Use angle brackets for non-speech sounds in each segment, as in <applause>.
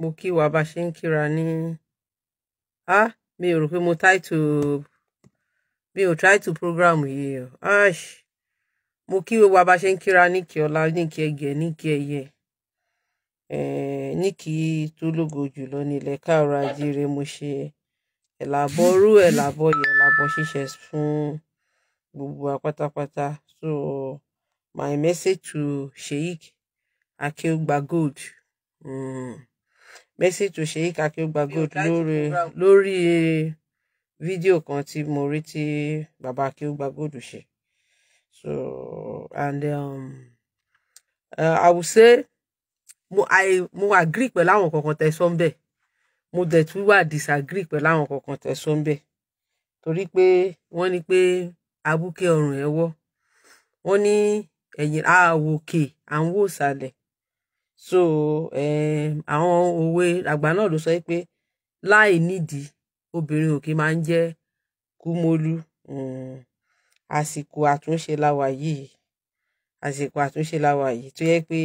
mo kí wa bá a ṣe ń kíra ní a mi ò rò pé mo title mi ò title program yìí o mo kí wa bá a ṣe ń kíra ní kí ọlá ní kí ẹgẹ ní kí ẹyẹ ní kí tó lógo jùlọ nílẹ̀ káàárọ̀ ajíire mo ṣe ẹ̀làbọ̀rú ẹ̀làbọ̀yẹ̀ ẹ̀làbọ̀ ṣíṣe fún gbogbo apátápátá so my message to Sheik Gold. Mercy Tosei Akeugba Gold lórí lórí fídíò kan tí mo rí tí bàbá Akeugba Gold ṣe so and um, uh, I will say mo I mo agree pẹ̀lú àwọn kankan tẹ́ sọ ń mo dẹ̀ tún wà disagree pẹ̀lú àwọn kankan tẹ́ sọ ń bẹ̀ torí pé wọ́n ní pé abúké ọrùn ẹ̀ wọ́ wọ́n ní ẹ̀yìn àwòkè à ń wò sàlẹ̀ so eh, àwọn òwe àgbà náà ló sọ pé láì nídìí obìnrin òkè máa ń jẹ́ kúmólú hmm, àsìkò àtúnṣe láwa yìí àsìkò àtúnṣe láwa yìí tó yẹ pé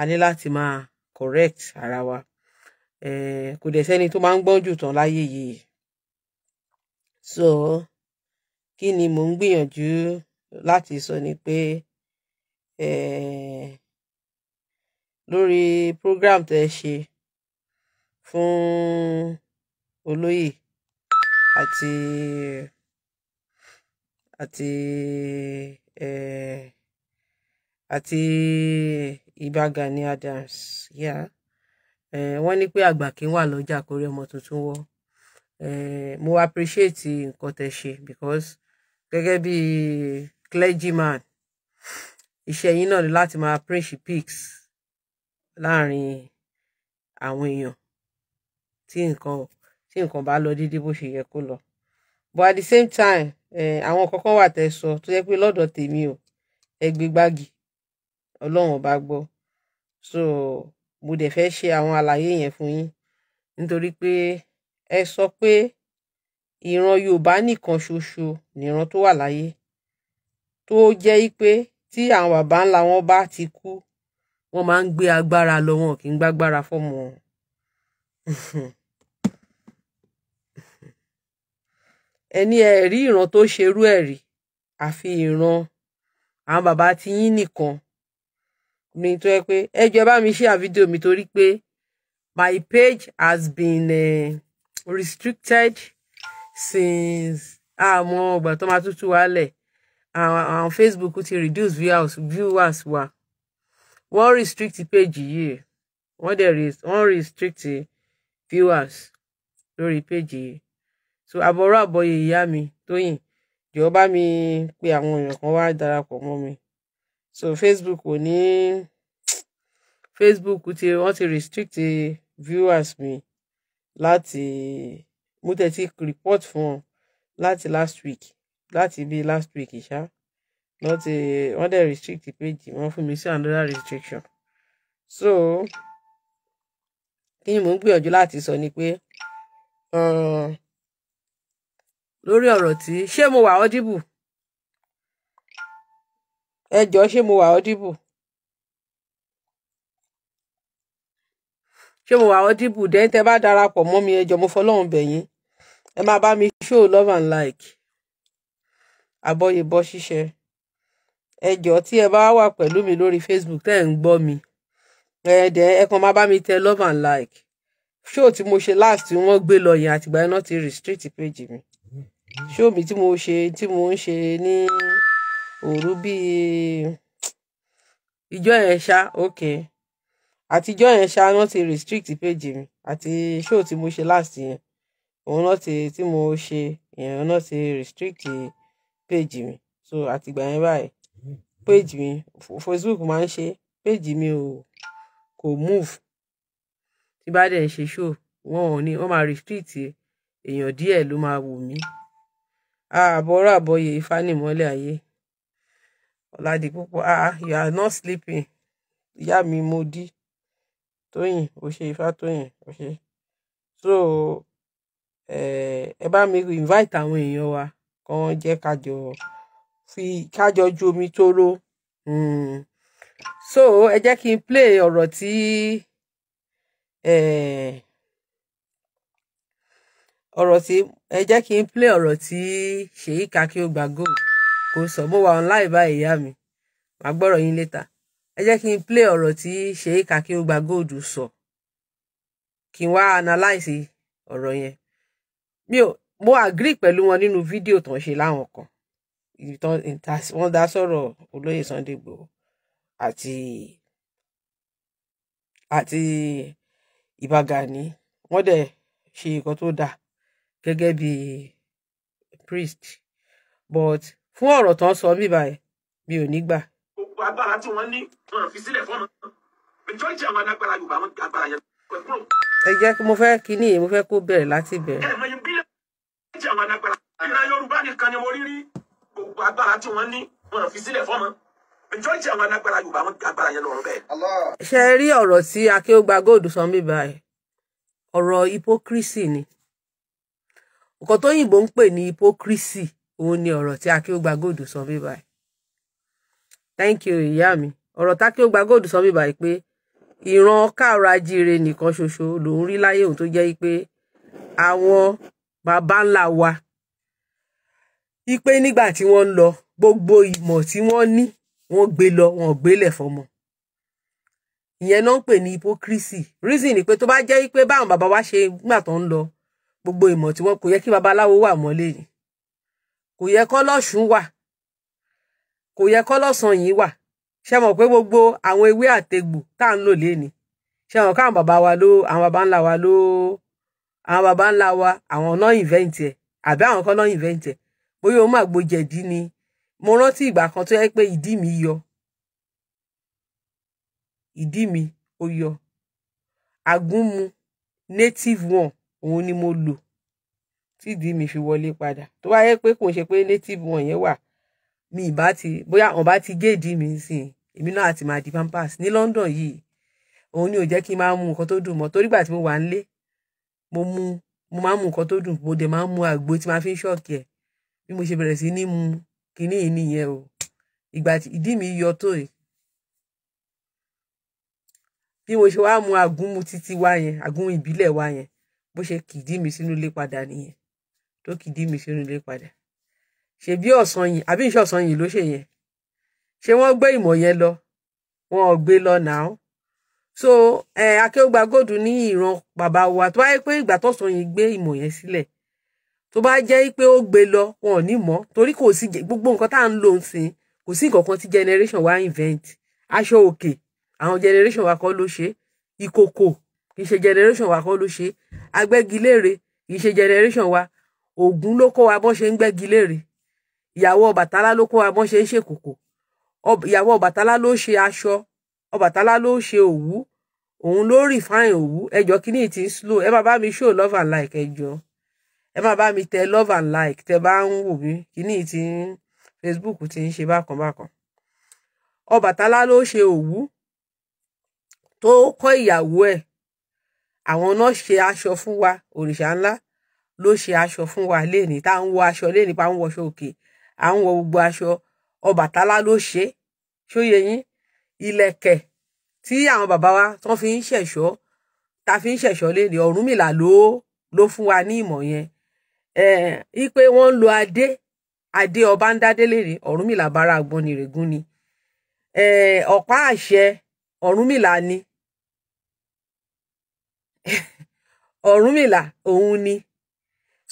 a ní láti máa correct ara wa eh, kò dẹ̀ sẹ́ni tó máa ń gbọ́n jù tán láyé yìí so kí ni mò ń gbìyànjú láti sọ ni pé. Eh, lórí program tẹ́ ṣe fún olóyè àti àti eh, àti Ìbà Gani Adams yeah. eh, wọ́n ní pé àgbà kí n wà lọ́jà kórí ọmọ tuntun wọ́ eh, mo appreciate nǹkan tẹ́ ṣe because gẹ́gẹ́ bí clergyman iṣẹ́ yín náà ni láti máa preach pigs láàrin àwọn èèyàn tí nǹkan tí nǹkan bá lọ déédéé bó ṣe yẹ kó lọ but at the same time eh, àwọn kankan wà tẹ́ sọ tó yẹ pé lọ́dọ̀ tèmi o ẹgbẹ́ gbági Ọlọ́run ọba gbọ́ so mo dẹ̀ fẹ́ ṣe àwọn àlàyé yẹn fún yín nítorí pé ẹ sọ pé ìran Yorùbá nìkan ṣoṣo nìran tó wà láyé tó jẹ́ pé tí àwọn baba ńlá wọn bá ti kú wọ́n máa ń gbé agbára lọ wọn kì í gbágbára fọ́mọ ẹni ẹ rí ìran tó ṣerú ẹ̀ rí àfi ìran àwọn bàbá ti yín nìkan ni tó yẹ pé ẹ jọ̀ọ́ bá mi ṣe àfídíò mi torí pé my page has been uh, restricted since àmọ́ ọgbà tó máa tútù wálẹ̀ àwọn Facebook ti reduce viewers wa wọ́n restrict page yìí wọ́n dẹ̀ wọ́n restrict viewers lórí page yìí so àbọ̀rọ̀ àbọ̀yè ìyá mi Tóyìn jọ̀ọ́ bá mi pe àwọn èèyàn kan wá darapọ̀ mọ́ mi so Facebook ò ní Facebook ti wọ́n ti restrict viewers mi láti mo tẹ̀ ti report fún wọn láti last week láti bí last week ṣá Not a other dẹ̀ restrict page wọ́n fún mi sí another restriction so kí ni mò ń gbìyànjú láti sọ ni pé uh, lórí ọ̀rọ̀ tí ṣé mo wà audible ẹ jọ ṣé mo wà audible ṣé mo wà audible dẹ́n tẹ́ bá darapọ̀ mọ́ mi ẹ jọ mo fọlọ́run bẹ̀yìn ẹ máa bá mi show love and like àbọ̀yé bọ́ ṣíṣe ẹ jọ̀ọ́ tí ẹ bá wà pẹ̀lú mi lórí Facebook tẹ́ ẹ̀ ń gbọ́ mi ẹ̀ẹ́dẹ̀ ẹ kàn bá mi tẹ love and like show tí mo ṣe last tí wọ́n gbé lọ yẹn àtìgbà yẹn ti restrict page mi show mi tí mo ṣe tí mo ń ṣe ní òru bíi ìjọ yẹn ṣá ok àtijọ́ yẹn ṣá náà ti restrict page mi àti show tí mo ṣe last yẹn òun náà ti tí mo ṣe yẹn náà ti restrict page mi so àtìgbà yẹn báyìí page mi Facebook máa ń ṣe page mi ò kò move tí bá dẹ̀ ń ṣe show wọn ò ní wọ́n máa restrict èèyàn díẹ̀ ló máa wò mí àbọ̀rọ̀ àbọ̀yè ìfanimọ́lẹ̀ ayé ọ̀làdì púpọ̀ ah you are not sleeping ìyá mi mo dí tóyìn ò ṣe ifá tóyìn ò ṣe so eh, ẹ bá mi invite àwọn èèyàn wa kàn jẹ́ ká jọ fi kájọ ju omi tóró hmm. so ẹ jẹ́ kí n play ọ̀rọ̀ tí eh, ọ̀rọ̀ tí ẹ jẹ́ kí n play ọ̀rọ̀ tí Sheik Akeugba Gold kò sọ mo wà online báyìí ìyá mi màá gbọ́rọ̀ yín létà ẹ jẹ́ kí n play ọ̀rọ̀ tí Sheik Akeugba Gold sọ kí n wá analyse ọ̀rọ̀ yẹn mi ò mo agree pẹ̀lú wọn nínú fídíò tán ṣe láwọn kan wọ́n dá sọ̀rọ̀ olóyè Sunday Igboho àti àti Ìbà Gani wọ́n dẹ̀ ṣe nǹkan tó dáa gẹ́gẹ́ bí priest but fún ọ̀rọ̀ tán sọ mí báyìí mi ò ní gbà. gbogbo agbára tí wọ́n ní wọn fi sílẹ̀ fọ́nà majority àwọn alágbára Yorùbá wọn agbára yẹn pẹ̀ kúrò. ẹ jẹ́ mo fẹ́ kíní yìí mo fẹ́ kó bẹ̀rẹ̀ láti bẹ̀rẹ̀. ẹ mọ̀ yín bí àwọn alágbára ìran Yorùbá nìkan ni mo rí rí gbogbo agbára tí wọ́n ní wọn fi sílẹ̀ fọ́mọ majority àwọn alágbára yorùbá wọn agbára yẹn lọ́rùn bẹ́ẹ̀. ṣe rí ọ̀rọ̀ tí akéwògbà góòdù sọ mí báyìí ọ̀rọ̀ hypocrisy ni nǹkan tó yìnbó ń pè ní hypocrisy òun ni ọ̀rọ̀ tí akéwògbà góòdù sọ mí báyìí thank you ìyá mi ọ̀rọ̀ tákéwògbà góòdù sọ mí báyìí pé ìran káàrọ̀ ajíire nìkan ṣoṣo lòún rí láyé òun tó jẹ́ pé àwọn baba ńlá wa ipe nígbà tí wọ́n ń lọ gbogbo ìmọ̀ tí wọ́n ní wọ́n gbé lọ wọ́n gbélẹ̀ fọmọ ìyẹn náà ń pè ní hypocrisy reason ni pé tó bá jẹ́ pé báwọn bàbá wa ṣe nígbà tó ń lọ gbogbo ìmọ̀ tí wọ́n kò yẹ kí babaláwo wà mọ́lẹ̀ yìí kò yẹ kọ́lọ́ṣun wà kò yẹ kọ́lọ́sàn yìí wà ṣe mọ̀ pé gbogbo àwọn ewé àtegbò tá à ń lò léni ṣe mọ̀ káwọn bàbá wa ló àwọn bàbá ńlá wa ló àwọn bàbá ńlá wa àwọn náà invent ẹ̀ àbí àwọn kan náà invent ẹ̀ bóyá ó máa gbo jẹ̀dí ni mo rántí ìgbà kan tó yẹ pé ìdí mi yọ ìdí mi ó yọ àgúnmu native one òun ni mo lò tí ìdí mi fi wọlé padà tó bá yẹ pé kò ṣe pé native one yẹn wà mi ìbá ti bóyá ọ̀n bá ti gé ìdí mi sí èmi náà àti máa di pampers ní London yìí òun ni ò jẹ́ kí n máa mu nǹkan tó dùn mọ́ torí gbà tí mo wà nílé mo mu mo máa ń mu nǹkan tó dùn mo dẹ̀ máa ń mu àgbo tí máa fi ń ṣọ́ọ̀kì ẹ̀ bí mo ṣe bẹ̀rẹ̀ sí ní mu kinní yìí nìyẹn o ìgbà ìdí mi yọ tó yìí bí mo ṣe wá mu àgúnmu titi wá yẹn àgún ìbílẹ̀ wá yẹn bó ṣe kìdí mi sínú ilé padà nìyẹn tó kìdí mi sínú ilé padà ṣe bí ọ̀sán yìí àbí ìṣe ọ̀sán yìí ló ṣe yẹn ṣé wọ́n gbé ìmọ̀ yẹn lọ wọn gbé lọ nàá so eh, Akeugbagold ní ìran bàbá wa tó wáyé pé ìgbà tọ̀sán yìí gbé ìmọ̀ yẹn sílẹ̀ tó bá jẹ́ pé ó gbé lọ wọn ò ní mọ̀ torí kò sí gbogbo nǹkan tá à ń lò ń sìn kò sí nǹkan kan tí generation wa invent aṣọ òkè àwọn generation wa kọ́ ló ṣe ìkòkò kì ṣe generation wa kọ́ ló ṣe agbẹ́gilére kì ṣe generation wa Ògún ló kọ́ wa bọ́n ṣe ń gbẹ́gilére ìyàwó Ọbàtálá ló kọ́ wa bọ́n ṣe ń ṣèkòkò ìyàwó Ọbàtálá ló ṣe aṣọ Ọbàtálá ló ṣe òwú òun ló refine òwú ẹjọ́ kíní ti ń slow ẹ bá bá mi show love and like ẹjọ́ ẹ máa bá mi tẹ love and like tẹ bá ń wò mí kíní ti Facebook ti ń ṣe bákan bákan Ọbàtálá ló ṣe òwú tó kọ́ ìyàwó ẹ̀ àwọn náà ṣe aṣọ fún wa òrìṣà ńlá ló ṣe aṣọ fún wa léèní tá à ń wọ aṣọ léèní pa ń wọṣọ òkè à ń wọ gbogbo aṣọ Ọbàtálá ló ṣe ṣóye yín ìlẹ̀kẹ̀ tí àwọn bàbá wa tán fi ń ṣẹ̀ṣọ́ ta fi ń ṣẹ̀ṣọ́ léèní Ọ̀rúnmìlà ló ló fún wa ní ìmọ̀ yẹn ipe eh, wọ́n ń lo adé adé ọba ń dádélé rè Ọ̀rúnmìlà bára Àgbọnnìrègún ni eh, ọ̀pá àṣẹ Ọ̀rúnmìlà ni <laughs> Ọ̀rúnmìlà òun ni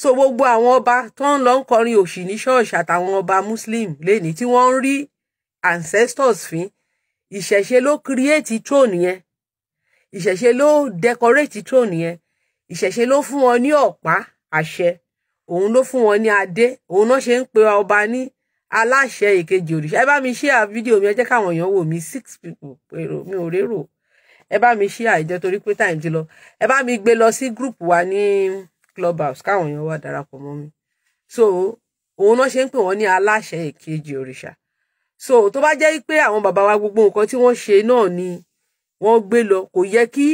so gbogbo àwọn ọba tó ń lọ ń kọrin òṣì ní ṣọ́ọ̀ṣì àtàwọn ọba muslim lẹ́ni tí wọ́n ń rí ancestors fín ìṣẹ̀ṣe ló kírẹ́ẹ̀tì tróònù yẹn ìṣẹ̀ṣe ló dẹkọréètì tróònù yẹn ìṣẹ̀ṣe ló fún wọn ní ọ̀pá àṣẹ òun ló fún wọn ní adé òun náà ṣe ń pe ọba ní aláṣẹ èkejì òrìṣà ẹ bá mi ṣí à fídíò mi ẹ jẹ́ káwọn èèyàn wò mí six people èrò mi ò rérò ẹ bá mi ṣí àìjẹ torí pé time ti lọ ẹ bá mi gbé lọ sí group wa ní clubhouse káwọn èèyàn wá darapọ̀ mọ́ mi so òun náà ṣe ń pè wọ́n ní aláṣẹ èkejì òrìṣà so tó bá jẹ́ pé àwọn bàbá wa gbogbo nǹkan tí wọ́n ṣe náà ni wọ́n gbé lọ kò yẹ kí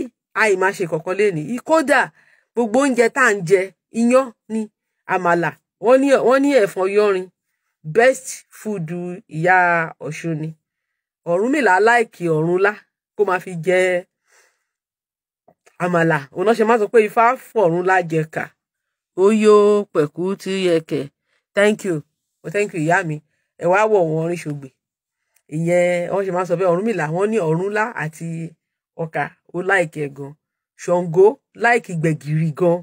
àìmáṣe kọ̀ọ̀kan lè ní kódà gbogbo oúnjẹ tá à ń jẹ iyán ni Amala wọ́n ní wọ́n yọrin best food ìyá ọ̀ṣun ni ọ̀rúnmìlà láìkì ọ̀rúnlá kó máa fi jẹ àmàlà òun náà ṣe máa sọ pé ifá fọ̀rúnlá jẹ̀ka ó yó pẹ̀kú tí yẹkẹ̀ thank you oh, thank you ìyá mi ẹ wá wọ̀ wọ́n rí ṣògbè ìyẹn wọ́n ṣe máa sọ pé ọ̀rúnmìlà wọ́n ní ọ̀rúnlá àti ọkà ó láìkì ẹ̀ gan ṣàngó láìkì gbẹ̀gìrì gan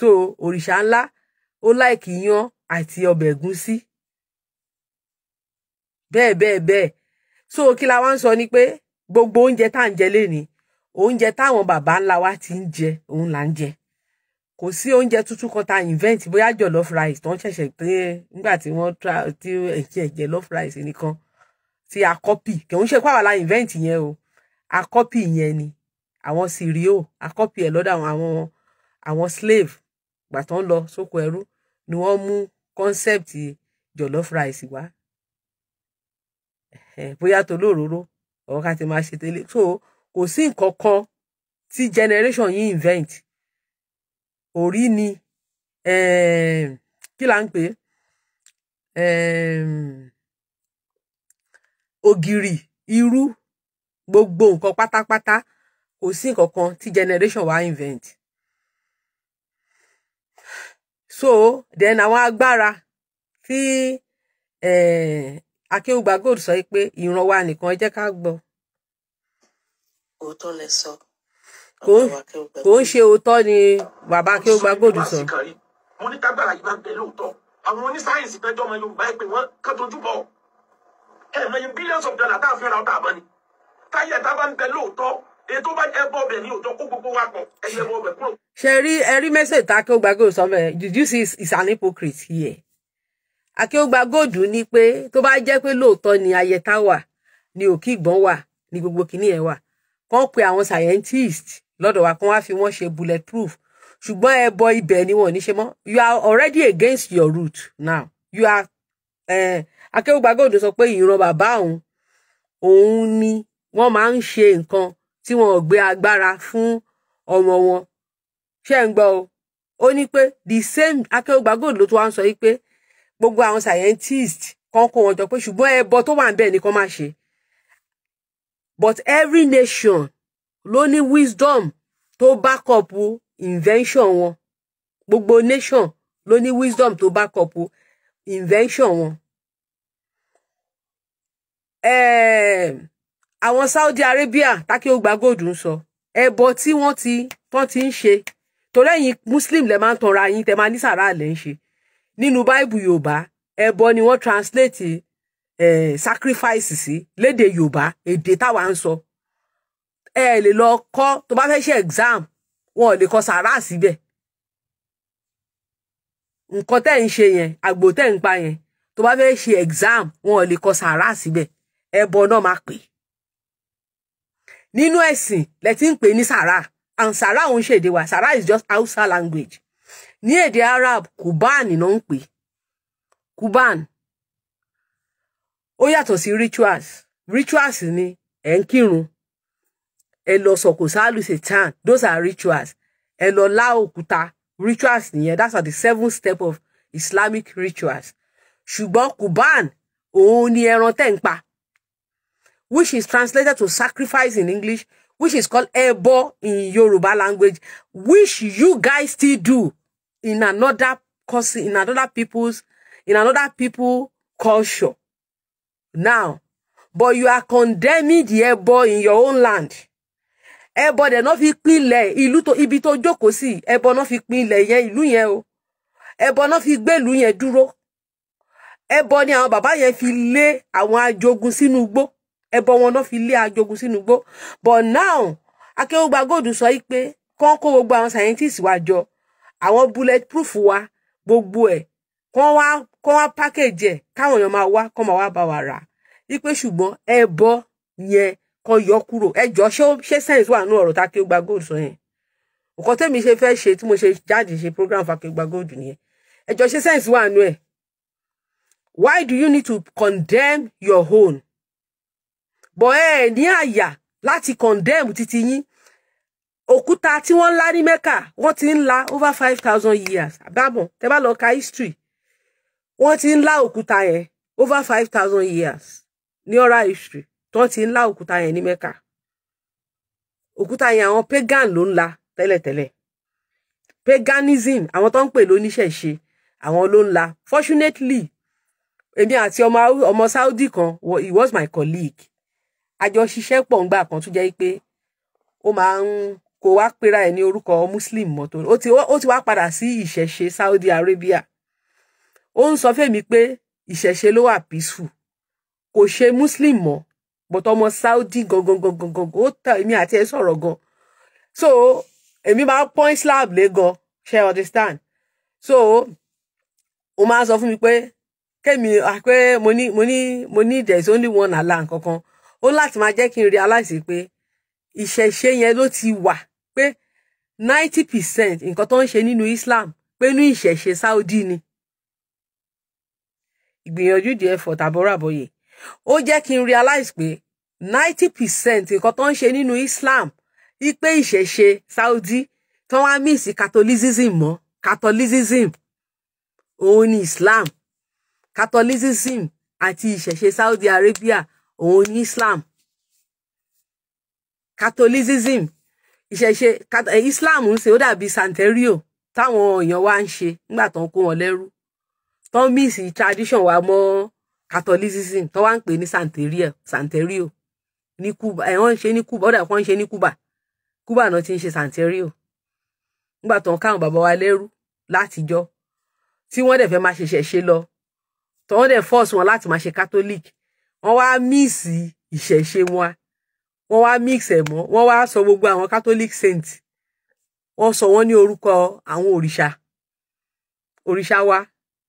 so òrìṣà ńlá ó láìkì yan àti ọbẹ̀ ẹ̀gúsí bẹ́ẹ̀ bẹ́ẹ̀ bẹ́ẹ̀ so kí la wá ń sọ ni pé gbogbo oúnjẹ tá à ń jẹ lénìí oúnjẹ táwọn bàbá ńlá wa ti ń jẹ òun là ń jẹ kò sí oúnjẹ tuntun kan tá invent bóyá jollof rice tó ń ṣẹ̀ṣẹ̀ pé nígbà tí wọ́n ti ẹ̀jẹ̀ jollof rice nìkan tí a copy kì í ṣe pàwọ́ la invent yẹn o a copy yẹn ni àwọn cereal a copy ẹ̀ lọ́dọ̀ àwọn àwọn slave gbàtàn lọ sóko ẹrú ni wọ́n mú concept jollof rice wá bóyá tó lóróró ọ̀rọ̀ ká ti máa ṣe tẹ́lẹ̀ so kò sí nǹkan kan tí generation yìí invent orí ni ehm, kí là ń pè ehm, ògìrì irú gbogbo nǹkan pátápátá kò sí nǹkan kan tí generation wa invent so then àwọn agbára tí eh, akéwùgbà gold sọ pé ìran wa nìkan ẹ jẹ́ ká gbọ́. òótọ́ lẹ sọ. kò ń ṣe òótọ́ ni bàbá akéwùgbà gold sọ. mo ní kágbára yìí bá gbé lóòótọ́ àwọn onísáyẹ̀nsì fẹjọ́ ọmọ yorùbá ẹ pé wọ́n kán tójú bọ̀ ẹ̀ẹ̀mẹyìn billions of dollars tá a ọ̀tá àmọ́ ni táyà tá a bá ń bẹ lóòótọ́ ètò bá ẹ bọ ọbẹ ní òjò kó gbogbo wa pọ̀ ẹ yẹ bọ ọbẹ kúrò. ṣe rí ẹ rí mẹsẹ̀ tá akéwògbà gold sọ bẹ́ẹ̀ did you see is an hypocrite here akéwògbà gold ní pé tó bá jẹ́ pé lóòótọ́ ni ayẹta wà ni òkè ìgbọ́n wà ni gbogbo kìíní ẹ̀ wà kàn pé àwọn scientist lọ́dọ̀ wa kàn wá fi wọ́n ṣe bullet proof ṣùgbọ́n ẹ bọ ibẹ̀ ni wọ́n ní ṣe mọ́ you are already against your root now you are eh, akéwògbà gold sọ pé ìran bàbá òun òun ni wọ́n máa ń ṣe nǹkan tí wọn ò gbé agbára fún ọmọ wọn ṣé ń gbọ́ o ó ní pé the same Akeugba ló tún wá ń sọ yìí gbogbo àwọn scientist kan kó wọn jọ pé ṣùgbọ́n ẹbọ tó wà ń bẹ̀ ni má ṣe but every nation ló ní wisdom tó back up invention wọn gbogbo nation ló ní wisdom tó back up invention wọn. Um, àwọn Saudi Arabia tákì ó gba góòdù ń sọ ẹbọ tí wọ́n ti tán ti ń ṣe torí ẹ̀yin muslim lẹ máa ń tanra yín tẹ máa ní sàrà lẹ ń ṣe nínú báìbù yorùbá ẹbọ ni wọ́n translate eh, sacrifice sí léde yorùbá èdè táwa ń sọ ẹ lè lọ kọ́ tó bá fẹ́ ṣe exam wọn ò lè kọ sàrà síbẹ̀ nǹkan tẹ́ ń ṣe yẹn àgbò tẹ́ ń pa yẹn tó bá fẹ́ ṣe exam wọn ò lè kọ sàrà síbẹ̀ ẹbọ náà máa pè é nínú ẹ̀sìn lẹ ti ń pè ní sàrà and sàrà òun ṣe èdè wa sàrà is just Hausa language ní èdè Arab kuban náà ń pè kuban ó yàtọ̀ sí rituals rituals ni ẹ̀ ń kírun ẹ lọ sọ̀kò sáàlù satan those are rituals ẹ lọ lá òkúta rituals nìyẹn that's are the seven step of Islamic rituals ṣùgbọ́n kuban òun ni ẹran tẹ̀ ń pa which is translated to sacrifice in English, which is called ẹbọ in Yoruba language, which you guys still do in another cause in another people's in another people culture. Now, but you are condemning the ẹbọ in your own land. Ẹbọ dẹ̀ náà fit pinlẹ̀ ìlú tó ibito tó jókòó sí ẹbọ náà fi pinlẹ̀ yẹn ìlú yẹn o. Ẹbọ náà fi gbèlú yẹn dúró. Ẹbọ ni àwọn baba yẹn fi lé àwọn ajogun sínú igbó ẹbọ wọn náà fi lé ajogun sínú igbó but now akéwògbà góòdù sọ yìí pé kán kó gbogbo àwọn scientist. wa jọ àwọn bullet proof wa gbogbo ẹ̀ kán wá kán wá package ẹ̀ káwọn èèyàn máa wá kán máa wá bá wa rà wípé ṣùgbọ́n ẹbọ yẹn kan yọ kúrò ẹjọ ṣé ṣé science wà nù ọ̀rọ̀ tá akéwògbà góòdù sọ yẹn nǹkan tẹ́mi ṣe fẹ́ ṣe tí mo ṣe jáde ṣe program fún akéwògbà góòdù nìyẹn ẹjọ ṣé science wà nù ẹ̀ why do you need to condemn your own bọ̀ ẹ ní àyà láti condemn títí yín òkúta tí wọ́n ń lá ní mẹ́kà wọ́n ti ń over five thousand years àbámọ̀ tẹ bá lọ ka history wọ́n ti ń lá òkúta yẹn over five thousand years ní oral history tí wọ́n ti ń lá òkúta yẹn ní mẹ́kà òkúta yẹn àwọn pagan ló ń lá tẹ́lẹ̀tẹ́lẹ̀ paganism àwọn tó ń pè lóníṣẹ̀ṣe àwọn ló ń lá fortunately èmi àti ọmọ Saudi kan he was my colleague àjọ ṣiṣẹ́ pọ̀ ńgbà kan tó jẹ́ pé ó máa ń kó wá pera ẹ̀ ní orúkọ muslim mọ́tò ó ti ó ti wá padà sí ìṣẹ̀ṣe Saudi Arabia ó ń sọ fẹ́mi pé ìṣẹ̀ṣe ló wà peaceful kò ṣe muslim mọ́ but ọmọ Saudi gangan gangan gangan ó tà èmi àti ẹ sọ̀rọ̀ gan so èmi máa point slab lé gan ṣe understand so ó máa sọ fún mi pé kémi àpé ah, mo ní mo ní mo ní there is only one Allah nǹkan kan ó láti máa jẹ́ kí n realize pé ìṣẹ̀ṣe yẹn ló ti wà pé ninety percent nǹkan tó ń ṣe nínú Islam pé ní ìṣẹ̀ṣe Saudi ni ìgbìyànjú di effort àbọ̀ràbọ̀yè ó jẹ́ kí n realize pé ninety percent nǹkan tó ń ṣe nínú Islam wípé ìṣẹ̀ṣe Saudi tó wá miss Catholicism mọ́ Catholicism òun ni Islam Catholicism àti ìṣẹ̀ṣe Saudi Arabia òun ní Islam Catholicism ìṣẹ̀ṣe eh, Islam ń ṣe ó dàbí Santerio táwọn èèyàn wa ń ṣe nígbà tó ń kó wọn lẹ́rú tó ń mísì tradition wa mọ́ Catholicism tó wá ń pè ní Santerio Santerio ní Cuba ẹ̀ eh, wọ́n ń ṣe ní Cuba ọ̀dà kan ń ṣe ní Cuba Cuba náà ti ń ṣe Santerio nígbà tó ń káwọn bàbá wa lẹ́rú látijọ́ tí wọ́n dẹ̀ fẹ́ máa ṣe ṣẹ̀ṣe lọ tí wọ́n dẹ̀ force wọn láti máa ṣe Catholic wọ́n wá míìsì ìṣẹ̀ṣe wọn wọ́n wá mix ẹ̀ mọ́ wọ́n wá sọ gbogbo àwọn catholic saint wọ́n sọ wọ́n ní orúkọ àwọn òrìṣà òrìṣà wa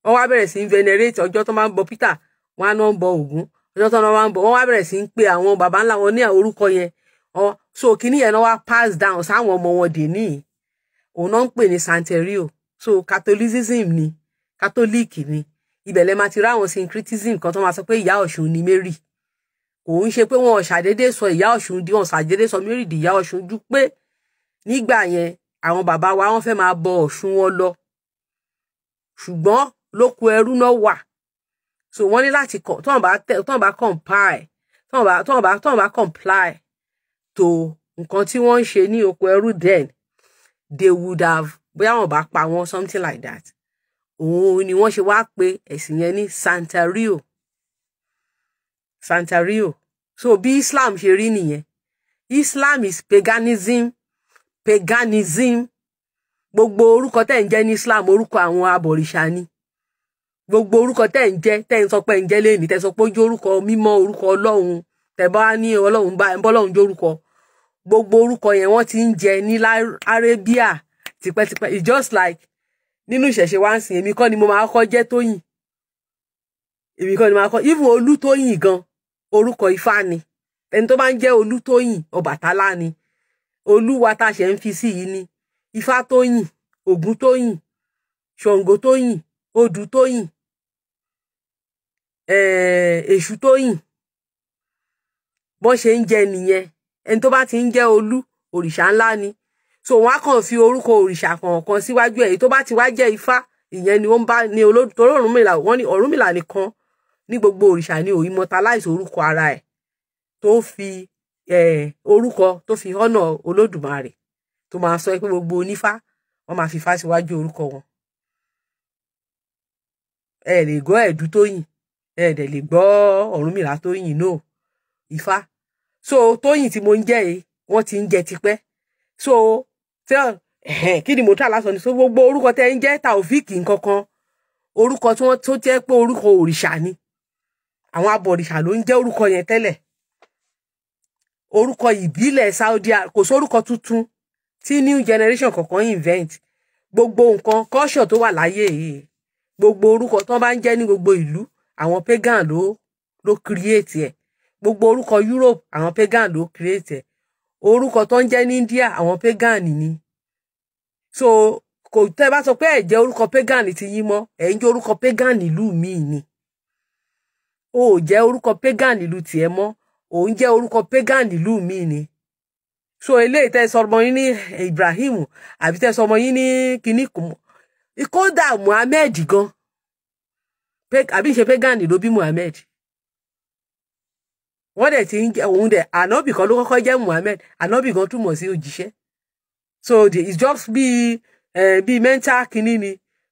wọ́n wá bẹ̀rẹ̀ sí í venerate ọjọ́ tó máa ń bọ peter wọ́n á náà ń bọ ògún ọjọ́ tó máa ń bọ wọ́n wá bẹ̀rẹ̀ sí í pe àwọn baba ńlá wọn ní orúkọ yẹn so kínní yẹn náà wá pass down sáwọn ọmọ wọn dè níyì òun náà ń pè ní santerio so catholicism ni catholic ni ibẹ̀ lẹ́ máa ti ráwọn syncretism kan tó máa sọ pé ìyá ọ̀ṣun ni Mary kò ń ṣe pé wọn ṣàdédé sọ ìyá ọ̀ṣun di wọn ṣàdédé sọ Mary di ìyá ọ̀ṣun ju pé nígbà yẹn àwọn bàbá wa wọn fẹ́ máa bọ ọ̀ṣun wọn lọ ṣùgbọ́n lóko ẹrú náà wà so wọ́n ní láti kọ tọ́n bá tẹ tọ́n bá comply tọ́n bá tọ́n bá tọ́n bá comply to nǹkan tí wọ́n ń ṣe ní oko ẹrú then they would have bóyá wọ́n bá pa wọ́n something like that òun ni wọ́n ṣe wáá pe ẹ̀sìn yẹn ní Santa Rio. so bí islam ṣe rí nìyẹn islam is paganism paganism gbogbo orúkọ tẹ́ ń jẹ́ ní islam orúkọ àwọn abọ̀rìṣà ni gbogbo orúkọ tẹ́ ń jẹ́ tẹ́ ń sọ pé ń jẹ́ lẹ́ni tẹ́ sọ pé ó jẹ́ orúkọ mímọ́ orúkọ ọlọ́run tẹ́ bá ní ọlọ́run bá ń bọ́lọ́run jẹ́ orúkọ gbogbo orúkọ yẹn wọ́n ti ń jẹ ní arabia tipẹ́tipẹ́ it's just like nínú ìṣẹ̀ṣe wa ń sìn èmi kọ́ ni mo máa kọ́ jẹ́ Tóyìn èmi kọ́ ni mo máa kọ́ even Olútóyìn gan orúkọ Ifá ni ẹni tó bá ń jẹ́ Olútóyìn Ọbàtálá ni Olúwa tá a ṣe ń fi sí yìí ni Ifá Tóyìn Ògún Tóyìn Ṣàngó Tóyìn Odù Tóyìn eh, Èṣù Tóyìn bọ́n ṣe ń jẹ nìyẹn ẹni tó bá ti ń jẹ́ Olú òrìṣà ńlá ni so wọn á kàn fi orúkọ òrìṣà kọ̀ọ̀kan síwájú ẹ̀ èyí tó bá ti wá jẹ́ ifá ìyẹn ni wọ́n bá ní olóòtú Ọ̀rúnmìlà wọ́n ní Ọ̀rúnmìlà nìkan ní gbogbo òrìṣà ni ó immortalize orúkọ ara ẹ̀ tó fi orúkọ tó fi họ́nà Olódùmarè tó máa sọ pé gbogbo onífá wọ́n máa fi ifá síwájú orúkọ wọn ẹ lè gbọ́ ẹ̀dú Tóyìn ẹ dẹ̀ lè gbọ́ Ọ̀rúnmìlà Tóyìn náà ifá so Tóyìn tí mo ń jẹ́ yìí wọ́n ti ń jẹ tipẹ́ so tí kí ni mo tà lásán ni so gbogbo orúkọ tẹ́ ń jẹ́ taofik nkankan orúkọ tí wọ́n tó jẹ́ pé orúkọ òrìṣà ni àwọn abọ̀rìṣà ló ń jẹ́ orúkọ yẹn tẹ́lẹ̀ orúkọ ìbílẹ̀ Saudi kò sórúkọ tuntun tí new generation kankan invent gbogbo nǹkan kọ́ṣọ̀ tó wà láyé yìí gbogbo orúkọ tó bá ń jẹ́ ní gbogbo ìlú àwọn pagan ló ló create ẹ̀ gbogbo orúkọ Europe àwọn pagan ló create ẹ̀ orúkọ tó ń jẹ́ ní India àwọn pagan ni so kò tẹ́ bá sọ pé ẹ jẹ́ orúkọ pagan ti yín mọ́ ẹ ń jẹ́ orúkọ pagan ìlú míì ni o ò jẹ́ orúkọ pagan ìlú tiẹ̀ mọ́ ò ń jẹ́ orúkọ pagan ìlú míì ni so eléyìí tẹ́ sọmọ yín ní Ibrahim àbí tẹ́ sọmọ yín ní kinní kódà Muhammed gan àbí ṣe pagan ló bí Muhammed wọ́n dẹ̀ ti ń jẹ òun dẹ̀ ànábì kan ló kọ́kọ́ jẹ́ Muhammed ànábì kan túmọ̀ sí òjíṣẹ́ so the it's just be ẹ bí mental kinní ni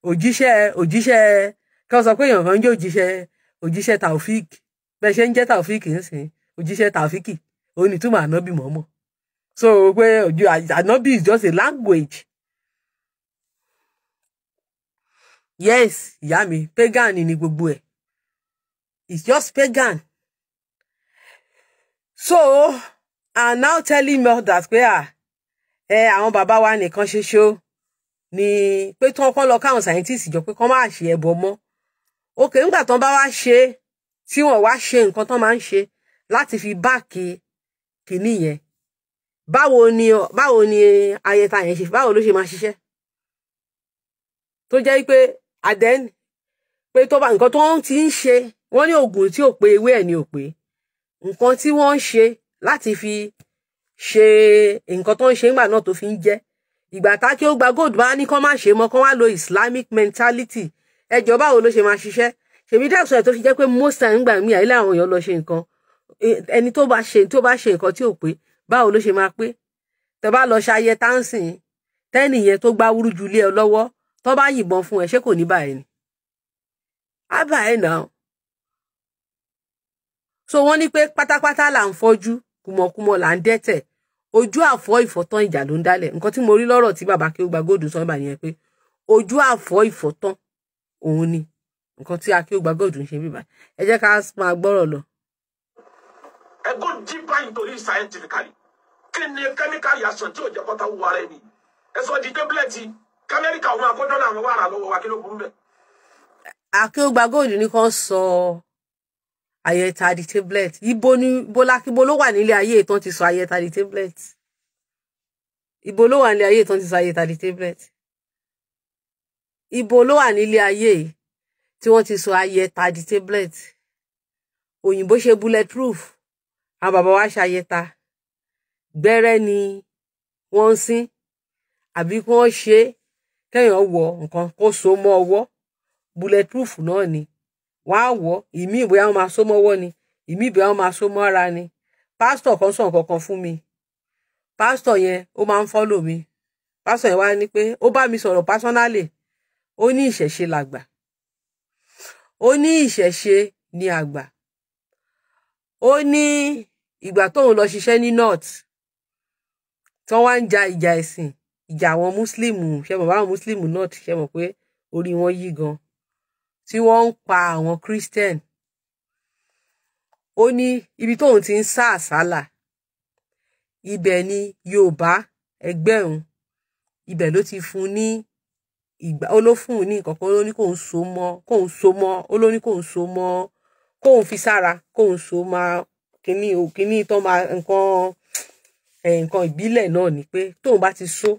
òjíṣẹ́ òjíṣẹ́ kí wọ́n sọ pé èèyàn kan ń jẹ́ òjíṣẹ́ òjíṣẹ́ taofik bẹ́ẹ̀ ṣe ń jẹ́ taofik ńsìn taofik òun ni ànábì so pé ànábì is just a language yes ìyá mi pagan ni gbogbo ẹ̀ it's just pagan so and now telling me that pé à ah, ẹ àwọn bàbá wa nìkan ṣoṣo ni pé tí wọn kàn lọ káwọn scientist jọ pé kàn máa ṣe ẹbọ mọ́ òkè ńgbà tán bá wá ṣe tí wọn wá ṣe nǹkan tán máa ń ṣe láti fi báàkì kìíní yẹn báwo ni báwo ni ayẹta yẹn ṣe báwo ló ṣe máa ṣiṣẹ́ tó jẹ́ pé àdẹ́ni pé tó bá nǹkan tó ń ti ń ṣe wọ́n ní oògùn tí ò pé ewé ẹ̀ ni ò pé nǹkan tí wọ́n ń ṣe láti fi ṣe nǹkan tó ń ṣe ńgbà náà tó fi ń jẹ́ ìgbà tá kí ó gba gold bá ní kán má ṣe mọ́ kán wá lo islamic mentality ẹjọ́ báwo ló ṣe máa ṣiṣẹ́ ṣèmi dẹ́kun sọ̀rọ̀ tó fi jẹ́ pé most time gbà mí àyílẹ̀ àwọn èèyàn lọ ṣe nǹkan ẹni tó bá ṣe tó bá ṣe nǹkan tí ò pé báwo ló ṣe máa pé tẹ bá lọ ṣayẹ táǹsìn tẹ́nì yẹn tó gbá wúrú ju ilé ẹ lọ́wọ́ tó bá yìnbọn fún ẹ ṣé kò ní báyìí ni á náà so wọ́n ní pé pátápátá là ń fọ́jú kùmọ̀kùmọ̀ là ń dẹ́tẹ̀ ojú àfọ́ ìfọ̀tán ìjà ló ń dálẹ̀ nǹkan tí mo rí lọ́rọ̀ tí bàbá Akéwùgbà Gold sọ nígbà yẹn pé ojú àfọ́ ìfọ̀tán òun ni nǹkan tí Akéwùgbà Gold ń ṣe bíbá ẹ jẹ́ ká máa gbọ́rọ̀ lọ. ẹ go deeper nítorí scientifically kí ni kẹ́míkàlì aṣọ tí ò jẹ́ kọ́ta wù ara ẹni ẹ sọ di tábìlẹ̀tì kẹ́míkà òun àkọ́jọ́ náà àwọn wàrà lọ́wọ́ wa kí ló burú sọ. So ayẹta di tablet ibo ni Bọ́lá ibo ló wà nílé ayé ìtàn ti sọ ayẹta di tablet ibo ló wà nílé ayé ìtàn ti sọ ayẹta di tablet ibo ló wà nílé ayé tí wọ́n ti sọ ayẹta di tablet òyìnbó ṣe bulletproof àwọn bàbá wa ṣayẹta gbẹ́rẹ́ ni wọ́n ń sín àbí kí wọ́n ṣe kéèyàn wọ so mọ́ ọwọ́ bulletproof náà ni wọn á wọ ìmí ìbòyá wọn máa so mọ́wọ́ ni ìmí ìbòyá wọn máa so mọ́ ara ni pásítọ̀ kan sọ nǹkan kan fún mi pásítọ̀ yẹn ó máa ń fọ́lò mi pásítọ̀ yẹn wá ní pé ó bá mi sọ̀rọ̀ pásọ́nálì ó ní ìṣẹ̀ṣe làgbà ó ní ìṣẹ̀ṣe ni àgbà ó ní ìgbà tóun lọ ṣiṣẹ́ ní north tí wọ́n wá ń ja ìjà ẹ̀sìn ìjà àwọn muslim ṣe mọ̀ báwọn muslim north ṣe mọ̀ pé orí wọn yí gan tí wọ́n ń pa àwọn Christian ó ní ibi tóun ti ń sá àsálà ibẹ̀ ni Yorùbá ẹgbẹ́ òun ibẹ̀ ló ti fún ní ìgbà ó ló fún un ní nǹkan kan ó ní kóun so mọ́ kóun so mọ́ ó ló ní kóun so mọ́ kóun fi sára kóun so máa kíní ò kíní tó máa nǹkan nǹkan ìbílẹ̀ náà ni pé tóun bá ti so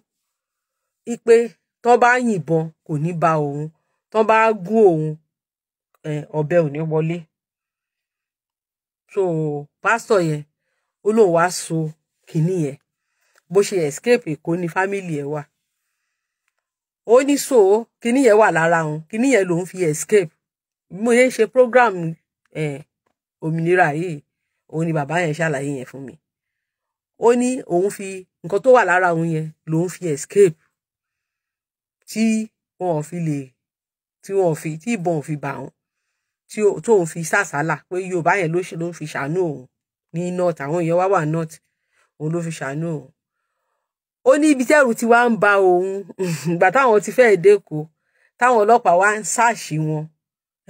ipe tó bá yìnbọn kò ní ba òun tán bá gún òun ọ̀bẹ ò ní wọlé so pásítọ̀ yẹn ó lóun wá so kínní yẹn bó ṣe escape èkó ni fámìlì ẹ̀ wà ó ní so kínní yẹn wà lára òun kínní yẹn lòun fi escape mo yẹ ṣe program òmìnira yìí òun ni bàbá yẹn ṣàlàyé yẹn fún mi ó ní òun fi nǹkan tó wà lára òun yẹn lòun fi escape tí wọn ò fi lè tí wọn ò fi tí ìbọn ò fi bà wọn tí tóun fi sàsálà pé yorùbá yẹn ló ló fi ṣàánú òun ní north àwọn èèyàn wá wà north òun ló fi ṣàánú òun ó ní ibi tẹ́rù ti wá ń ba òun <laughs> ìgbà táwọn ti fẹ́ẹ̀ dẹ́kọ̀ọ́ táwọn ọlọ́pàá wá ń ṣáàṣì wọn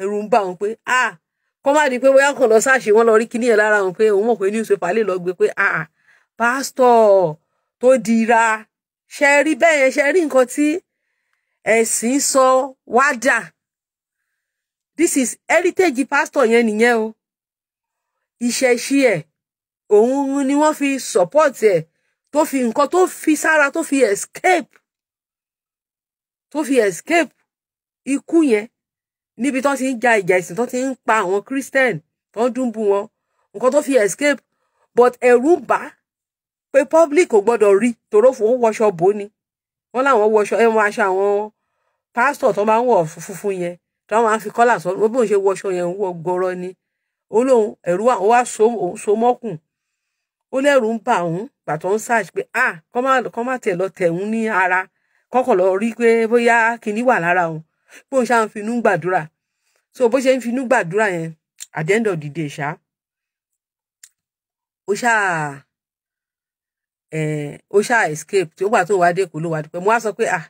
ẹ̀rù ń bà wọn pé ah kọ́ má di pé bóyá kò lọ ṣáàṣì wọn lọ rí kíní yẹn lára wọn pé òun mọ̀ pé newspaper lè lọ gbé pé ah pásítọ̀ tó dira ṣe rí bẹ́ẹ̀ yẹn ṣe rí nǹkan tí ẹ̀sìn sọ wá dà this is heritage pastor yẹn nìyẹn o ìṣẹ̀ṣe ẹ̀ òun ni wọ́n fi support ẹ̀ tó fi nǹkan tó fi sára tó fi escape tó fi escape ikú yẹn níbi tó ti ń ja ìjà ìsìn tó ti ń pa àwọn christian tó ń dúnbù wọn nǹkan tó fi escape but ẹ̀rù ń pé public ò gbọ́dọ̀ rí tòró fún wọṣọ bò ni wọ́n láwọn wọṣọ ẹ̀wọ̀n aṣọ àwọn pásítọ̀ tó máa ń wọ̀ funfun yẹn tó máa ń fi kọ́là sọ wọ́n bí òun ṣe wọṣọ yẹn ń wọ gọrọ ni ó lóun ẹ̀rú wa wá so mọ́kùn ó lẹ́rù ń bà òun gbàtọ́ ń search pé ah kọ́ má tẹ̀ lọ tẹ̀hún ní ara kọ́kọ́ lọ rí pé bóyá kinní wà lára òun bí òun ṣá ń finú gbàdúrà so bó ṣe ń finú gbàdúrà yẹn at the ṣá ó ṣá eh, ó ṣá escape tí ó gbà tó wá dé kó ló wá dúpẹ́ mo wá sọ pé ah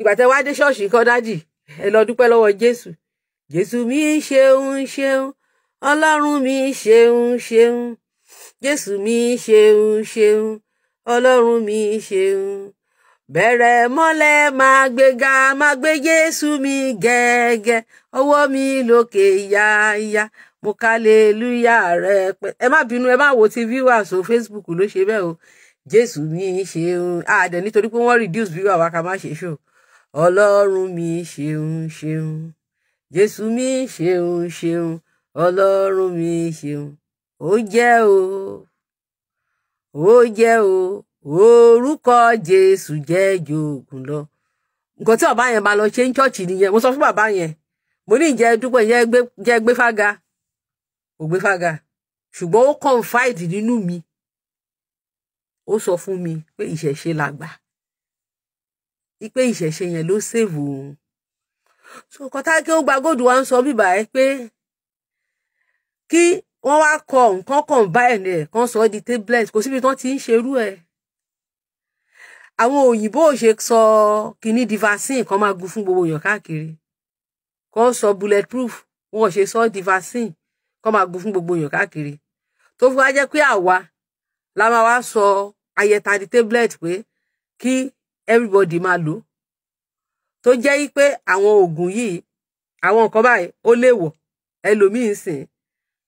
ìgbà tẹ wá dé ṣọ́ọ̀ṣì kọ́ dájì ẹ lọ dúpẹ́ lọ́wọ́ jésù jésù mi ṣeun ṣeun ọlọ́run mi ṣeun ṣeun jésù mi ṣeun ṣeun ọlọ́run mi ṣeun bẹ̀rẹ̀ mọ́lẹ̀ máa gbéga máa gbé jésù mi gẹ́gẹ́ ọwọ́ mi lókè yáyá mo kálelúyà rẹ pẹ ẹ má bínú ẹ má wo ti viewers o facebook ló ṣe bẹ́ẹ̀ o jésù mi ṣeun àdẹ nítorí pé wọ́n reduce viewer wa ká má ṣe show ọlọ́run mi ṣeun ṣeun jésù mi ṣeun ṣeun ọlọ́run mi ṣeun ó jẹ́ o ó jẹ́ o orúkọ jésù jẹ́ jòògùn lọ nǹkan tí bàbá yẹn máa lọ ṣe ń ṣọ́ọ̀ṣì nìyẹn mo sọ fún bàbá yẹn mo ní ìjẹ dúpẹ́ jẹ́ gbé fága ò gbé fága ṣùgbọ́n ó confide nínú mi ó sọ fún mi pé ìṣẹ̀ṣe làgbà ipe ìṣẹ̀ṣe yẹn ló sèvù òun so kọtákẹ́ ó gba góòdù wa ń sọ bíbà ẹ pé kí wọ́n wá kọ nǹkan kan báyìí rẹ̀ kan sọ di tablet kò síbi tán ti ń ṣerú ẹ̀ àwọn òyìnbó ò ṣe sọ kínní di vaccine kan máa gun fún gbogbo èèyàn káàkiri kan sọ bulletproof wọn ò ṣe sọ di vaccine kan máa gun fún gbogbo èèyàn káàkiri tó fi wá jẹ́ pé àwa la máa wá sọ ayẹta di tablet pé kí everybody máa lò tó jẹ́ pé àwọn oògùn yìí àwọn nǹkan báyìí ó lè wọ̀ ẹlòmíín sìn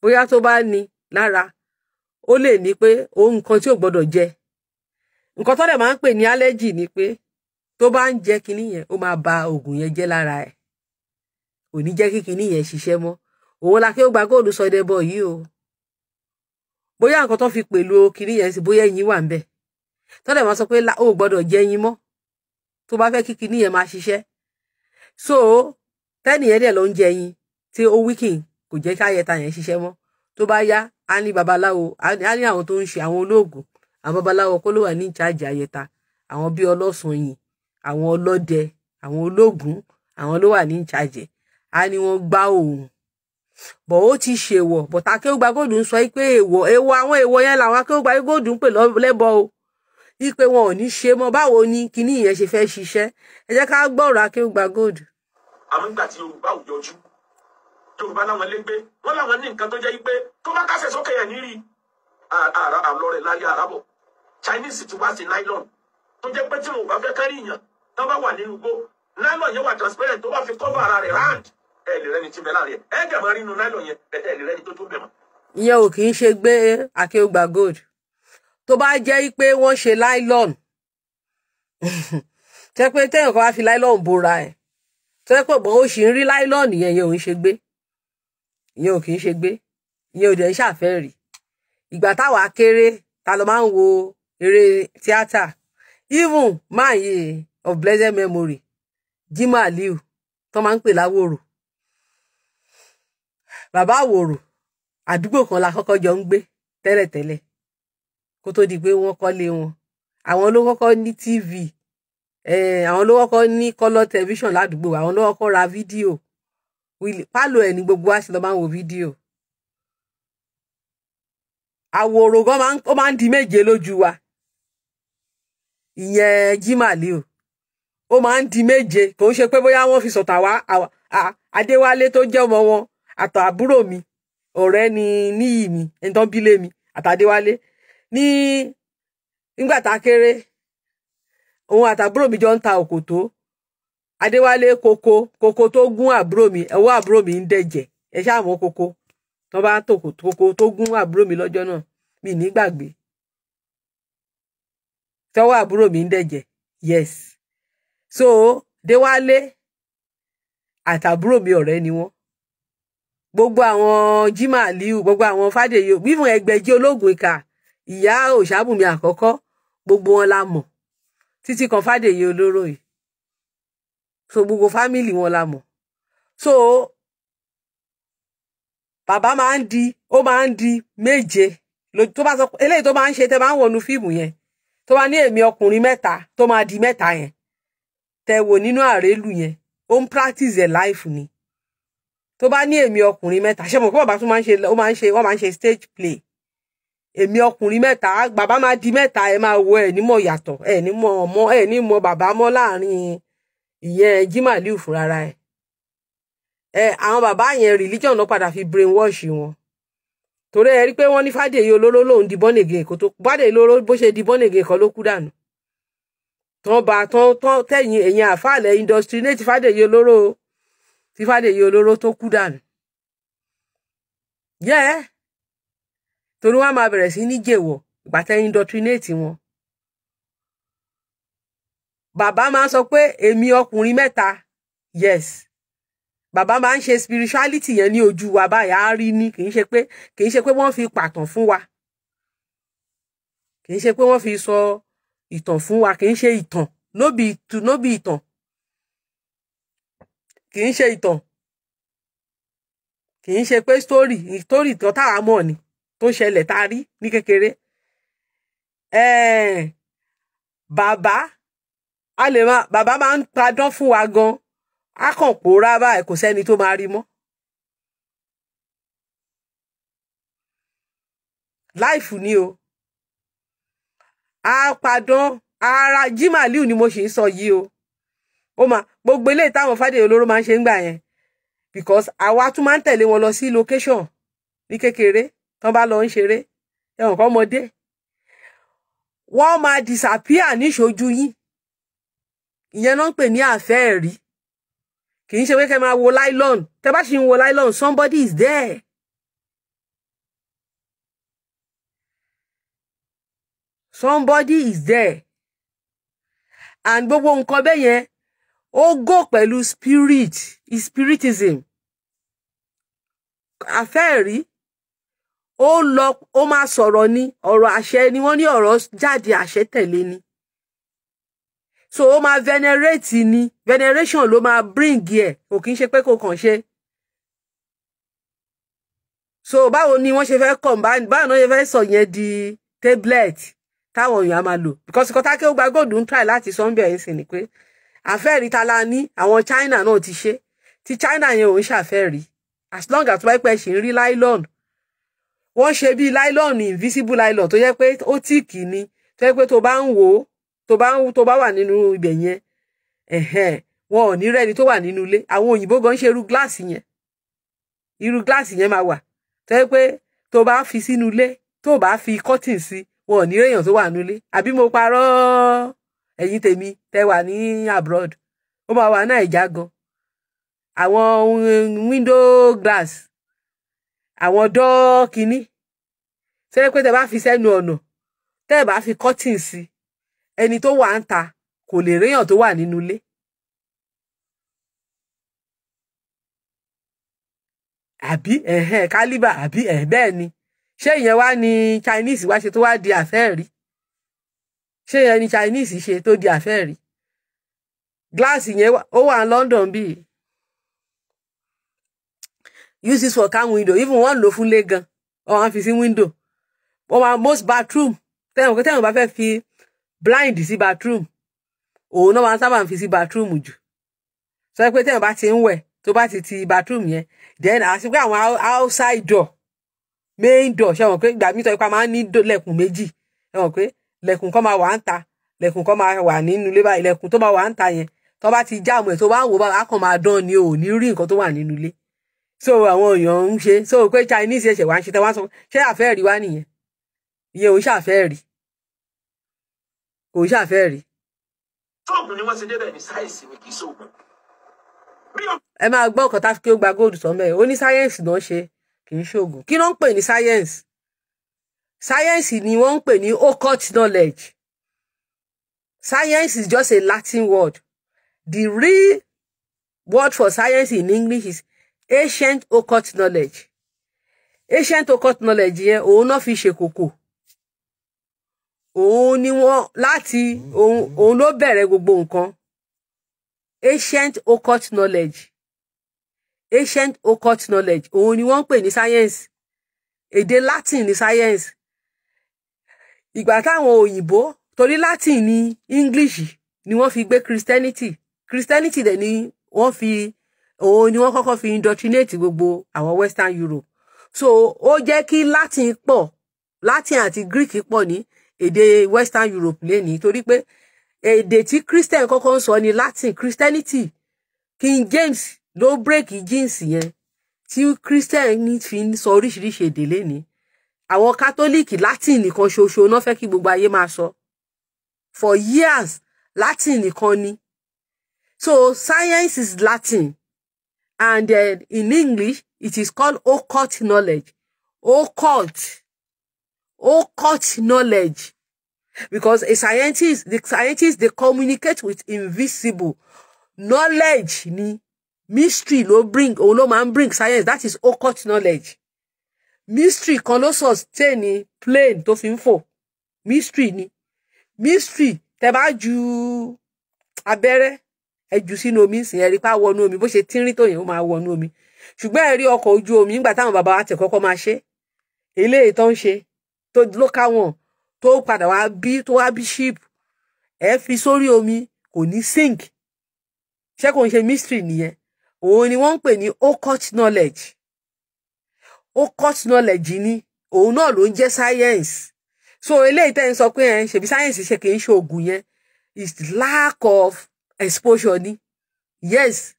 bóyá tó bá ní lára ó lè ní pé òun nǹkan tí ò gbọdọ̀ jẹ nǹkan tó dẹ̀ máa ń pè ní allergy ni pé tó bá ń jẹ kinní yẹn ó máa ba oògùn yẹn jẹ́ lára ẹ̀ ò ní jẹ́ kí kinní yẹn ṣiṣẹ́ mọ́ òun la kí ó gba góòlù sọdẹbọ yìí o bóyá nǹkan tó fi pèlú kinní yẹn sí bóyá ẹyin wà ń bẹ̀ tọ́lẹ̀ máa sọ pé ó gbọ́dọ̀ jẹ ẹyin mọ́ tó bá fẹ́ kí kinní yẹn máa ṣiṣẹ́ so tẹ́nìyẹn dẹ̀ ló ń jẹ yín tí ó wíkìn kò jẹ́ káyẹta yẹn ṣiṣẹ́ mọ́ tó bá yá á ní babaláwo á ní àwọn tó ń ṣe àwọn olóògùn àwọn babaláwo kó ló wà ní ìjáàjì ayẹta àwọn bíi ọlọ́sùn yìí àwọn ọlọ́dẹ àwọn olóògùn àwọn ló wà ní ìjáàjì á ní wọ́n gbá òun bọ̀ ó ti ṣèwọ̀ bọ̀tà akéwùgbà góòdù ń sọ pé èèwọ̀ èèwọ̀ àwọn èèwọ̀ yẹn làwọn akéwùgbà góòdù ń pè lẹ́bọ̀ o wípé wọn ò ní ṣe mọ báwo ni kinní yẹn ṣe fẹ́ ṣiṣẹ́ ẹ jẹ́ ká gbọ́rọ̀ akéwùgbà gold. àmúgbà tí yorùbá ò yọjú yorùbá láwọn lé gbé wọn láwọn ní nǹkan tó jẹ́ wípé tó bá kásẹ̀ sókè yẹn nírí àrà àlọ́rẹ̀ láyé àràbọ̀ chinese ti wá sí nylon tó jẹ́ pé tí mo bá fẹ́ kárí ìyàn tó bá wà nínú igbó nylon yẹn wà transparent tó bá fi cover ara rẹ̀ round ẹ̀ lè rẹ́ni tí bẹ́ẹ̀ láàrin ẹ̀ ẹ̀ dẹ̀ máa rí inú nylon yẹn ẹ̀ lè rẹ́ni tó tó bẹ̀ mọ́. ìyẹn ò kì í ṣe gbé akéwùgbà tó bá jẹ́ pé wọ́n ṣe láìlọ́ọ̀nù <laughs> tẹ́ pé téèyàn kan bá fi láìlọ́ọ̀nù bora ẹ̀ tẹ́ pé bọ́ ó sì ń rí láìlọ́ọ̀nù yẹn yẹn ò ń ṣe gbé yẹn ò kì í ṣe gbé yẹn ò dẹ̀ ń ṣàfẹ́ rí ìgbà táwa kéré ta ló máa ń wo eré tíátà even máa of blessed memory Jimoh Aliu tó máa ń pè láwòrò bàbá àwòrò àdúgbò kan la kọ́kọ́ jọ ń gbé tẹ́lẹ̀tẹ́lẹ̀ kó tó di pé wọ́n kọ́lé wọn àwọn ló kọ́kọ́ ní tv eh, àwọn ló kọ́kọ́ ní kọ́lọ́ tẹlifíṣàn ládùúgbò àwọn ló kọ́kọ́ ra fídíò pálọ̀ ẹ̀ ní gbogbo wa sì lọ máa ń wo fídíò àwòrò gan ó máa ń di méje lójú wa ìyẹn jimale o ó máa ń di méje kò ń ṣe pé bóyá wọ́n fi sọ̀tà wá adéwálé tó jẹ́ ọmọ wọn àtàbúrò mi ọ̀rẹ́ ni níyì mi ẹni tó bílé mi àtàdéwálé ní nígbà tá ataburo kéré òun àtàbúrò mi jọ ń ta òkòtó adéwálé koko koko tó gún àbúrò mi ẹwọ àbúrò mi ń dẹ̀jẹ̀ ẹ ṣáà koko tó bá ń koko tó gún àbúrò mi lọjọ náà mi ní gbàgbé tọwọ́ àbúrò mi ń yes so déwálé àtàbúrò mi ore ni wọ́n gbogbo àwọn jimá aliu gbogbo àwọn fàdèyò wíwọ̀n ẹgbẹ̀jì ológun ìka ìyá òṣàbùnmi àkọ́kọ́ gbogbo wọn la mọ̀ títí kan fàdèyí olóró yìí so gbogbo fámìlì wọn la mọ̀ so bàbá máa ń di ó máa ń di méje tó bá sọ eléyìí tó máa ń ṣe tẹ máa ń wọnú fíìmù yẹn tó bá ní èmi ọkùnrin mẹ́ta tó máa di mẹ́ta yẹn tẹ wò nínú àrélù yẹn ó ń practice ẹ̀ life ni tó bá ní èmi ọkùnrin mẹ́ta ṣé mo kí bàbá tún máa ń ṣe ó máa ń ṣe stage play èmi ọkùnrin mẹ́ta bàbá máa di mẹ́ta ẹ máa wo ẹ nímọ̀ yàtọ̀ ẹ nímọ̀ ọmọ ẹ nímọ̀ bàbá mọ́ láàrin ìyẹn jimaliu fúnra ẹ ẹ àwọn bàbá yẹn religion náà padà fi brainwash wọn torí ẹ rí pé wọ́n ní fàdéyé olóró lòun di born again kó tó fàdéyé olóró bó ṣe di born again kan ló kú dànù tán bá tán tán tẹ̀yìn ẹ̀yìn àfàlẹ industry ní ti fàdéyé olóró ti fàdéyé Yeah torí wọn á máa bẹ̀rẹ̀ sí ní jèwọ̀ ìgbà tẹ́ indoctrinate wọn. bàbá máa ń sọ pé èmi ọkùnrin mẹ́ta yes bàbá máa ń ṣe spirituality yẹn ní ojú wa báyà á rí ni kì í ṣe pé kì í ṣe pé wọ́n fi pàtàn fún wa kì í ṣe pé wọ́n fi sọ ìtàn fún wa kì í ṣe ìtàn nóbi nóbi ìtàn kì í ṣe ìtàn kì í ṣe pé story story kan táwa mọ̀ ni tó ṣẹlẹ̀ tá a rí ní kékeré bàbá a lè máa bàbá máa ń padán fún wa gan a kàn pòórá báyìí kò sẹ́ni tó máa rí mọ́. láìfù ni o a padán ara jimaliu ni mo ṣì ń sọ yìí o ó máa gbogbo eléyìí táwọn fàdé olóró máa ń ṣe ń gbà yẹn because àwa tún máa ń tẹ̀lé wọn lọ sí location ní kékeré tán bá lọ ń ṣeré ẹwọn kọ́ ọmọdé wọ́n máa disappear níṣojú yín ìyẹn náà ń pè ní àfẹ́ ẹ̀rí kì í ṣe pé kẹ́ máa wo nylon tẹ́ bá sì ń wo nylon somebody is there. somebody is there and gbogbo nǹkan bẹ́ẹ̀ yẹn ó gò pẹ̀lú spirit spiritism àfẹ́ ẹ̀rí ó lọ ó máa sọ̀rọ̀ ni ọ̀rọ̀ àṣẹ ni wọ́n ní ọ̀rọ̀ jáde àṣẹ tẹ̀lé ni so ó máa venerate ni veneration ló máa bring ẹ̀ kò kí ń ṣe pé kò kàn ṣe so báwo ni wọ́n ṣe fẹ́ combine báwo ni wọ́n ṣe fẹ́ sọ yẹn di tablet táwọn èèyàn á máa lò because kọ́tà kí ó gba góòdù ń try láti sunday ẹ̀yìn sì ni pé àfẹ́rí ta la ní àwọn China náà ti ṣe ti China yẹn ò ń ṣàfẹ́rí as long as wọ́n pẹ́ ṣì ń rí nylon wọ́n ṣe bíi láìlọ́ọ̀nù invisible láìlọ́ọ̀ tó yẹ pé ó tíìkì ni tó yẹ pé tó bá ń wò ó tó bá ń tó bá wà nínú ibẹ̀ yẹn ẹ̀hẹ́n wọn ò ní rẹ́ni tó wà nínú ilé àwọn òyìnbó gan ṣe irú gíláàsì yẹn irú gíláàsì yẹn máa wà tó yẹ pé tó bá fi sínú ilé tó bá fi cotton sí wọn ò ní rẹ́yàn tó wà nínú ilé àbí mo parọ́ ẹ̀yin tèmi tẹ wà ní abroad ó máa wà náà ìjà gan àwọn window glass àwọn dọ́ọ̀kìnní sẹ́yìn pé tẹ́ bá fi sẹ́nu ọ̀nà tẹ́ bá fi cotton sí ẹni tó wà ń ta kò lè réyàn tó wà nínú ilé. àbí ẹ̀hẹ́n kálíbà àbí ẹ̀ bẹ́ẹ̀ ni ṣé ìyẹn wá ní Chinese wá ṣe tó wá di àfẹ́ẹ̀rí ṣé ìyẹn ni Chinese ṣe tó di àfẹ́ẹ̀rí gíláàsì yẹn ó wà ní London bíi use this for car window even one lò fún lé gan wọ́n fi sí window wọ́n máa most bathroom tẹ́wọ̀n pé tẹ́wọ̀n bá fẹ́ fi blind sí bathroom òun náà máa sábà fi sí bathroom jù sọ pé tẹ́wọ̀n bá ti ń wẹ̀ tó bá ti ti bathroom yẹn then àti pé àwọn outside door main door ṣe wọn pé ìgbà mi tọ́ ipa máa ń ní lẹ̀kùn méjì ṣe wọn pé lẹ̀kùn kan máa wà ń ta lẹ̀kùn kan máa wà nínú ilé báyìí lẹ̀kùn tó máa wà ń ta yẹn tó bá ti jáàmù ẹ̀ tó bá ń wò bá a máa dán ni o ò ní rí nǹkan tó wà nínú ilé so àwọn èèyàn ń ṣe so pé Chinese ẹ̀ṣẹ̀ wá ń ṣe tẹ́wọ́n sọ ṣé àfẹ́ẹ̀rí wá nìyẹn ìyẹn òun ṣàfẹ́ẹ̀rí òun ṣàfẹ́ẹ̀rí. sóògùn ni wọ́n ṣe débẹ̀ ní sáyẹ̀nsì ni kì í sóògùn. ẹ máa gbọ́ ọ̀kan tá kí ó gba góòdù sọ́mẹ́ ó ní sáyẹ̀nsì náà ṣe kì í ṣoògùn kí ló ń pè ní sáyẹ̀nsì sáyẹ̀nsì ni wọ́n ń pè ní occult knowledge science is just a Latin word the real word for science in English is ancient occult knowledge ancient occult knowledge yẹn òun náà fi ṣe kòkò òun ni wọ́n láti òun ló bẹ̀rẹ̀ gbogbo nǹkan ancient occult knowledge ancient occult knowledge òun ni wọ́n ń pè ní science èdè Latin ní science ìgbà táwọn òyìnbó torí Latin ni English ni wọ́n fi gbé Christianity Christianity dẹ̀ ni wọ́n fi òun ni wọ́n kọ́kọ́ fi indoctrinate gbogbo àwọn western europe so ó jẹ́ kí latin pọ̀ latin àti greek pọ̀ ní èdè western europe lénìí torí pé èdè tí christian kọ́kọ́ ń sọ ni latin christianity king james ló break jeans yẹn tí christian fi ń sọ oríṣiríṣi èdè lénìí àwọn catholic latin nìkan ṣoṣo náà fẹ́ kí gbogbo ayé máa sọ for years latin nìkan ni so science is latin and uh, in English it is called occult knowledge occult occult knowledge because a scientist the scientists they communicate with invisible knowledge ni mystery ló bring òun ló máa bring science that is occult knowledge mystery kan ló sustain ni plane tó fi ń fò mystery ni mystery tẹ́ bá ju abẹ́rẹ́ ẹ jù sínú omi sìn ẹ rí pa wọnú omi bó ṣe tínrín tó yẹn ó máa wọnú omi ṣùgbọ́n ẹ rí ọkọ̀ ojú omi nígbà táwọn bàbá wa tẹ̀ kọ́kọ́ máa ṣe eléyìí tó ń ṣe tó lóka wọn tó padà wá bí tó wá bí ṣíìpù ẹ fi sórí omi kò ní sink ṣé kò ń ṣe mystery nìyẹn òun ni wọ́n ń pè ní occult knowledge occult knowledge ni òun náà ló ń jẹ́ science so eléyìí tẹ́ ń sọ pé ẹ ṣèbí science ṣe kì í ṣe oògùn yẹn is lack of exposure ni yes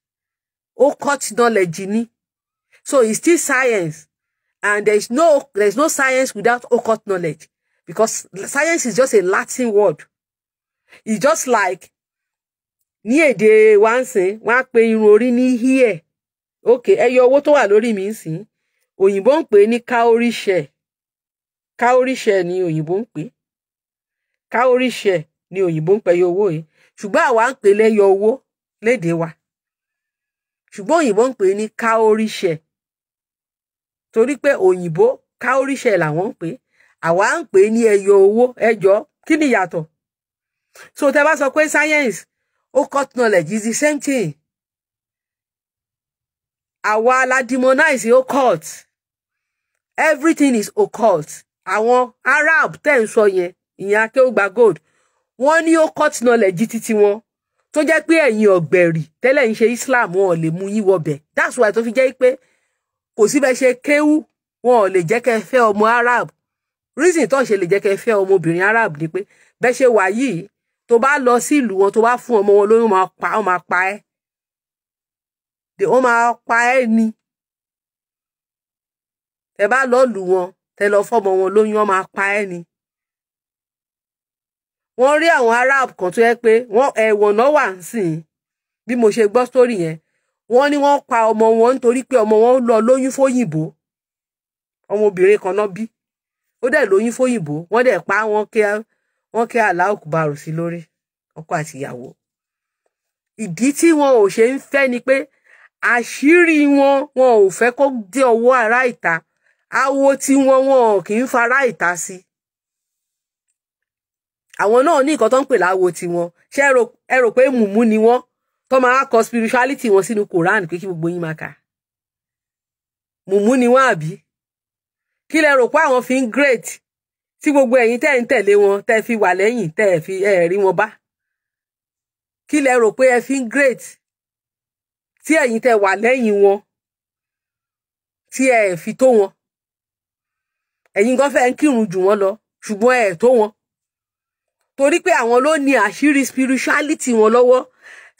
ó cut knowledge ni so it's still science and there is no there is no science without occult knowledge because science is just a Latin word it's just like ní èdè wa ń sìn wọn á pe irun orí ní híẹ òkè ẹyọ owó tó wà lórí mi ń sìn òyìnbó ń pè ní káóríṣẹ káóríṣẹ ni òyìnbó ń pè káóríṣẹ ni òyìnbó ń pè ẹyọ owó yìí ṣùgbọ́n àwa ń pè lẹ́yọ owó léde wa ṣùgbọ́n òyìnbó ń pè ní káóríṣẹ torí pé òyìnbó káóríṣẹ làwọn ń pè àwa ń pè ní ẹyọ owó ẹjọ kí ni ìyàtọ̀ so tẹ bá sọ pé science ó cut knowledge is the same thing àwa la demonize occult everything is occult àwọn Arab tẹ̀ ń sọ yẹn ìyẹn akéwògbà gold wọ́n ní ó court knowledge títí wọn tó jẹ́ pé ẹ̀yin ọ̀gbẹ̀rì tẹ́lẹ̀ ń ṣe Islam wọn ò lè mú yín wọbẹ̀ that's why tó fi jẹ́ pé kò síbẹ̀ ṣe kéwú wọn ò lè jẹ́ kẹ́ fẹ́ ọmọ Arab reason tó ṣe lè jẹ́ kẹ́ fẹ́ ọmọbìnrin Arab ni pé bẹ́ ṣe wà yìí tó bá lọ sí ìlú wọn tó bá fún ọmọ wọn lóyún máa pa ọ́ máa pa ẹ́ wọ́n máa pa ẹ́ ni tẹ́ bá lọ́ọ́ lù wọn tẹ́ lọ fọ́mọ wọn lóyún ọ́ máa pa ẹ́ ni wọ́n rí àwọn arab kan tó yẹ pé wọ́n ẹ̀wọ̀n náà wà nísìnyí bí mo ṣe gbọ́ sórí yẹn wọ́n ní wọ́n pa ọmọ wọn nítorí pé ọmọ wọn lọ lóyún fóyìnbó ọmọbìnrin kan náà bí ó dẹ̀ lóyún fóyìnbó wọ́n dẹ̀ pa wọ́n kẹ́ wọ́n kẹ́ aláòkùbarò sí lórí ọkọ àtìyàwó ìdí tí wọn ò ṣe ń fẹ́ ni pé àṣírí wọn wọn ò fẹ́ kó dé ọwọ́ ará ìta awo tí wọn wọn kì í fara ìta sí i àwọn náà ní nǹkan tó ń pè láwo tiwọn ṣé ẹ rò pé mùmú ni wọ́n tó máa kọ spirituality wọn sínú Quran pé kí gbogbo yín máa kà mùmú ni wọ́n àbí kí lẹ rò pé àwọn fi ń great tí gbogbo ẹ̀yin tẹ́ ń tẹ̀lé wọn tẹ́ fi wà lẹ́yìn tẹ́ fi ẹ rí wọn bá kí lẹ rò pé ẹ fi ń great tí ẹ̀yin tẹ́ wà lẹ́yìn wọn tí ẹ fi tó wọn ẹ̀yin gan fẹ́ ń kírun jù wọ́n lọ ṣùgbọ́n ẹ tó wọn torí pé àwọn ló ní àṣírí spirituality wọn lọ́wọ́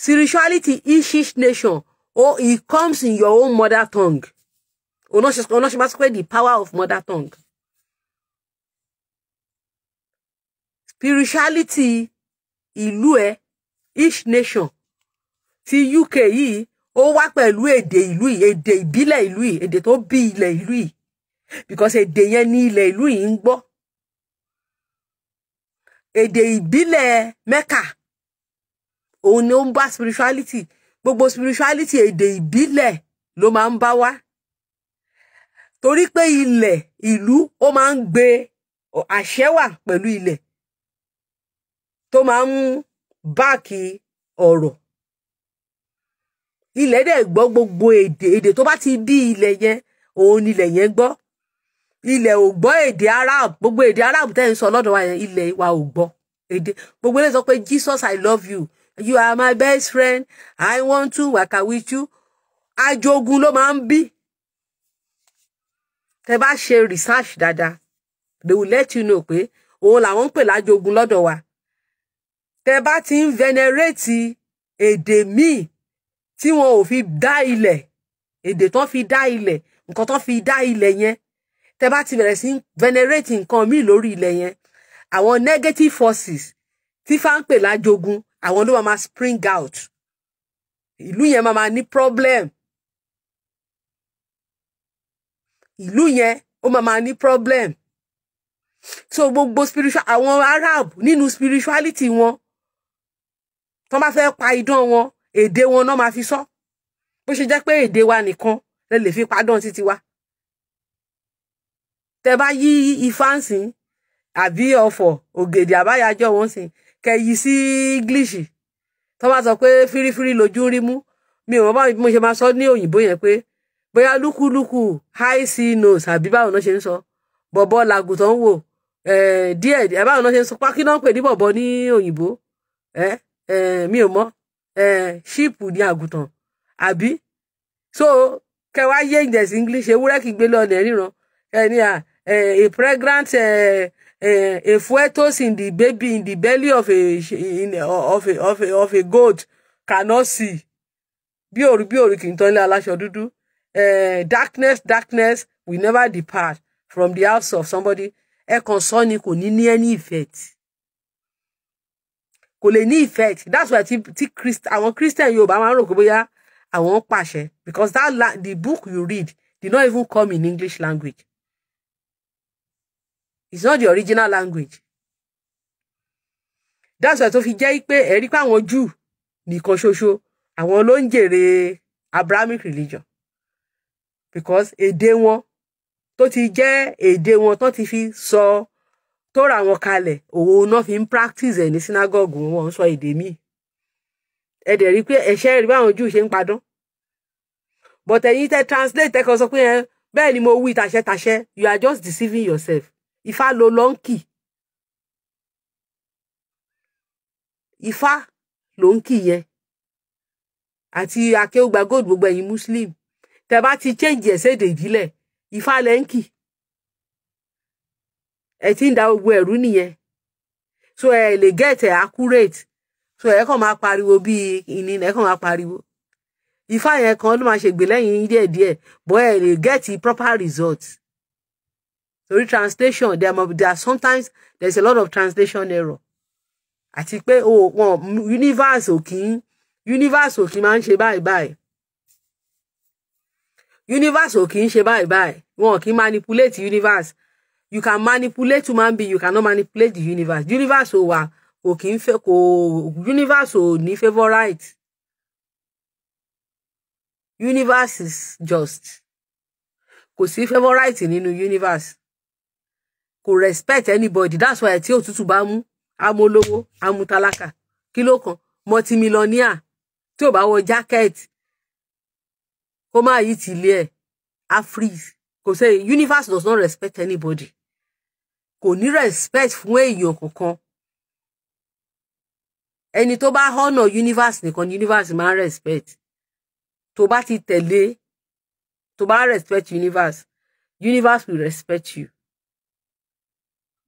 spirituality each nation oh it comes in your own mother tongue onosima sọ pé the power of mother tongue spirituality ìlú ẹ each nation ti UK yìí ó wá pẹ̀lú èdè ìlú yìí èdè ìbílẹ̀ ìlú yìí èdè tó bí ilẹ̀ ìlú yìí because èdè yẹn ni ilẹ̀ ìlú yìí ń gbọ́ èdè ìbílẹ̀ mẹ́kà òun ni ó ń bá spirituality gbogbo spirituality èdè ìbílẹ̀ ló máa ń bá wá torí pé ilẹ̀ ìlú ó máa ń gbé àṣẹ wà pẹ̀lú ilẹ̀ tó máa ń báàkì ọ̀rọ̀ ilẹ̀ dẹ̀ gbọ́ gbogbo èdè èdè tó bá ti bí ilẹ̀ yẹn òun ilẹ̀ yẹn gbọ́ ilẹ̀ ò gbọ́ èdè Arab gbogbo èdè Arab tẹ́ ń sọ lọ́dọ̀ wa yẹn ilẹ̀ wa ò gbọ́ èdè gbogbo ilé sọ pé Jesus I love you you are my best friend I want to waka with you ajogun ló máa ń bí tẹ́ bá ṣe research dáadáa they will let you know pé òun làwọn ń pè lájogun lọ́dọ̀ wa tẹ́ bá ti ń venerate èdè míì tí wọn ò fi dá ilẹ̀ èdè tán fi dá ilẹ̀ nǹkan tán fi dá ilẹ̀ yẹn tẹ bá ti bẹ̀rẹ̀ sí venerate nǹkan míì lórí ilẹ̀ yẹn àwọn negative forces tí fáńpè lájogun àwọn ló máa spring out ìlú yẹn máa máa ní problem ìlú yẹn ó máa máa ní problem so gbogbo spiritual àwọn Arab nínú spirituality wọn tó bá fẹ́ pa idán wọn èdè wọn náà máa fi sọ bó ṣe jẹ́ pé èdè wa nìkan lè lè fi padán títí wa tẹ bá yí ifáǹsì àbí ọ̀fọ̀ ògèdè àbáyájọ wọn sì kẹ yí sí english tó bá sọ pé fírífírí lójú rí mú mi ò mọ báwo mo ṣe máa sọ ní òyìnbó yẹn pé bóyá lúkúlùkù high sea nose àbí báwo náà ṣe ń sọ bọ̀bọ̀ làgùn tó ń wò díẹ̀ díẹ̀ báwo náà ṣe ń sọ pákí náà pè ní bọ̀bọ̀ ní òyìnbó mi ò mọ ṣíìpù ní àgùntàn àbí so kẹwàá yé ìjẹsìn english ewúrẹ́ kì í gbé lọ ọ̀nà ẹni à a, eh, a pregnant a, eh, a, eh, a fetus in the baby in the belly of a in, of a of a of a goat cannot see Bi òru bi òru kì í tán ilé aláṣọ darkness darkness we never depart from the house of somebody E kàn sọ ni kò ní ní any effect kò lè ní effect that's why ti ti Christ àwọn Christian Yorùbá máa ń rò pé bóyá àwọn ń because that the book you read did not even come in English language it's not the original language that's why tó fi jẹ́ pé ẹ̀rí pé àwọn Júù nìkan ṣoṣo àwọn ló ń jèrè Abrahamic religion because èdè wọn tó ti jẹ́ èdè wọn tó ti fi sọ tó ra wọn kalẹ̀ òun náà fi ń practice ẹ̀ ní synagogue wọn ń sọ èdè míì ẹ dẹ̀ rí pé ẹ̀ṣẹ́ rí báwọn Júù ṣe ń padán but ẹ̀yin tẹ́ translate tẹ́kọ̀ sọ pé bẹ́ẹ̀ ni mo wí tàṣẹ tàṣẹ you are just deceiving yourself Ifá lo lọ́ńkì. Ifá lọ́ńkì yẹn. Àti Akéwùgbà gold gbogbo ẹ̀yin Muslim. Tẹ́ bá ti change ẹ̀ sédè ìbílẹ̀. Ifá lẹ́ńkì. Ẹ ti ń da gbogbo ẹ̀rú nìyẹn. So ẹ lè get accurate. So ẹ kàn máa pariwo bíi ìnìyàn ẹ kàn máa pariwo ifá yẹn kan ló máa ṣègbè lẹ́yìn díẹ̀díẹ̀ bọ́ ẹ lè get proper result torí translation there are, there are sometimes there's a lot of translation error àti pé wọn universe ò kì í universe ò kì í máa ń ṣe báyìí báyìí universe ò kì í ṣe báyìí báyìí wọn kì í manipulate universe you can manipulate human being you cannot manipulate the universe universe ò wà kò kì í kò universe ò ní favourite universe is just kò sí favourite nínú universe kò respect anybody that's why tí òtútù bá mú amolówó amutalaka kí ló kan multimillionaire tí ò bá wọ jacket kó má yí ti ilé ẹ̀ afris kò sẹ universe does not respect anybody kò ní respect fún èèyàn kankan ẹni tó bá honour universe nìkan universe máa respect tó bá ti tẹ̀lé tó bá respect universe universe will respect you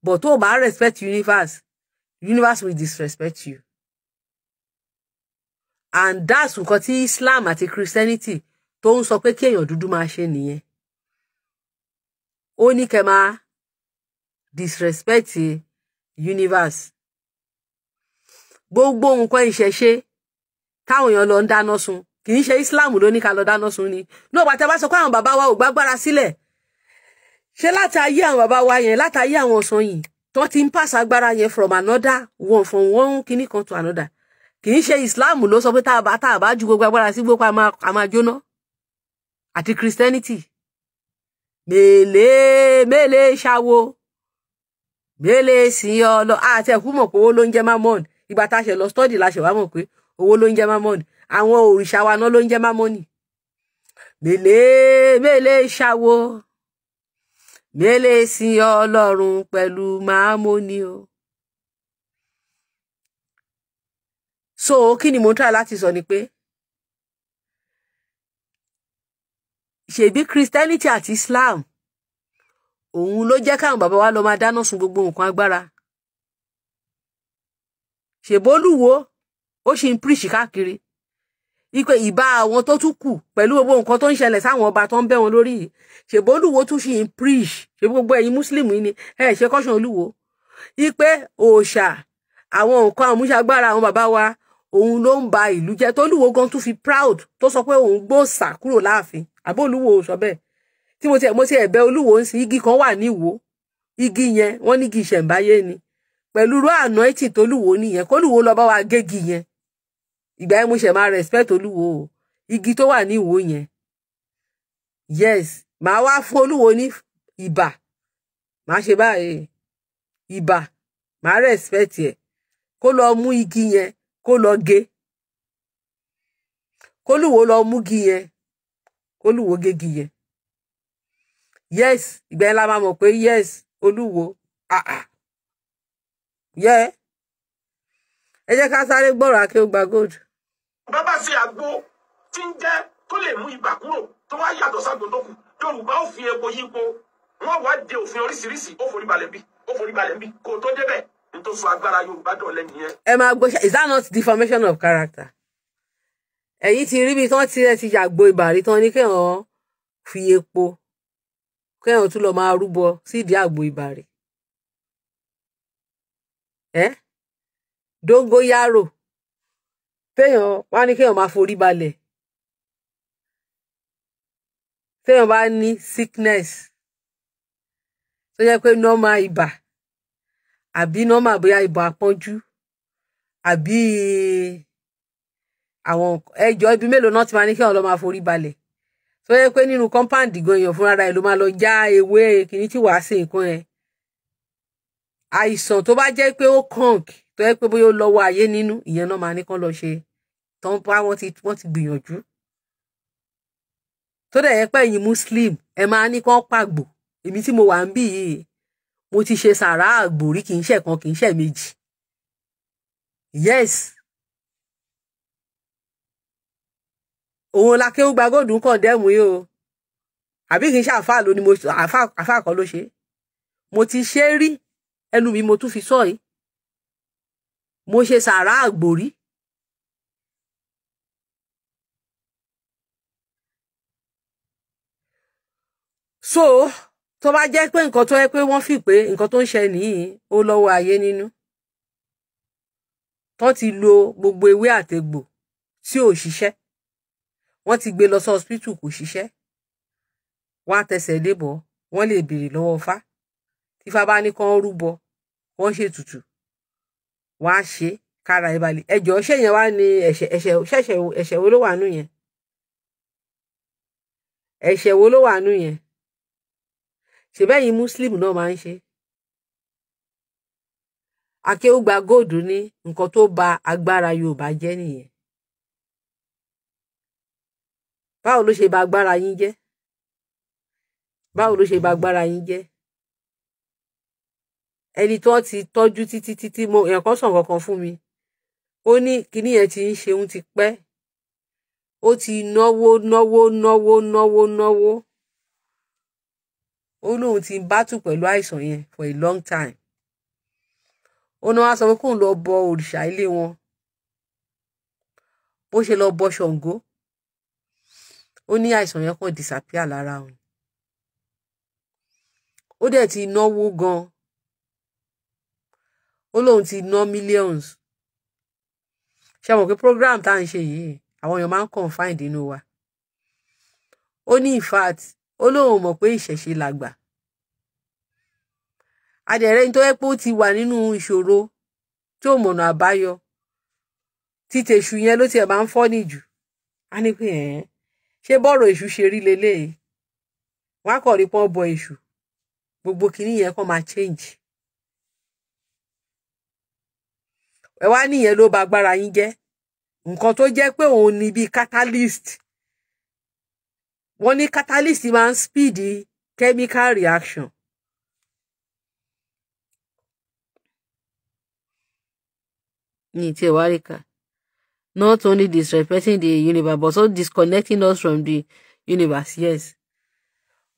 but tó o respect universe universe will disrespect you and that's nǹkan tí Islam àti Christianity tó ń sọ pé kí èèyàn dúdú máa ṣe nìyẹn ó ní kẹ́ máa disrespect universe gbogbo nǹkan ìṣẹ̀ṣe táwọn èèyàn lọ ń dáná sun kì í ṣe Islam ló ní ká lọ dáná sun ni ní ọgbà tí a bá sọ pé àwọn wa ò gbágbára sílẹ̀ ṣé láti ayé àwọn bàbá wa yẹn láti ayé àwọn ọ̀sán yìí tó ti ń pàṣẹ agbára yẹn from another one from one kinní kan to another kì í ṣe Islam ló sọ pé tá a bá tá a bá ju gbogbo agbára sí gbogbo a máa jóná àti Christianity mèlè mèlè ṣàwo mèlè sìn ọlọ àti ẹkú mọ̀ pé owó ló ń jẹ́ mamoni ìgbà tá a ṣe lọ study la ṣe wá mọ̀ pé owó ló ń jẹ́ mamoni àwọn òrìṣà wa náà ló ń jẹ́ mamoni mèlè mèlè ṣàwo. Mele, sin ọlọ́run pẹ̀lú màámóní o. so kí ni mo ń try láti sọ ni pé ṣèbí christianity àti islam òun ló jẹ́ káwọn bàbá wa lọ máa dáná sun gbogbo nǹkan agbára ṣèbólúwo ó sì ń píríṣì káàkiri ipe ìbá àwọn tó tún kù pẹ̀lú gbogbo nǹkan tó ń ṣẹlẹ̀ sáwọn ọba tó ń bẹ́ wọn lórí yìí ṣèbólúwo tún ṣì ń preach ṣe gbogbo ẹ̀yin muslim yìí ni ẹ ṣe kọ́ṣán olúwo ipe òòṣà àwọn nǹkan àmúṣagbára àwọn bàbá wa òun ló ń ba ìlú jẹ́ tólúwo gan tún fi proud tó sọ pé òun gbòòsà kúrò láàfin àbó olúwo sọ bẹ́ẹ̀ tí mo ti ẹ̀ mo ti ẹ̀ bẹ olúwo ń sin igi kan wà ní ìwó igi yẹn wọ́n ní igi ìṣẹ̀ǹbáyé ni pẹ̀lú rú àná ètì tólúwo nìyẹn kólúwo lọ bá wa gégi yẹn ìgbà yẹn mo ṣẹ̀ máa respect olúwo o igi tó wà ní ìwò yẹn yes màá wá fún olúwo ní ìbà màá ṣe báyìí ìbà màá respect ẹ kó lọ mú igi yẹn kó lọ gé kólúwo lọ mú igi yẹn kólúwo gégi yẹn yes ìgbà yẹn la máa mọ̀ pé yes olúwo ah ah yẹ. Yeah ẹ jẹ́ ká sáré gbọ́rọ̀ Akeugba Gold. bàbá ṣe àgbo tí ń jẹ́ tó lè mú ibà kúrò tó wá yàtọ̀ ságbo kù yorùbá ò fi epo yípo wọn wá de òfin oríṣiríṣi ó forí balẹ̀ bí ó forí balẹ̀ bí kó tó débẹ̀ nítorí fún agbára yorùbá dọ̀lẹ́ nìyẹn. ẹ máa gbọ́ is that not deformation of character? ẹ̀yin ti rí bí tán ti ẹ ti yàgbo ìbàrí tán ní kéèyàn fi epo kéèyàn tún lọ máa rúbọ sídìí àgbo ìbàrí. eh? dóngóyárò téèyàn wá ní kéèyàn máa forí balẹ̀ téèyàn bá ní sickness tó jẹ́ pé nọ́mà ibà àbí nọ́mà bóyá ibà pọ́njú àbí àwọn ẹjọ́ ibi mélòó náà ti máa ní kéèyàn lọ máa forí balẹ̀ tó yẹ pé nínú kọ́ńpáàndì gan èèyàn fúnra rẹ̀ ló máa lọ já ewé kìíní tí wàá sí nǹkan ẹ̀ àìsàn tó bá jẹ́ pé ó kànk tó yẹ pé bóyá ó lọ́wọ́ ayé nínú ìyẹn náà máa ní kán lọ ṣe tán bá wọ́n ti wọ́n ti gbìyànjú tó dẹ̀ yẹ pé ẹ̀yin muslim ẹ máa ní kán pàgbò èmi tí mo wà ń bì yìí mo ti ṣe sàrà àgbò rí kì í ṣe kan kì í ṣe méjì yes òun la kéwú gba góòdù kàn dẹ́mu yìí o àbí kì í ṣe àfáà ló àfáà kan ló ṣe mo ti ṣe rí ẹnu mi mo tún fi sọ yìí mo ṣe sàrà àgbòrí so tó bá jẹ́ pé nǹkan tó yẹ pé wọ́n fi pé nǹkan tó ń ṣe nìyí ó lọ́wọ́ ayé nínú tó ti lo gbogbo ewé àtegbò tí ò ṣiṣẹ́ wọ́n ti gbé lọ sí hospital kò ṣiṣẹ́ wọ́n á tẹsẹ̀ débọ̀ wọ́n lè béèrè lọ́wọ́ fá tífá bá ní kán rúbọ wọ́n ṣètùtù wa ṣe kára ẹ ẹjọ ẹjọ́ ṣé ni wá ẹ̀ṣẹ̀ wo ló wà nù yẹn ẹ̀ṣẹ̀ wo ló wà nù yẹn ṣèbẹ́yìn muslim náà máa ń ṣe akéwùgbà góòdù ní nǹkan tó ba agbára yorùbá jẹ́ nìyẹn báwo ló ṣe ba agbára yín jẹ́ ẹni tó ti tọ́jú títí títí mo èèyàn kan sàn kankan fún mi ó ní kinní yẹn ti ń ṣeun ti pẹ́ ó ti náwó náwó náwó náwó náwó ó lóun ti ń bátù pẹ̀lú àìsàn yẹn for a long time ó náà wá sọ pé kóun lọ bọ òrìṣà ilé wọn bó ṣe lọ bọ Ṣàngó ó ní àìsàn yẹn kàn disappear lára òun ó dẹ̀ ti náwó gan ó lóun ti ná millions ṣe mọ̀ pé program tá à ń ṣe yìí àwọn èèyàn máa ń confide nínú wa ó ní in fact ó lóun mọ̀ pé ìṣẹ̀ṣe làgbà adẹ̀rẹ́ ní tó yẹ pé ó ti wà nínú ìṣòro tí ò mọ̀nà àbáyọ títẹ̀ èṣù yẹn ló tiẹ̀ máa ń fọ́ nìjù á ní pé ẹ̀ẹ́n ṣé bọ́ọ̀rọ̀ èṣù ṣe rí leléyìí wọn á bọ èṣù gbogbo kinní yẹn máa change ẹ wá nìyẹn ló ba agbára yín jẹ́ nǹkan tó jẹ́ pé òun ni bíi catalyst wọ́n ní catalyst máa ń speed chemical reaction. ní ti ìwárìkà not only disrespecting the universe but also disconnecting us from the universe yes.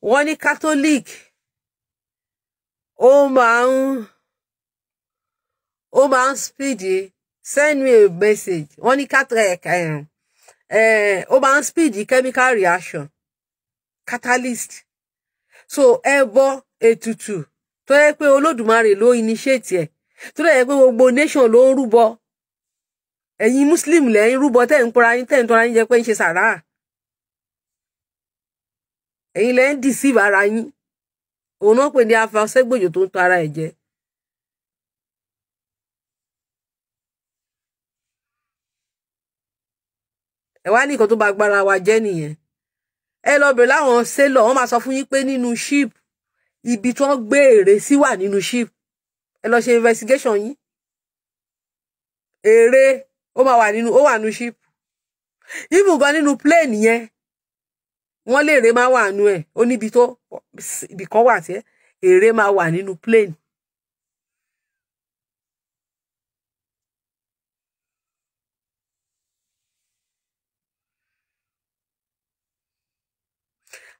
wọ́n ní catholic ó máa ń. ó speedy ń spídì send me a message wọ́n ní eh, chemical reaction catalyst so ẹbọ ètùtù tó yẹ pé olódùmarè ló initiate ẹ to yẹ pé gbogbo nation lo ń rúbọ muslim lẹ́yìn rúbọ tẹ́ ń pọra yín tẹ́ ń tọra yín jẹ pé ń ṣe deceive ara ẹ wá ní nǹkan tó bá agbára wa jẹ́ nìyẹn ẹ lọ bèrè láwọn sélọ wọn máa sọ fún yín pé nínú ship ibi tí wọn gbé èrè sí wà nínú ship ẹ lọ ṣe investigation yín èrè ó máa wà nínú ó wà nínú ship even gan nínú plane yẹn wọn lè èrè máa wà nínú ẹ ó níbi tó ibì kan wà tí èrè máa wà nínú plane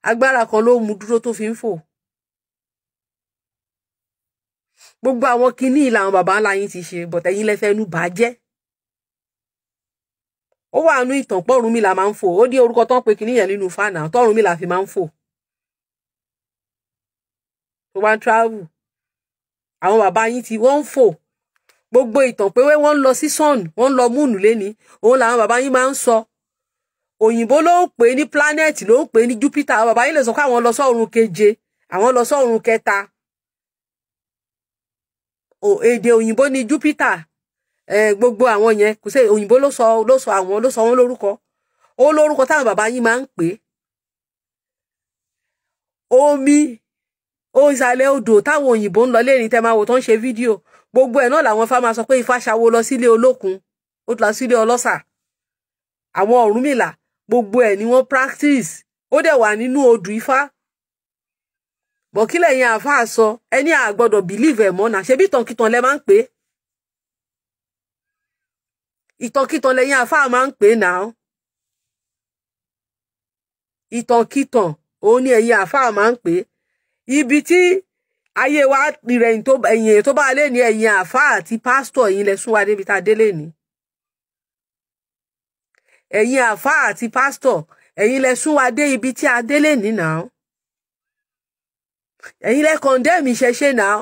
agbára kan ló mú dúró tó fi ń fò gbogbo àwọn kinní ìlà àwọn baba ńlá yín ti ṣe bọ̀tẹ̀ yín lẹ́fẹ́ inú bàjẹ́ ó wà nínú ìtàn pọ́ọ̀rùn mi là máa ń fò ó ní orúkọ tó ń pe kinní yẹn nínú fàánà tọ́ọ̀rùn mi là fi máa ń fò tó bá ń travel àwọn baba yín ti wọ́n ń fò gbogbo ìtàn pé wọ́n ń lọ sí sun wọ́n ń lọ múùnù léni òun làwọn baba yín máa ń sọ òyìnbó ló ń pè ní planet ló ń pè ní Jupiter bàbá yìí lè sọ pé àwọn lọ sọ́run keje àwọn lọ sọ́run kẹta èdè òyìnbó ni Jupiter gbogbo àwọn yẹn kò sí òyìnbó ló sọ ló sọ àwọn ló sọ wọn lórúkọ ó lórúkọ táwọn bàbá yìí máa ń pè omi ó ìsàlẹ̀ odò táwọn òyìnbó ń lọ lẹ́yìn tẹ́ máa wò tó ń ṣe fídíò gbogbo ẹ̀ náà làwọn fá máa sọ pé ifá ṣawo lọ sílé olókun ó lọ sílé ọlọ́sà àwọn Ọ̀rúnmìlà gbogbo ẹ̀ ni wọ́n practice ó dẹ̀ wà nínú odù ifá bọ̀kílẹ̀ yẹn àáfàá sọ ẹni àgbọ́dọ̀ believe ẹ̀ mọ́ náà ṣebí ìtànkìtàn lẹ máa ń pè é ìtànkìtàn lẹ́yìn àáfàá máa ń pè é náà ìtànkìtàn òun ni ẹ̀yin àáfàá máa ń pè é ibi tí ayé wa rẹ̀ ẹ̀yìn tó bá lé ní ẹ̀yin àáfàá àti pásítọ̀ yìí lẹ sún wa débi tá a délé ni ẹ̀yin àfáà àti pásítọ̀ ẹ̀yin lẹ sún wa dé ibi tí a délé nínà ó ẹ̀yin lẹ condemn ìṣẹ̀ṣe náà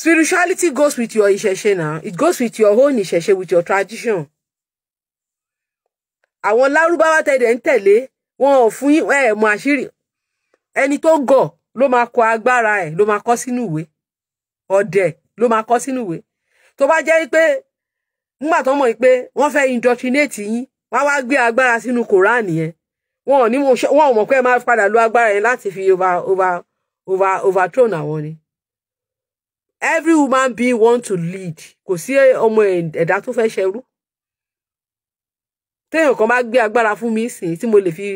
spirituality goes with your ìṣẹ̀ṣe náà it goes with your own ìṣẹ̀ṣe with your tradition àwọn lárúbáwá tẹ̀dẹ̀ ń tẹ̀lé wọn ò fún ẹ̀ mọ àṣírí ẹni tó gọ̀ ló máa kọ agbára ẹ̀ ló máa kọ sínú ìwé ọ̀dẹ̀ ló máa kọ sínú ìwé tó bá jẹ́ pé nígbà tó mọ̀ pé wọ́n fẹ́ indoctrinate yín wọ́n wá gbé agbára sínú koran yẹn wọn ò ní wọn ò mọ̀ pé ẹ máa padà lo agbára yẹn láti fi over over over overthrow àwọn ni. every woman be want to lead kò sí ọmọ ẹ̀dá tó fẹ́ ṣerú. téèyàn kan bá gbé agbára fún mi sìn tí mo lè fi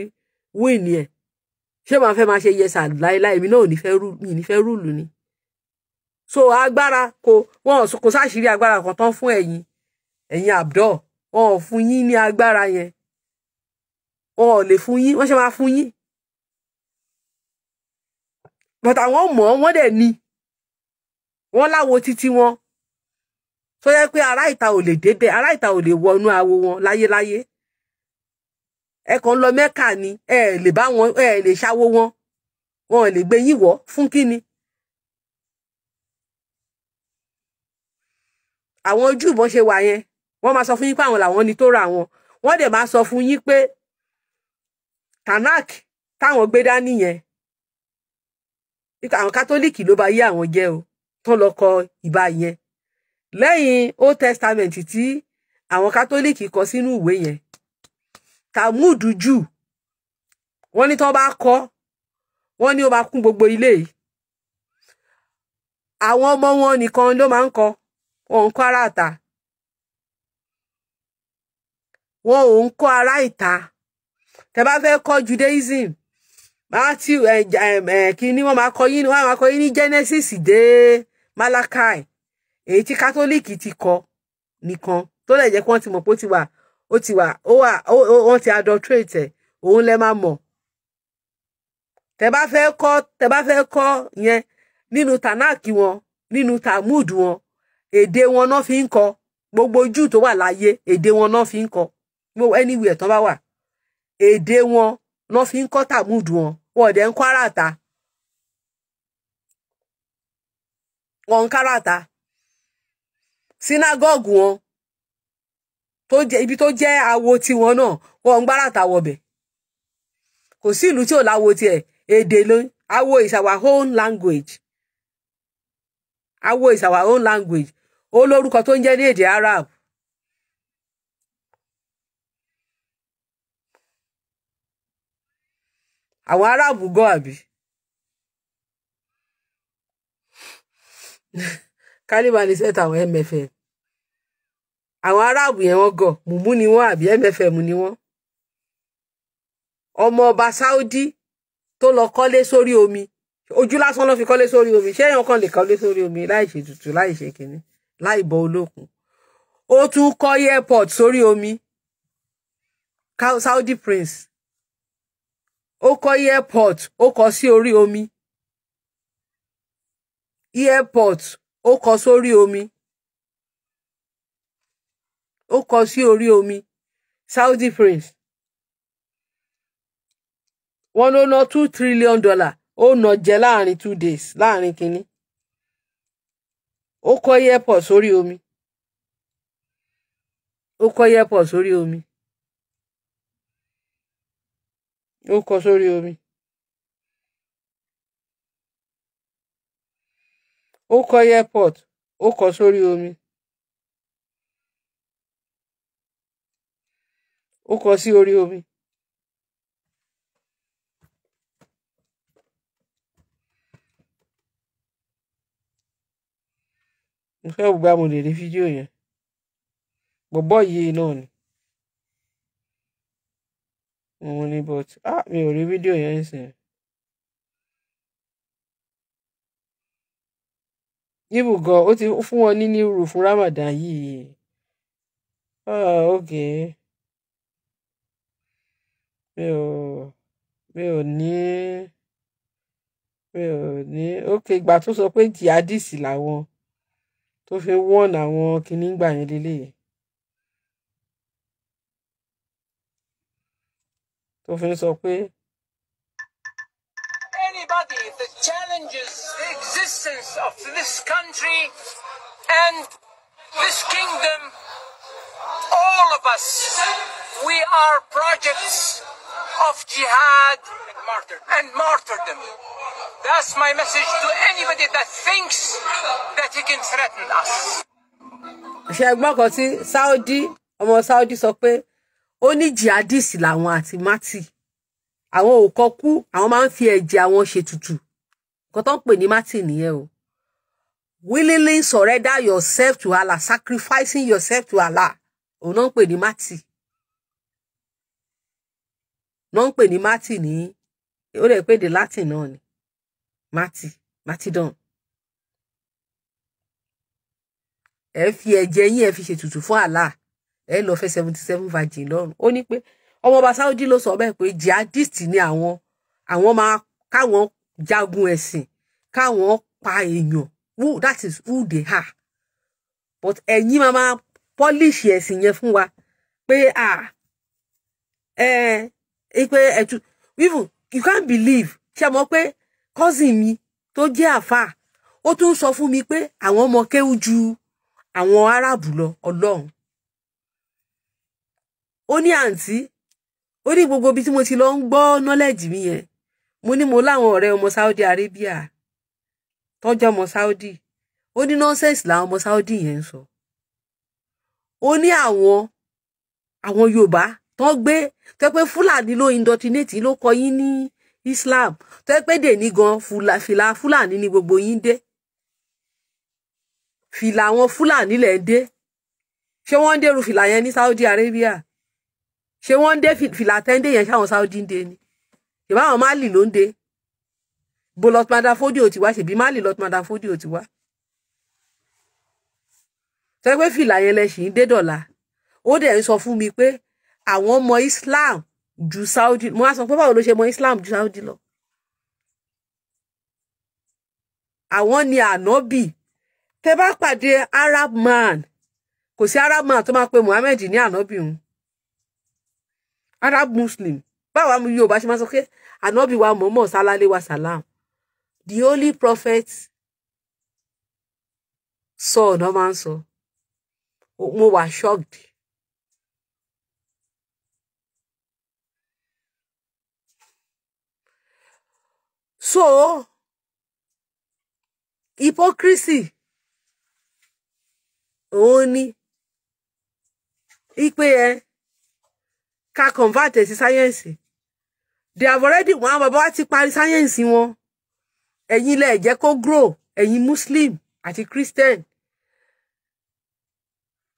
win yẹn ṣé màá fẹ́ máa ṣe yẹsà láéláé mi náà ò ní fẹ́ rúùlù ni. so agbára kò wọn kò sáṣìírí agbára kan tán fún ẹ̀yin ẹ̀yin abdul wọn ò fún yín ní agbára yẹn wọn ò lè fún yín wọn ṣe máa fún yín but àwọn mọ̀ wọ́n dẹ̀ ni wọ́n láwo títí wọn tó yẹ pé ará ìta ò lè débẹ̀ ará ìta ò lè wọnú awo wọn láyéláyé ẹ kàn lọ mẹ́kà ni ẹ lè bá wọn ẹ lè ṣáwó wọn wọn ò lè gbé yín wọ̀ fún kíni. àwọn ojú ìbọn ṣe wà yẹn wọ́n máa sọ fún yín pé àwọn làwọn ni tó ra àwọn wọ́n dẹ̀ máa sọ fún yín pé tanak táwọn gbé dání yẹn àwọn kátólíìkì ló bá yé àwọn jẹ́ o tán lọ kọ ìbá yẹn lẹ́yìn old testament tí àwọn kátólíìkì kọ sínú ìwé yẹn talmud jù wọ́n ní tán bá kọ wọ́n ní ó máa kún gbogbo ilé yìí àwọn ọmọ wọn nìkan ló máa ń kọ òǹkọ aráàta wọn ò ń kọ́ ará ìta tẹ́ bá fẹ́ kọ́ judaism matthew kínní wọ́n máa kọ́ yín wọ́n máa kọ́ yín ní genesis dé malachi èyí tí kátólíìkì ti kọ nìkan tó lè jẹ́ pé wọ́n ti mọ̀ pé ó ti wà ó ti wà ó wà wọ́n ti adulterate òun lẹ máa mọ̀ tẹ́ bá fẹ́ kọ́ tẹ́ bá fẹ́ kọ́ yẹn nínú tanaki wọn nínú talmud wọn èdè wọn náà fi ń kọ gbogbo jù tó wà láyé èdè wọn náà fi ń kọ gbogbo anywhere tán bá wà èdè wọn náà fi ń kọ́ tàmúdù wọn wọn ò dẹ̀ ń kọ́ àràtà wọn ń káràtà sínágọ́ọ̀gù wọn tó jẹ ibi tó jẹ́ awo tiwọn náà wọn ń gbáràtà wọbẹ̀ kò sí ìlú tí ò láwo tiẹ̀ èdè ló awo is our own language awo is our own language ó lórúkọ tó ń jẹ́ ní èdè Arab àwọn aráàbù gan àbí. kálíbà ní sẹ́tà àwọn mfm àwọn aráàbù yẹn wọ́n gọ̀ mùmú ni wọ́n àbí mfm ni wọ́n. ọmọ ọba Saudi tó lọ kọ́lé sórí omi ojú lásán ló fi kọ́lé sórí omi ṣé èèyàn kan lè kọ́lé sórí omi láì ṣe tutù láì ṣe kínní láì bọ olókun ó tún kọ́ airport sórí omi Saudi prince ó kọ́ airport ó kọ́ sí orí omi omi Saudi prince wọ́n trillion dollar ó nà jẹ láàrin two days láàrin kínní ó kọ́ airport sórí omi omi. O kọ sórí omi. ó kọ airport o kọ sórí omi. ó kọ sí orí omi. mo fẹ́ gbà mo lè rí fídíò yẹn ni. mo ní but ah mi ò rí fídíò yẹn sìn. níbù gan ó ti fún wọn ní new fún Ramadan yìí ah ok mi ò mi ò ní mi ò ní ok ìgbà tó sọ pé jihadist làwọn tó fi wọ́n àwọn kinní yẹn lélẹ́yìí. tó fi ń sọ pé. anybody that challenges the existence of this country and this kingdom all of us we are projects of jihad and martyrdom. That's my message to anybody that thinks that he can threaten us. ṣe ẹgbọ́n kan tí Saudi ọmọ Saudi sọ pé ó ní jihadis làwọn àti mati àwọn ò kọ kú àwọn máa ń fi ẹ̀jẹ̀ àwọn ṣètùtù nǹkan tó ń pè ní mati nìyẹn o willingly surrender yourself to Allah sacrificing yourself to Allah òun náà ń pè ní mati náà ń pè ní mati ní ó lè pè dé latin náà ni mati matidon ẹ fi ẹ̀jẹ̀ yín ẹ fi ṣètùtù fún Allah ẹ lọ fẹ́ seventy seven virgin lọ́rùn ó ní pé ọmọọba Saudi ló sọ bẹ́ẹ̀ pé jihadist ni àwọn àwọn máa káwọn jagun ẹ̀sìn káwọn pa èèyàn who that is who they are but ẹ̀yin máa máa pọ́líṣì ẹ̀sìn yẹn fún wa pé à ẹ ẹ pé ẹtù even you can't believe ṣe mọ̀ pé cousin mi tó jẹ́ àfà ó tún sọ fún mi pé àwọn ọmọ kéwú ju àwọn aráàbù lọ ọlọ́run ó ní àǹtí ó ní gbogbo ibi tí mo ti lọ ń gbọ́ nọ́lẹ́jì mi yẹn mo ní mo láwọn ọ̀rẹ́ ọmọ Saudi Arabia tọ́jọ́ ọmọ Saudi ó ní nọ́ńsẹ̀nsì làwọn ọmọ Saudi yẹn ń sọ ó ní àwọn àwọn Yorùbá tó gbé tó pé Fúlàní ló indoctrinate ló kọ yín ní Islam tó pé dèní gan fìlà Fúlàní ni gbogbo yín dé fìlà àwọn Fúlàní lẹ̀ ń dé ṣé wọ́n ń dérú fìlà yẹn ní Saudi Arabia ṣé wọ́n ń dé fìlà tẹ́ńdé yẹn ṣáwọn Saudi ń dé ni ìbáwọn Mali ló ń dé bo lọtmada Fodio ti wá ṣèbí Mali lọtmada Fodio ti wá tẹ́ pé fìlà yẹn lẹ ṣì ń dé dọ̀la ó dẹ̀ ń sọ fún mi pé àwọn ọmọ Islam ju Saudi mo á sọ pé báwo ló ṣe mọ Islam ju Saudi lọ àwọn ni ànábì tẹ́ bá pàdé Arab man kò sí Arab man tó máa pe Muhammed ní ànábì òun arab muslim báwa mu yorùbá ṣe máa sọ pé ànábì wa mọ̀ọ́mọ̀ sálálé wa sàlám the holy prophet sọ ọ̀nà máa ń sọ mo wà shocked. so hypocrisy òun ni ipe yẹn ká convert sí science. they have already wọn bàbá wa ti parí sáyẹ́ǹsì wọn ẹ̀yin ilẹ̀ jẹ́ kó grow ẹ̀yin muslim àti christian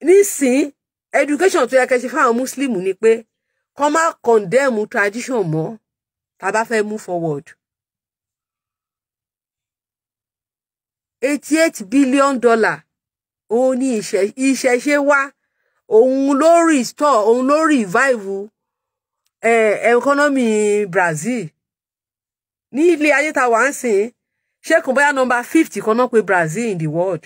nísìn education to yẹ kẹ́ ṣe fáwọn muslim ni pé kọ́ má condemn tradition Mo, tá a bá move forward. eighty eight billion dollar òun ni ìṣẹ̀ṣe wa òun ló restore òun ló revive eh, economy Brazil ní ilé ayé ta wà ń sìn ṣé bóyá nọ́mbà fifty kan náà pé Brazil in the world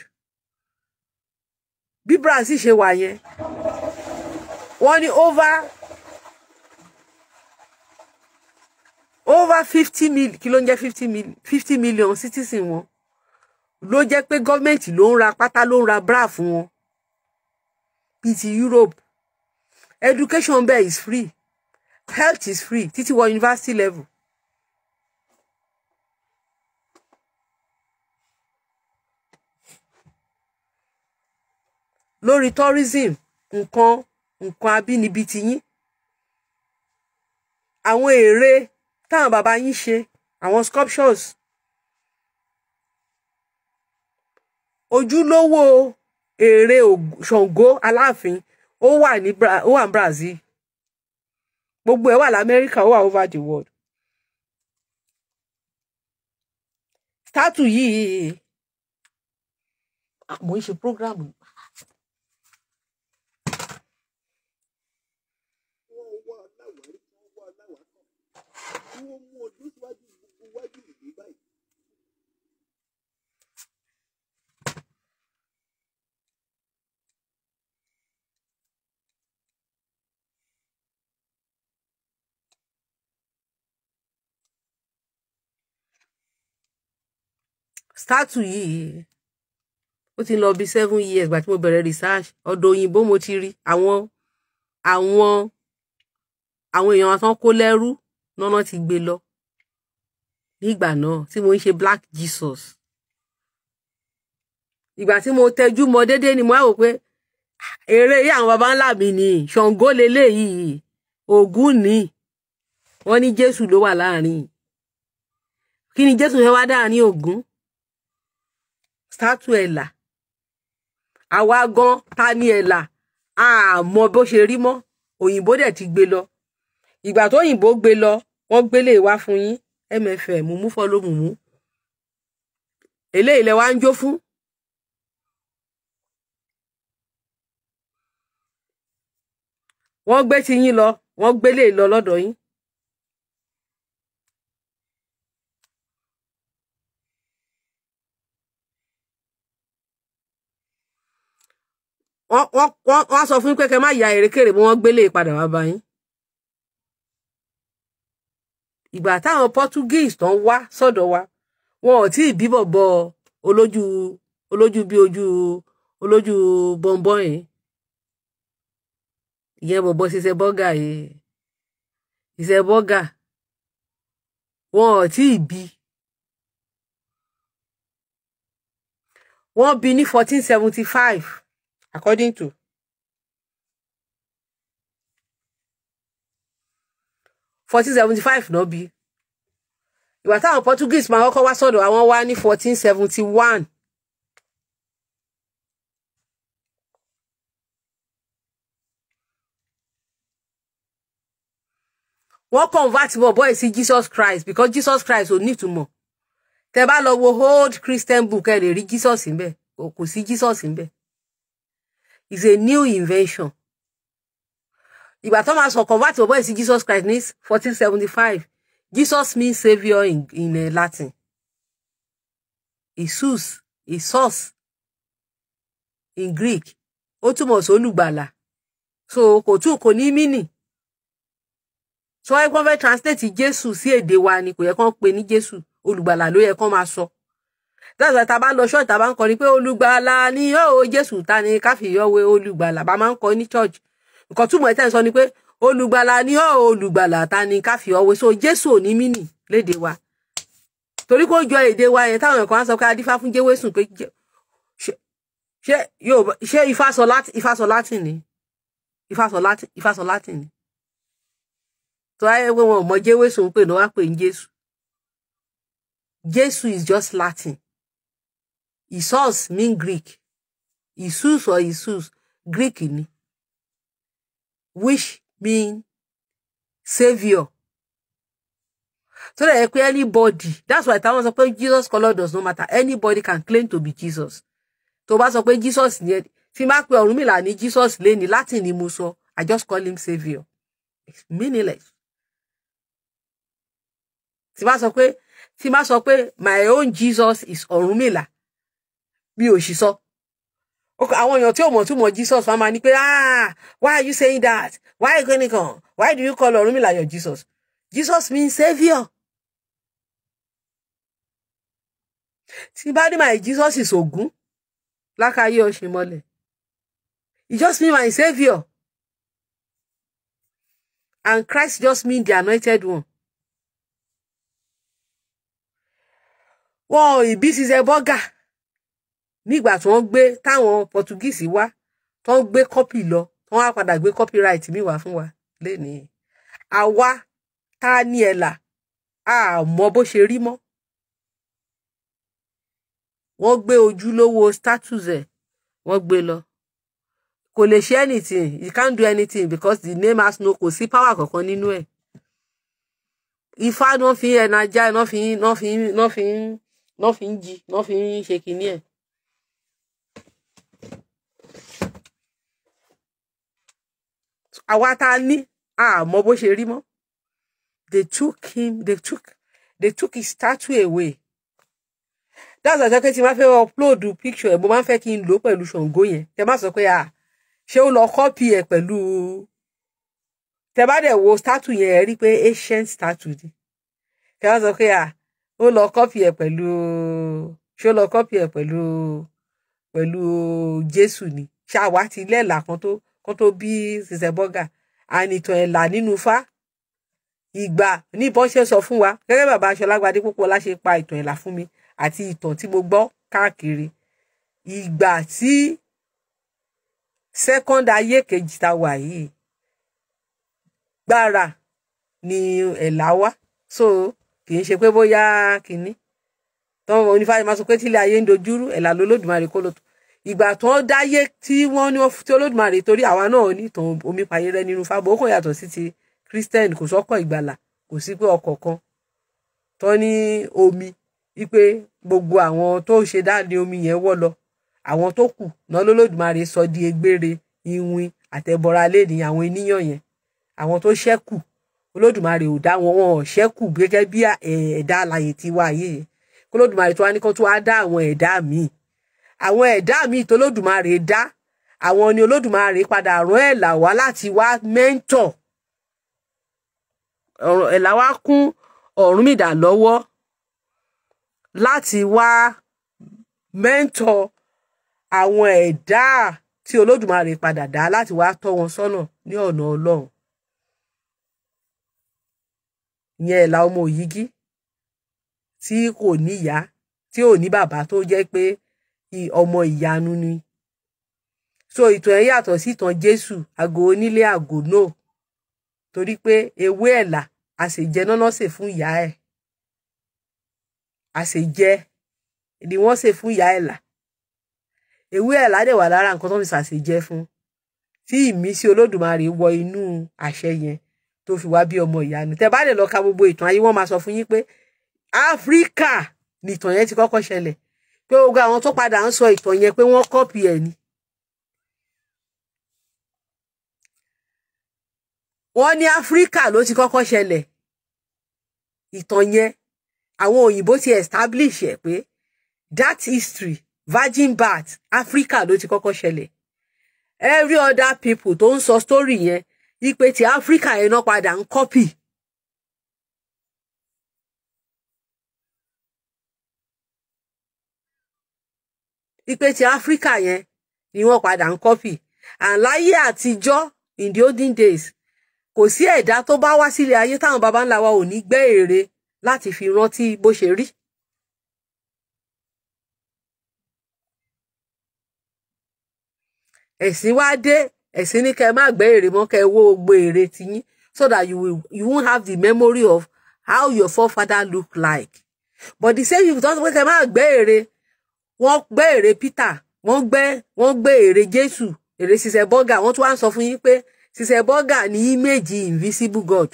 bí Brazil ṣe wà yẹn wọ́n ní over over fifty mil kí ló ń jẹ́ fifty mil fifty million citizen wọn ló jẹ́ pé gọ́ọ̀mẹ̀ntì ló ń ra pátá ló ń ra bra fún wọn bíi ti Europe education bẹ́ẹ̀ is free health is free títí wọ university level. lórí tourism nǹkan nǹkan abínibí ti yín àwọn ère táwọn bàbá yín ṣe àwọn sculptures ojúlówó ère ṣàngó aláàfin ó wà ní ó wà ní Brazil gbogbo ẹ wà lamẹ́ríkà ó wà over the world. státù yìí mo ń ṣe program statue yìí ó ti lọ bí seven years gbà tí mo bẹ̀rẹ̀ research ọ̀dọ̀ òyìnbó mo ti rí àwọn àwọn àwọn èèyàn àtàn kó lẹ́rú nọ́nà ti gbé lọ nígbà náà tí mo ń ṣe black jesus ìgbà tí mo tẹjú mọ́ déédéé ni mo á wò pé eré yìí àwọn baba ńlá mi ni ṣàngó leléyìí ògún ni wọ́n ní jésù ló wà láàrin kí ni jésù fẹ́ wá dáa ní ògún sátú ẹ̀là àwa gan ta ni ẹ̀là àmọ́ bó ṣe rí mọ́ òyìnbó dẹ̀ ti gbé lọ ìgbà tó òyìnbó gbé lọ wọ́n gbélé wá fún yín mfm mú fọlọ́mùmú eléyìí lẹ wá ń jó fún. wọ́n gbé ti lọ wọ́n gbélé lọ lọ́dọ̀ yín wọ́n sọ fún kẹ́kẹ́ má ya èrèkèrè mọ́ wọ́n gbélé padà wá bá yín. ìgbà táwọn Portuguese tán wá sọ́dọ̀ wa wọn ò tí ì bíbọ̀ bọ olójú olójú bí ojú olójú bọ̀ǹbọ̀n yìí ìyẹn bọ̀bọ̀ ṣiṣẹ́ bọ́gà yìí ṣiṣẹ́ bọ́gà wọn ò tí ì bí. wọ́n bí ní fourteen seventy five according to fourteen seventy five náà bí ìgbà táwọn Portuguese máa kọ́kọ́ wá sọ́dọ̀ àwọn wá ní fourteen seventy one. wọ́n convert bọ̀bọ́ ẹ̀ sí Jesus Christ because Jesus Christ ò ní ìtumọ̀ tẹ́ bá lọ wo old Christian book ẹ lè rí Jesus ńbẹ̀ kò sí Jesus ńbẹ̀ is a new invention ìgbà tó máa sọ convert your boy sí Jesus Christ ní fourteen Jesus means saviour in, in uh, Latin Jesus Jesus in Greek ó túmọ̀ sí olùgbàlà so kò tún kò ní mínì tí wọ́n fẹ́ translate Jésù sí èdè wa ni kò yẹ kán pè ní Jésù olùgbàlà ló yẹ kán máa sọ. So that's why tá bá lọ church tá bá ń kọrin pé olùgbàlà ni ó Jésù ta ni káfíyọwé olùgbàlà bá máa ń kọ ní church nǹkan túmọ̀ ẹ̀tẹ́ ń sọ ni pé olùgbàlà ni ó olùgbàlà ta ni káfíyọwé so Jésù ò ní mínì léde wa torí kó jọ èdè wa yẹn táwọn ẹ̀kọ́ á sọ pé adífá fún jẹ́wésùn pé ṣé yóò ṣe ìfàsọ láti ìfàsọ láti ni ìfàsọ láti ìfàsọ láti ni tó ayé wọn ò mọ jẹ́wésùn pé ní wọn á pè ní Jésù Jésù is just Latin Isos mean Greek. Isus or Isus, Greek in, Which mean savior. So that anybody, that's why Thomas of pé Jesus color does not matter. Anybody can claim to be Jesus. Tó bá Jesus ni tí má pé Ọ̀rúnmìlà ni Jesus lé Latin ni mo I just call him savior. It's meaningless. Tí bá sọ pé my own Jesus is Ọ̀rúnmìlà mi ò sì sọ àwọn èèyàn tí ò mọ̀ túmọ̀ Jesus wọn máa ní pé ah why are you saying that why you gonna come why do you call Ọ̀rúnmìlà your Jesus Jesus means saviour tí bá dé my Jesus is Ògún lákàáyé ọ̀sìn mọ́lẹ̀ he just mean my saviour and Christ just mean the anointed one. wọn ò ìbí ti ṣe bọ́gà nígbà tí wọ́n gbé táwọn Portuguese wá tí wọ́n gbé kọ́pì lọ tí wọ́n á padà gbé copyright mi wá fún wa lénìí àwa tá a ní ẹ̀là a mọ bó ṣe rí mọ́ wọ́n gbé ojúlówó status ẹ̀ wọ́n gbé lọ kò lè ṣe anything you can't do anything because the name has no kò sí power kankan nínú ẹ̀ ifá náà fi ẹnajà náà fi náà fi náà fi náà fi ń jí náà fi ń ṣe kinní ẹ̀ àwa tá a ní àmọ́ bó ṣe rí mọ́ they took him they took they took his statue away that's why sọkẹ́ tí máa fẹ́ upload picture ẹ̀ mo máa ń fẹ́ kí n lò ó pẹ̀lú ṣàngó yẹn tẹ má sọ pé à ṣé ó lọ kọ́pì ẹ̀ pẹ̀lú tẹ bá dẹ̀ wo statue yẹn ẹ̀ rí pé ancient statue ni tẹ má sọ pé à ó lọ kọ́pì ẹ̀ pẹ̀lú ṣé ó lọ kọ́pì ẹ̀ pẹ̀lú pẹ̀lú Jésù ni ṣáà wá ti lẹ́ẹ̀là kan tó kó tó bí ṣiṣẹ́ bọ́gà ànìtàn ẹ̀là nínú fa ìgbà ní bọ́ ṣe sọ fún wa gẹ́gẹ́ bàbá aṣọlágbádé púpọ̀ láṣẹ pa ìtàn ẹ̀là fún mi àti ìtàn tí mo gbọ́ káàkiri ìgbà tí sẹ́kọ́ndà ayé kejì ta wà yìí gbára ni ẹ̀là wá so kì í ṣe pé bóyá kínní tọ́wọ́ onífàyè máa sọ pé tílé ayé ń dojúrú ẹ̀là lólódùmarè kó ló tó ìgbà tó ń dáyé tí wọ́n ní tí olódùmarè torí àwa náà nìtàn omi payé rẹ nínú fábọ ó kàn yàtọ̀ sí ti christian kò sọ́kọ̀ ìgbàlà kò sí pé ọkọ̀ kan tó ní omi wípé gbogbo àwọn tó ṣe dáàdé omi yẹn wọ́ lọ àwọn tó kù náà lólódùmarè sọ di egbére iwin àtẹbọra léèdì àwọn ènìyàn yẹn àwọn tó ṣẹ́kù olódùmarè ò dá wọn wọn ṣẹ́kù gẹ́gẹ́ bí ẹ̀dá alààyè tiwa yìí kólódùmarè tó wá ní kó tó wá dá àwọn ẹ̀dá míì àwọn ẹ̀dá mi tó lódùmarè dá àwọn ni olódùmarè padà rán ẹ̀là wá láti wá mẹ́ńtọ̀ ẹ̀là wá kún ọ̀rúnmìdà lọ́wọ́ láti wá mẹ́ńtọ̀ àwọn ẹ̀dá tí olódùmarè padà dá láti wá tọ́ wọn sọ́nà ní ọ̀nà ọlọ́run ìyẹn ẹ̀là ọmọ òyìgí tí kò níyá tí ò ní bàbá tó jẹ́ pé ọmọ ìyanu ni so ìtàn ẹ̀ yàtọ̀ sí ìtàn Jésù àgò onílé àgò náà torí pé ewé ẹ̀là àṣejẹ náà lọ́sè fún ìyá ẹ̀ àṣejẹ ni wọ́n ṣe fún ìyá ẹ̀là ewé ẹ̀là dẹ̀ wà lára nǹkan tó fi ṣàṣejẹ fún tí ìmísí Olódùmarè wọ inú àṣẹ yẹn tó fi wá bí ọmọ ìyanu tẹ bá lè lọ ka gbogbo ìtàn ayé wọn máa sọ fún yín pé Áfíríkà nìtàn yẹn ti kọ́kọ́ ṣẹlẹ̀ pé gbogbo àwọn tó padà ń sọ ìtàn yẹn pé wọ́n kọ́pì ẹ̀ ni. wọ́n ní áfíríkà ló ti kọ́kọ́ ṣẹlẹ̀ ìtàn yẹn àwọn òyìnbó ti establish ẹ̀ pé that history virgin birth áfíríkà ló ti kọ́kọ́ ṣẹlẹ̀ every other people tó ń sọ story yẹn ipe ti áfíríkà yẹn náà padà ń kọ́pì. ipe ti áfíríkà yẹn ni wọ́n padà ń kọ́pì and láyé àtijọ́ in the olden days kò sí ẹ̀dá tó bá wá sílé ayé táwọn baba ńlá wa ò ní gbẹ́ ère láti fi rántí bó ṣe rí. ẹ̀sìn wá dé ẹ̀sìn ní kẹ́ ẹ má gbẹ́ ère mọ́ kẹ́ ẹ wó gbogbo ère tiyín so that you will you won't have the memory of how your forefather look like but the same you tó ń sọ pé má gbẹ́ ère wọ́n gbé èrè Peter wọ́n gbé wọ́n gbé èrè Jésù èrè ṣiṣẹ bọgà wọ́n tún wá ń sọ fún yín pé ṣiṣẹ bọgà ní íméèjì invisible God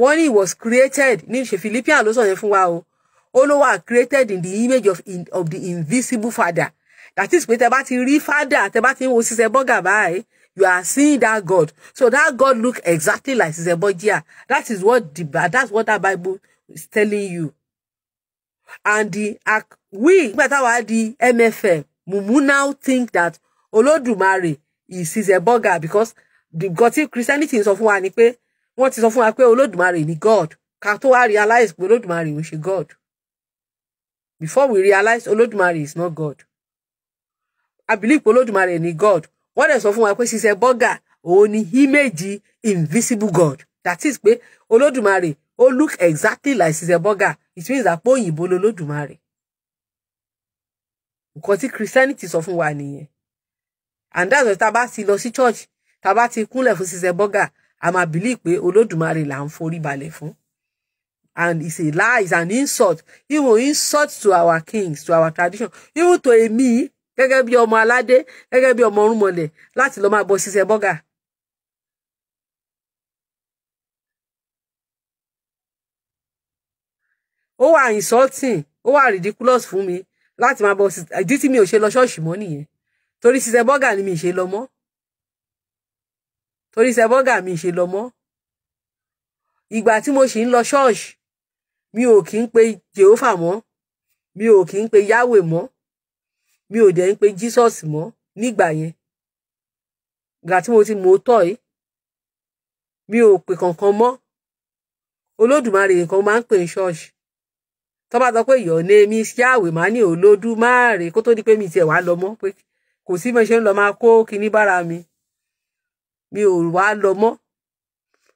wọ́n ní he was created ní ṣe Philippians ló sọ yẹn fún wa o ó ló wà created in the image of, in, of the invisible Father that is pé tẹ bá ti rí Father tẹ bá ti ń wo ṣiṣẹ bọgà báyìí you are seeing that God so that God look exactly like ṣiṣẹ bọgà that is what the that's what that Bible is telling you and the we nígbà táwa di MFM mumu now think that Olódùmarè is is a burger because the gotti Christianity sọ fún wa ni pé wọ́n ti sọ fún wa pé Olódùmarè ni God ká tó wá realize pé Olódùmarè ń ṣe God before we realize Olódùmarè is not God I believe pé Olódùmarè ni God wọ́n dẹ̀ sọ fún wa pé ṣiṣẹ́ burger òun ni image invisible God that is pé Olódùmarè ó look exactly like ṣiṣẹ́ burger it means àpò òyìnbó lolódùmarè nǹkan tí christianity sọ fún wa nìyẹn and that's why tá a bá ti lọ sí church tá a bá ti kúnlẹ̀ fún ṣiṣẹ́ bọ́gà a máa believe pé olódùmarè là ń forí balẹ̀ fún and it's a lie it's an insult even insult to our kings to our tradition even to èmi gẹ́gẹ́ bí ọmọ aládé gẹ́gẹ́ bí ọmọ orúnmọlẹ̀ láti lọ máa bọ ṣiṣẹ́ bọ́gà ó wà insulting ó wà ridiculous fún mi láti máa bọ ìdí tí mi ò ṣe lọ ṣọ́ọ̀ṣì mọ́ nìyẹn torí ṣiṣẹ́ bọ́gà ni mi ṣe lọ mọ́ torí ṣiṣẹ́ bọ́gà mi ṣe lọ mọ́ ìgbà tí mo sì ń lọ ṣọ́ọ̀ṣì mi ò kì í pe Jèhófà mọ́ mi ò kì í pe Yahweh mọ́ mi ò dẹ̀ ń pe Jesus mọ́ nígbà yẹn ìgbà tí mo ti mọ̀ tọ́ yìí mi ò pè kankan mọ́ Olódùmarè nǹkan máa ń pè ní ṣọ́ọ̀ṣì tó bá sọ pé your name is Yahweh máa ní Olódùmarè kó tó di pé mi tiẹ̀ wá lọ mọ́ pé kò sí mo ṣe ń lọ máa kó kinní bára mi mi ò wá lọ mọ́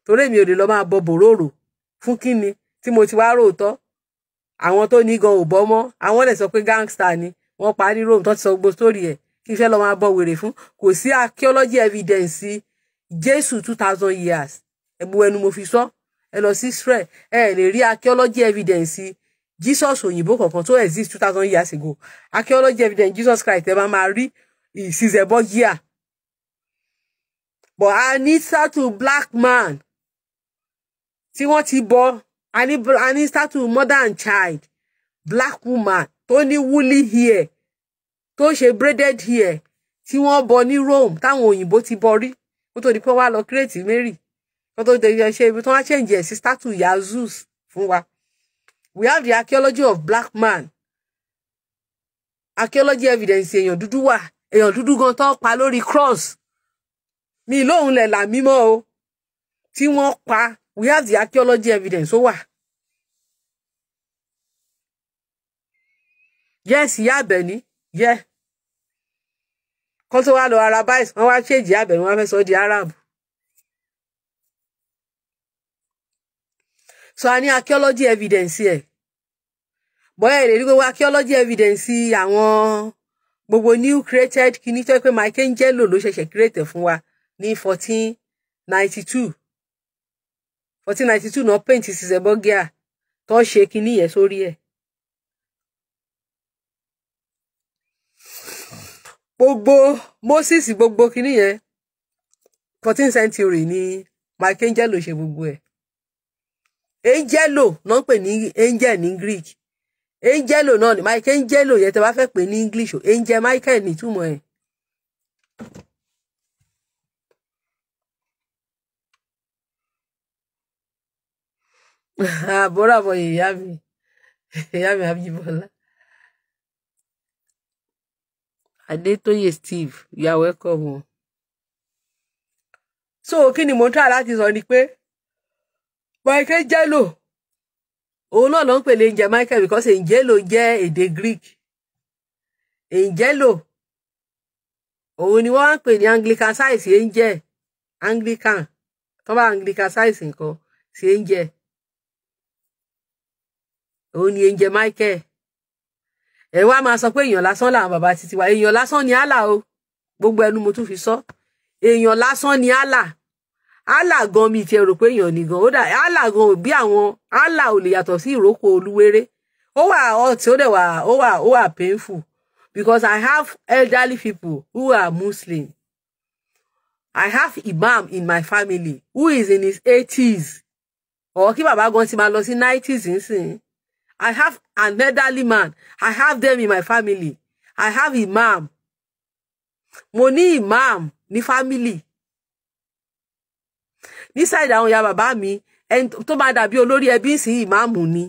torí mi ò lè lọ máa bọ bòrórò fún kíni tí mo ti wá róòtọ́ àwọn tó ní gan ò bọ́ mọ́ àwọn lè sọ pé gangster ni wọ́n pa ní rome tó ti sọ gbogbo sórí ẹ̀ kí iṣẹ́ lọ máa bọ wèrè fún kò sí archaeology evidence Jésù two thousand years ẹ̀bù ẹnu mo fi sọ ẹ lọ sí Israel ẹ lè rí archaeology evidence jesus òyìnbó kankan tó exist two thousand years ago archaeology evidence jesus christ ẹ bá máa rí ìsìnzẹ̀bọ yíà but a ní statue black man tí wọ́n ti bọ a ní need ní statue mother and child black woman tó ní woolly hair tó ṣe braided hair tí wọ́n bọ ní rome táwọn òyìnbó ti bọ rí kó tó di pé wọ́n á lọ kírètì mary kó tó di ṣe ibi tí wọ́n á ṣèǹjẹ̀ sí statue yazoo fún wa we have the archaeology of black man archaeology evidence èèyàn dúdú wà èèyàn dúdú gan tó pa lórí cross mi lóhun lẹ̀ là mímọ́ o tí wọ́n pa we have the archaeology evidence ó wà. yes ìyá Àbẹ̀ní yẹ kó tó wá lọ ara báyìí wọ́n wá ṣèjì Àbẹ̀ní wọ́n fẹ́ sọ di Arab so a ní archaeology evidence ẹ̀ bóyá èrè rí gbogbo archaeology evidence àwọn gbogbo new created kìíní tó yẹ pé Michelangelo ló ṣẹ̀ṣẹ̀ create fún wa ní fourteen ninety two fourteen ninety two náà paint Caesarea tó ṣe kìíní yẹn sórí ẹ̀. gbogbo Moses gbogbo kìíní yẹn fourteen century ni Michelangelo ṣe gbogbo ẹ̀ angelo náà ń pè ní angel ní greek angelo náà ni mike angelo yẹn tẹ bá fẹ́ pè ní english angel michael nítumọ̀ ẹ̀. <laughs> àbúrò àbọ̀ ìyá mi <laughs> ìyá mi àbíbọ́lá adétóyè steve you are welcome o. so kí ni mo ń tà láti sọ ni pé Michael Jello òun náà ló ń pè ní angel Michael because angelo jẹ́ èdè Greek angelo ni wọ́n ń pè ní Anglican size angel Anglican tó Anglican size sí angel òun ni angel Michael ẹ sọ pé èèyàn lásán làwọn bàbá títí wa ni gbogbo ẹnu fi sọ èèyàn lásán ni allah gan mi tiẹ̀ rò pé èèyàn ni gan ó dà allah gan ò bí àwọn allah ò lè yàtọ̀ sí ìrókò olúwéré ó wà ọtí ó dẹ̀ wà ó wà ó wà painful because i have elderly people who are muslim i have imam in my family who is in his eighties or kí bàbá gan ti máa lọ sí nineties nsìn i have an elderly man i have them in my family i have imam mo ní imam ni family ní sáìdì àwọn ìyá bàbá mi ẹni tó máa dàbí olórí ẹbí sí ìmáàmù ni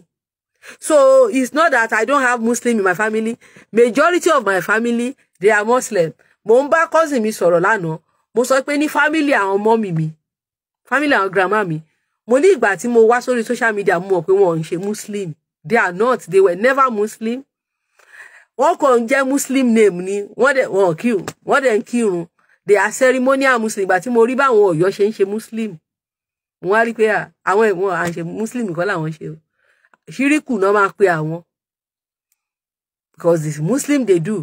so it's not that i don't have muslim in my family majority of my family they are muslim mo ń bá cousin mi sọ̀rọ̀ lánàá mo sọ pé ní family àwọn ọmọ mi mi family àwọn grandma mi mo ní ìgbà tí mo wá sórí social media mo mọ̀ pé wọn ò ń ṣe muslim they are not they were never muslim wọn kò ń jẹ́ muslim name ni wọ́n dẹ̀ wọ́n kírun wọ́n dẹ̀ ń kírun they are ceremonial muslim ìgbà tí mo rí báwọn Ọ̀yọ́ ṣe ń ṣe muslim wọn á rí pé àwọn ìwọn à ń ṣe muslim kọ́ làwọn ṣe o ṣíríkù náà máa pe àwọn because the muslim dey do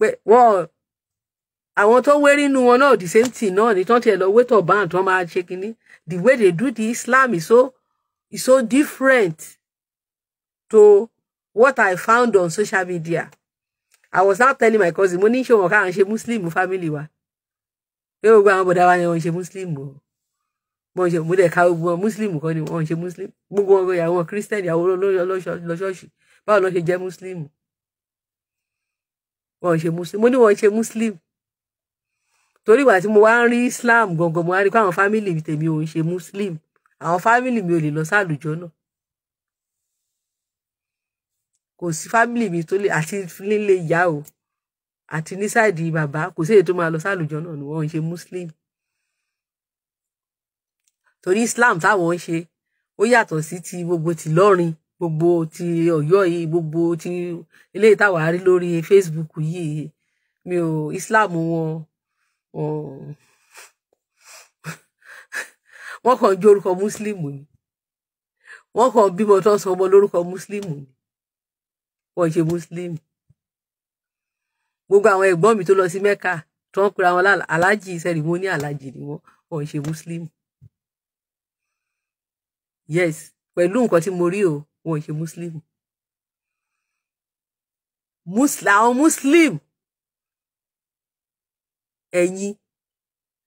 pé wọn àwọn tó wé nínú wọn náà the same thing náà ní tán tiẹ̀ lọ wé tọ̀ báǹ tán máa ṣe kínní the way they do the islam is so is so different to what i found on social media i was now telling my cousin mo ní ṣé wọn káà ṣe muslim family wa pé gbogbo àwọn bọ̀dá wa yẹn wọn ṣe muslim o bọ́n ṣe mú dẹ̀ ká gbogbo wọn muslim kan ni wọ́n ṣe muslim gbogbo wọn ìyàwó wọn christian ìyàwó lọ́ṣọ́ọ̀ṣì báwo lọ́ ṣe jẹ́ muslim wọ́n ṣe muslim mo ní wọ́n ṣe muslim torí ìgbà tí mo wá ń rí islam gangan mo wá rí pé àwọn fámìlì tèmi ò ń ṣe muslim àwọn fámìlì mi ò lè lọ sálùjọ náà kò sí fámìlì mi tó lè àti nílé ìyá o àti ní sáìdì bàbá kò sí èyí tó máa lọ sálùjọ náà ni wọ́n ń ṣe muslim torí islam táwọn ń ṣe ó yàtọ̀ sí ti gbogbo ti gbogbo ti Ọ̀yọ́ yìí gbogbo ti eléyìí táwa rí lórí facebook yìí mi ò islam wọn wọn <laughs> kàn jó orúkọ muslim ni wọn kàn bímọ tó ń sọ ọmọ lórúkọ muslim ni wọn ṣe muslim gbogbo àwọn ẹ̀gbọ́n mi tó lọ sí mẹ́kà tó ń pera wọn aláàjì sẹrìmọnì aláàjì ni wọn wọn ṣe muslim yes pẹ̀lú nǹkan tí mo rí o wọn ò ṣe muslim àwọn muslim ẹ̀yin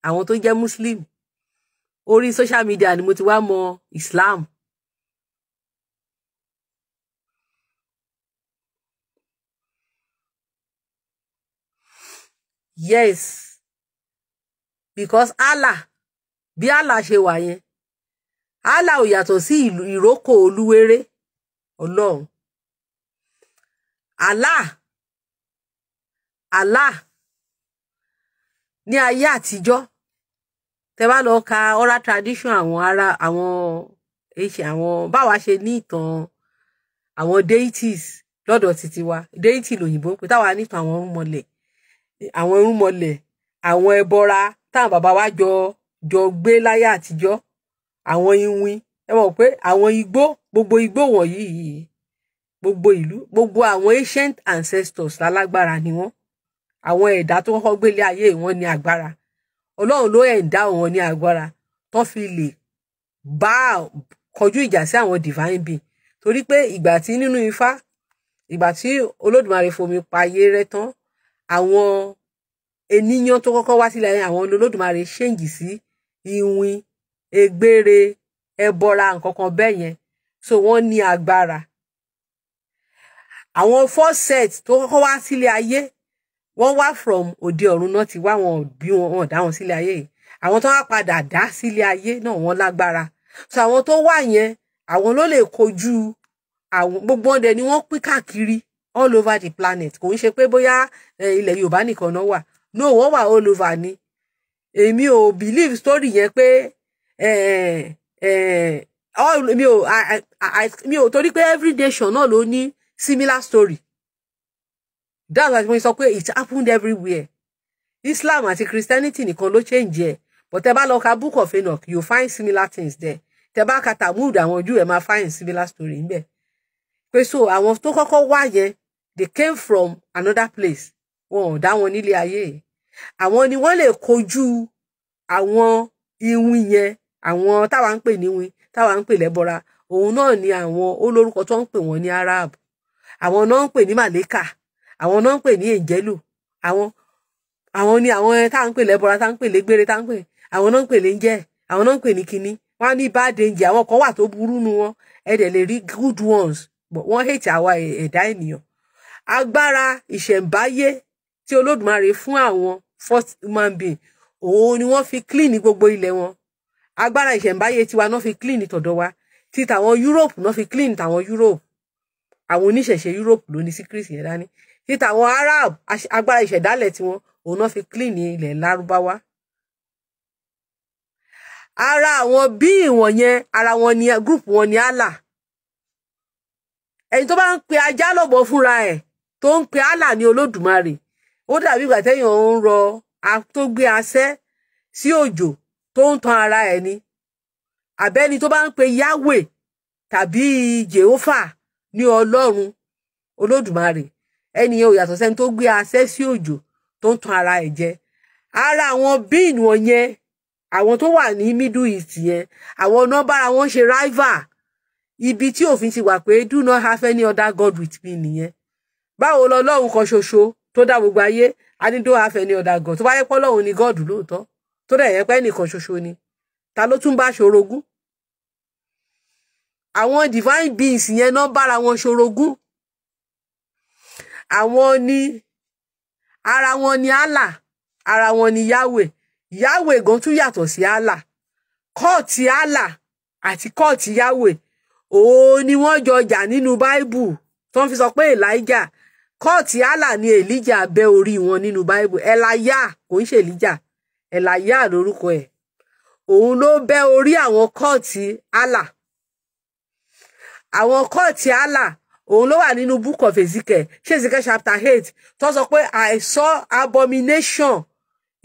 àwọn tó jẹ́ muslim orí social media ni mo ti wá mọ islam yes because allah bí allah ṣe wà yẹn Allah ò yàtọ̀ sí ìrókò olúweré ọlọ́run Allah Allah ní ayé àtijọ́ tẹ bá lọ ka oral tradition àwọn ara àwọn èṣe àwọn báwa ṣe ní ìtàn àwọn deities lọ́dọ̀ títí wa deity lòyìnbó pé táwa nítorí àwọn irúnmọlẹ̀ àwọn irúnmọlẹ̀ àwọn ẹbọra táwọn bàbá wa jọ jọ gbé láyé àtijọ́ àwọn iwin ẹ mọ̀ pé àwọn igbó gbogbo igbó wọ̀nyí yìí gbogbo ìlú gbogbo àwọn ancient ancestors lálágbára ni wọ́n àwọn ẹ̀dá tó kọ́kọ́ gbélé ayé wọn ní agbára ọlọ́run ló ẹ̀dá wọn ní agbára tó fi lè bá kọjú ìjà sí àwọn divine being torí pé ìgbà tí nínú ifá ìgbà tí olódùmarè fomi pa ayé rẹ́ tán àwọn ènìyàn tó kọ́kọ́ wá sílẹ̀ àwọn olódùmarè ṣèǹgì sí iwin ègbére ẹbọra nkankan bẹ́ẹ̀ yẹn so wọ́n ní agbára àwọn fọ́sẹ̀t tó kọ́kọ́ wá sílé ayé wọ́n wá from òde ọ̀run náà ti wá wọn bí wọn dá wọn sílé ayé yìí àwọn tó wá padà dá sílé ayé náà wọ́n lágbára so àwọn tó wà yẹn àwọn ló lè kojú àwọn gbogbo ọdẹ ni wọ́n pín káàkiri all over the planet kò ń ṣe pé bóyá ilẹ̀ yorùbá nìkan náà wà no wọ́n wà all over ni èmi ò believe story yẹn pé Eh, eh, eh. mi ò mi ò torí pé every nation náà ló ní similar story that's why mo sọ pé it happened everywhere Islam àti Christianity nìkan ló change ẹ but tẹ bá lọ ka book of Enoch you find similar things there tẹ bá ka Talmud àwọn Júù ẹ máa find similar story níbẹ̀ pé so àwọn tó kọ́kọ́ wá yẹn they came from another place wọn ò dá wọn nílé ayé àwọn ni wọ́n lè kojú àwọn iwin yẹn àwọn táwa ń pè níwin táwa ń pè lẹ́bọra òun náà ni àwọn olórúkọ tó ń pè wọ́n ní arab àwọn náà ń pè ní màlẹ́kà àwọn náà ń pè ní èjẹ́lù àwọn àwọn ni àwọn táà ń pè lẹ́bọra táà ń pè légbére táà ń pè àwọn náà ń pè léńjẹ́ àwọn náà ń pè ní kinní wọ́n á ní bad danger àwọn kan wà tó burú nu wọn ẹ lè rí good ones wọ́n hate àwa ẹ̀dá ènìyàn agbára ìṣẹ̀ǹbáyé tí Olódùmarè fún àwọn first human being òun ni wọ́n fi clean gbogbo ilẹ̀ wọn agbára ìṣẹ̀ǹbáyé tiwa náà fi clean tọ̀dọ̀ wa ti tàwọn Europe náà fi clean tàwọn Europe àwọn oníṣẹ̀ṣe Europe ló ní secret yẹn dání ti tàwọn Arab agbára ìṣẹ̀dálẹ̀ tiwọn òun náà fi clean ilẹ̀ lárúbáwá ara àwọn bí ìwọ̀n yẹn ara wọn ni group wọn ni Allah ẹni tó bá ń pe ajá lọ́bọ̀ fúnra ẹ̀ tó ń pe Allah ní Olódùmarè ó dàbí ìgbà tẹ́yàn ń rọ tó asẹ́ sí òjò tó ń tan ara ẹ̀ ni àbẹ́ni tó bá ń pe Yahweh tàbí Jehovah ní Ọlọ́run Olódùmarè ẹnìyẹn ò yàtọ̀ sẹ́ni tó gbé asẹ́ sí òjò tó ń tan ara ẹ̀ jẹ ara àwọn bíìn wọ̀nyẹn àwọn tó wà ní Middle East yẹn àwọn ọ̀nà bára wọn ṣe rival ibi tí òfin ti wà pé do not have any other god with me nìyẹn báwo lọ lọ́run kan ṣoṣo tó dá gbogbo ayé a ní do have any other god tó bá yẹ pọ́ lọ́run ni god lóòótọ́ tó dẹ̀ yẹ pé ẹnìkan ṣoṣo ni ta ló tún bá ṣorogún àwọn divine beings yẹn náà bára wọn ṣorogún àwọn ni ara wọn ni Allah ara wọn ni Yahweh Yahweh gan tún yàtọ̀ sí Allah kóòtì Allah àti kóòtì Yahweh òun ni wọ́n jọ jà nínú báíbù tó ń fi sọ pé Elijah kóòtì Allah ni Elijah bẹ́ orí wọn nínú báíbù ẹ̀ láyà kò ń ṣe Elijah ẹ̀láyà lórúkọ ẹ̀ òun ló bẹ́ orí àwọn kọ́ọ̀tì Allah àwọn kọ́ọ̀tì Allah òun ló wà nínú book of Ezekiel ṣé chapter eight tó sọ pé I saw abomination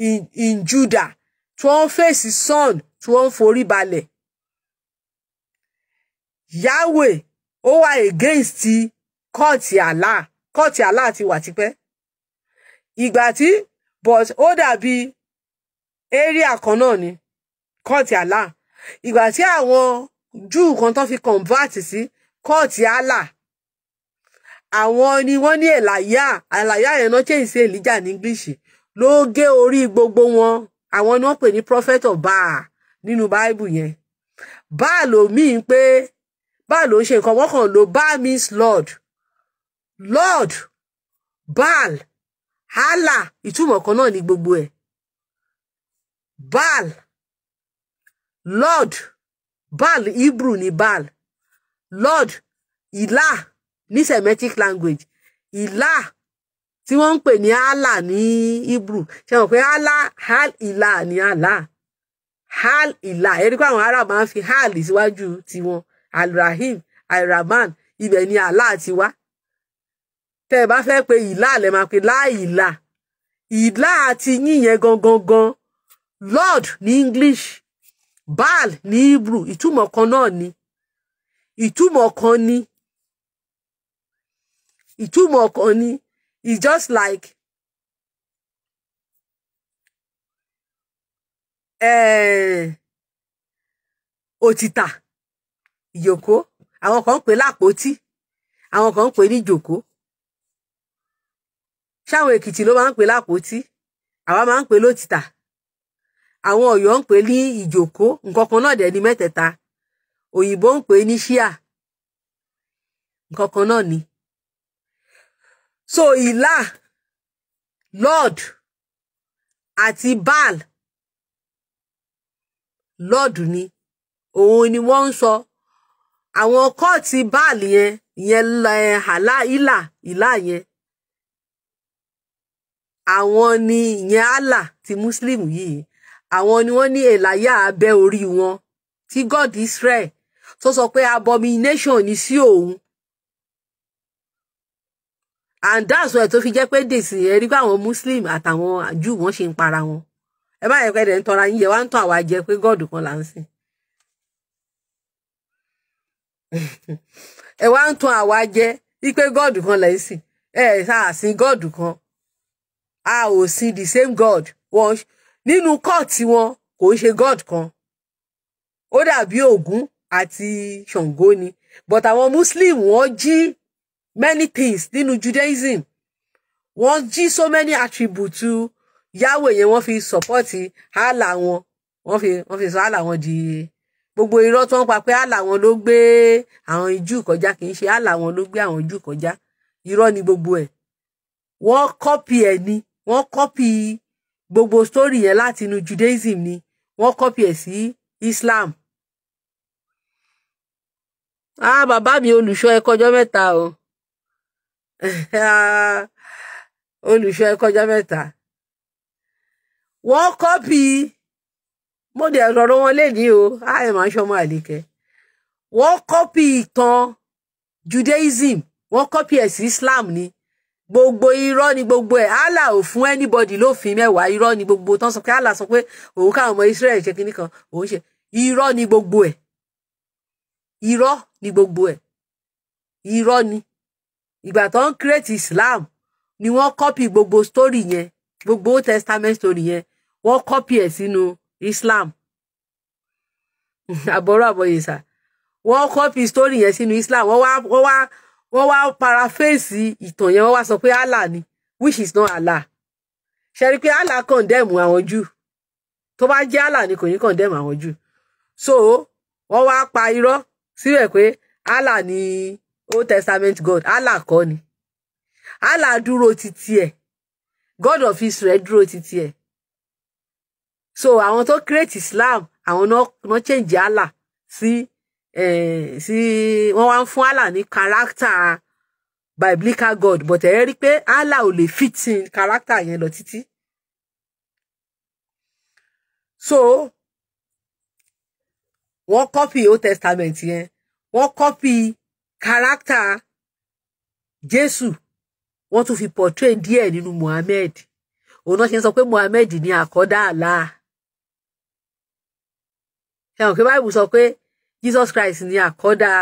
in, in Judah tí wọ́n fèsì sun tí wọ́n forí balẹ̀ Yahweh ó wà against kọ́ọ̀tì Allah kọ́ọ̀tì Allah ti wà tipẹ́ ìgbà tí but ó dàbí area kan náà ni kóòtù Allah ìgbà tí àwọn júù kan tán fi convert sí kóòtù Allah àwọn ni wọ́n ní ẹ̀láyà ẹ̀láyà yẹn náà change sí èlíjà ní English ló gé orí gbogbo wọn àwọn ni wọ́n pè ní prophet of Baal nínú Bible yẹn Baal ló míì pé Baal ló ń ṣe nǹkan wọ́n kàn ló Baal means Lord Lord Baal Allah ìtumọ̀ kan náà ni gbogbo ẹ̀ baal lord baal hebrew ni baal lord ilah ni semitic language ilah tí wọ́n ń pè allah ni hebrew ṣe mọ̀ pé allah hal ilah ni allah hal ilah ẹni pé àwọn ará máa fi hal síwájú tiwọn alrahim alrahman ibẹ̀ ni allah ti wá tẹ́ ẹ bá fẹ́ pe ilah lẹ máa pe láìlà ìlà àti yín yẹn gangan gan lord ní english baal ní hebrew ìtumọ̀ kan náà ni ìtumọ̀ kan ni ìtumọ̀ kan ni it's just like eh, òtítà ìjòkó àwọn kan ń pè lápótí àwọn kan ń pè ní jòkó ṣáwọn èkìtì ló máa ń pè lápótí àwa máa ń pè lótìtà àwọn Ọ̀yọ́ ń pè ní ìjòkó nǹkan kan náà dẹ̀ ní mẹ́tẹ̀ẹ̀ta òyìnbó ń pè ní ṣíà nǹkan kan náà ni so ìlà lord àti baal lord ni òun ni wọ́n ń sọ àwọn kóòtù baal yẹn yẹn hàlá eh, ìlà ìlà yẹn àwọn ni ìyẹn allah ti muslim yìí àwọn ni wọ́n ní èláyà abẹ́ orí wọn tí god israel tó sọ pé abomination ni sí òun and that's why tó fi jẹ́ pé dèsì ẹ̀rí pé àwọn muslim àtàwọn jù wọ́n ṣe ń para wọn ẹ bá yẹ pé ẹ̀ ń tọ́ra yín yẹ wá ń tọ́ àwa jẹ pé god kan là ń sìn <laughs> ẹ wá ń tan àwa jẹ wípé god kan lẹ ń sìn ẹ ṣáà sìn god kan a ò sìn the same god wọn nínú kóòtù wọn kò ń ṣe god kan ó dàbí Ògún àti Ṣàngó ni but àwọn muslim wọ́n jí many things nínú Judaism wọ́n jí so many attributes Yahweh yẹn wọ́n fi support Allah wọn wọ́n fi wọ́n fi sọ Allah wọn di gbogbo irọ́ tó ń pa pé Allah wọn ló gbé àwọn Jù kọjá kì í ṣe Allah wọn ló gbé àwọn Jù kọjá irọ́ ni gbogbo ẹ̀ wọ́n kọ́pì ẹ̀ ni wọ́n kọ́pì gbogbo story yẹn láti inú Judaism ni wọ́n kọ́pì ẹ̀ sí Islam. ah bàbá mi olùṣọ́ ẹ kọjọ́ mẹ́ta o <laughs> olùṣọ́ ẹ kọjọ́ mẹ́ta wọ́n kọ́pì mo dẹ̀ rọ̀rọ̀ wọn lédi o àyè máa ṣọmọ àlìkẹ́ wọ́n kọ́pì ìtàn Judaism wọ́n kọ́pì ẹ̀ sí Islam ni gbogbo irọ́ ni gbogbo ẹ̀ allah ò fún anybody lófin mẹ́wàá irọ́ ni gbogbo tán sọ pé allah sọ pé òun káwọn ọmọ israel ṣe kínní kan òun ṣe irọ́ ni gbogbo ẹ̀ irọ́ ni gbogbo ẹ̀ irọ́ ni ìgbà tó ń create islam ni wọ́n copy gbogbo story yẹn gbogbo old testament story yẹn wọ́n copy ẹ̀ sínú islam <laughs> àbọ̀rọ̀ àbọ̀yèsà wọ́n copy story yẹn sínú islam wọ́n wá wọ́n wá wọ́n wá paraphrase ìtàn yẹn wọ́n wá sọ pé allah ni which is not allah ṣe rí i pé allah condemn àwọn jù tó bá jẹ́ allah ni kò ní condemn àwọn jù so wọ́n wá pa irọ́ síbẹ̀ pé allah ni old testament god allah kọ́ ni allah dúró títí ẹ̀ god of israel dúró títí ẹ̀ so àwọn tó create islam àwọn náà change allah sí. Si, Eh, sí wọ́n wá ń fún Allah ní káràkítà biblical god but ẹ rí i pé Allah ò lè fit in káràkítà yẹn lọ títí. so wọ́n copy old testament yẹn wọ́n copy character Jésù wọ́n tún fi portray díẹ̀ nínú Muhammad òun náà ṣe ń sọ pé Muhammad ní àkọ́dá Allah. ẹ̀hàn pé báyìí sọ pé jesus christ ni àkọ́dá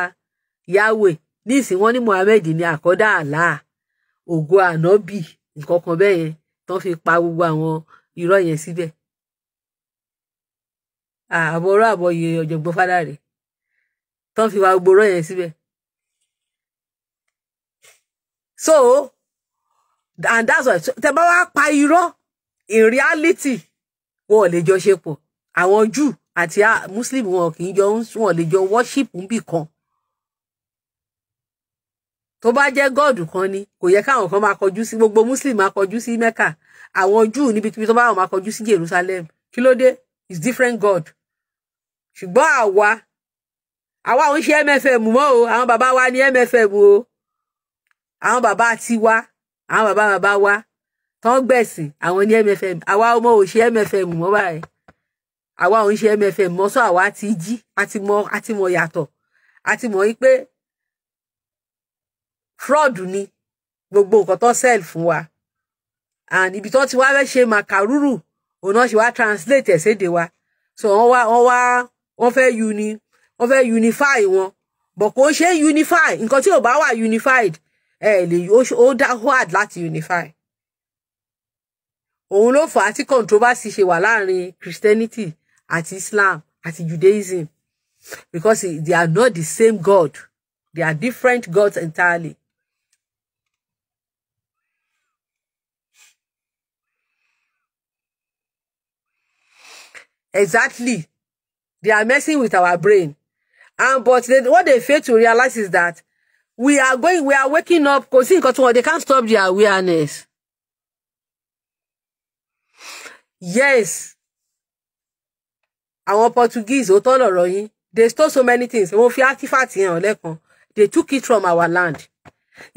yahweh nísìn wọn ní muhammed ni àkọ́dá allah ògo ànábì nǹkan kan bẹ́ẹ̀ yẹn tán fi pa gbogbo àwọn irọ́ yẹn síbẹ̀ àbọ̀rọ̀ àbọ̀yè ọ̀jọ̀gbọ́n fádà rẹ̀ tán fi wa gbogbo irọ́ yẹn síbẹ̀ so and that's why tẹ bá wá pa irọ́ in reality wọn ò lè jọ ṣe pọ̀ àwọn Júù àti muslim wọn kì í jọ wọn lè jọ worship níbì kan tó bá jẹ́ god kan ni kò yẹ káwọn kan máa kọjú sí gbogbo muslim máa kọjú sí mecca àwọn jew níbikíbi tó bá wọn máa kọjú sí jerusalem kí ló dé is different god ṣùgbọ́n àwa àwa ò ń ṣe mfm mọ́ o àwọn bàbá wa ní mfm o àwọn bàbá tiwa àwọn bàbá bàbá wa tán gbẹ̀sìn àwọn ní mfm àwa ọmọ ò ṣe mfm mọ́ báyìí àwa ò ń ṣe MFM mọ́ sọ àwa ti jí àti mọ àti mọ yàtọ̀ àti mọ̀ yí pé fraud ni gbogbo nǹkan tó sell fún wa and ibi tó ti wá fẹ́ ṣe màkàrúrù òun náà ṣe wá translate ẹ̀ wa so wọ́n wá wọ́n wá wọ́n fẹ́ uni wọ́n fẹ́ unify wọn bọ̀ kò ṣe unify nǹkan tí ò bá wà unified ẹ lè ó dá hard láti unify òun ló fà á tí controversy ṣe wà láàrin Christianity At Islam at Judaism because they are not the same God they are different gods entirely. Exactly. They are messing with our brain. And but they, what they fail to realize is that we are going, we are waking up, because they can't stop their awareness. Yes, àwọn portuguese ó tọ́ lọ̀rọ̀ yín they stole so many things wọ́n fi artifact yẹn hàn lẹ́kan they took it from our land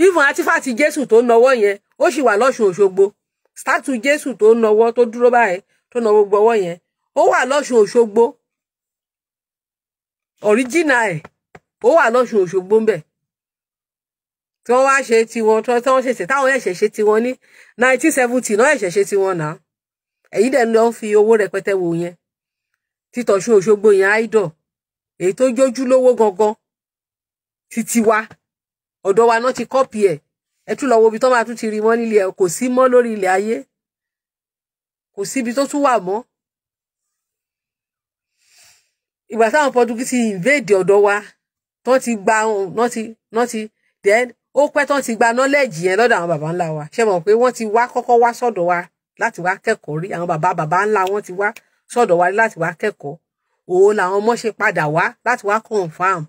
even artifact jésù tó nọwọ́ yẹn ó sì wà lọ́sùn òṣogbo statue jésù tó nọwọ́ tó dúró báyìí tó nọ gbogbo ọwọ́ yẹn ó wà lọ́sùn òṣogbo original ẹ̀ ó wà lọ́sùn òṣogbo ń bẹ̀ tí wọ́n wá ṣe tiwọn tí wọ́n ṣẹ̀ṣẹ̀ táwọn ẹ̀ṣẹ̀ ṣe tiwọn ní nineteen seventy náà ẹ̀ṣẹ̀ ṣe tiwọn náà èyí dẹ̀ ló ń fi owó rẹpẹtẹ wò yẹn títọ̀ṣun òṣogbo yẹn idol èyí tó jójú lówó gangan títí wa ọ̀dọ̀ wa náà ti kọ́pì ẹ̀ ẹ tún lọ wo ibi tó máa tún ti rí mọ́ nílé ẹ̀ kò sí mọ́ lórí ilẹ̀ ayé kò síbi tó tún wà mọ́ ìgbà táwọn Portuguese invade ọ̀dọ̀ wa tán ti gba náà ti náà ti then ó pẹ́ tán ti gba knowledge yẹn lọ́dọ̀ àwọn baba ńlá wa ṣé mọ̀ pé wọ́n ti wá kọ́kọ́ wá sọ́dọ̀ wa láti wá kẹ́kọ̀ọ́ rí àwọn baba baba ńlá wọn ti wá sọ́dọ̀ wa láti wá kẹ́kọ̀ọ́ òun làwọn ọmọ ṣe padà wá láti wá confam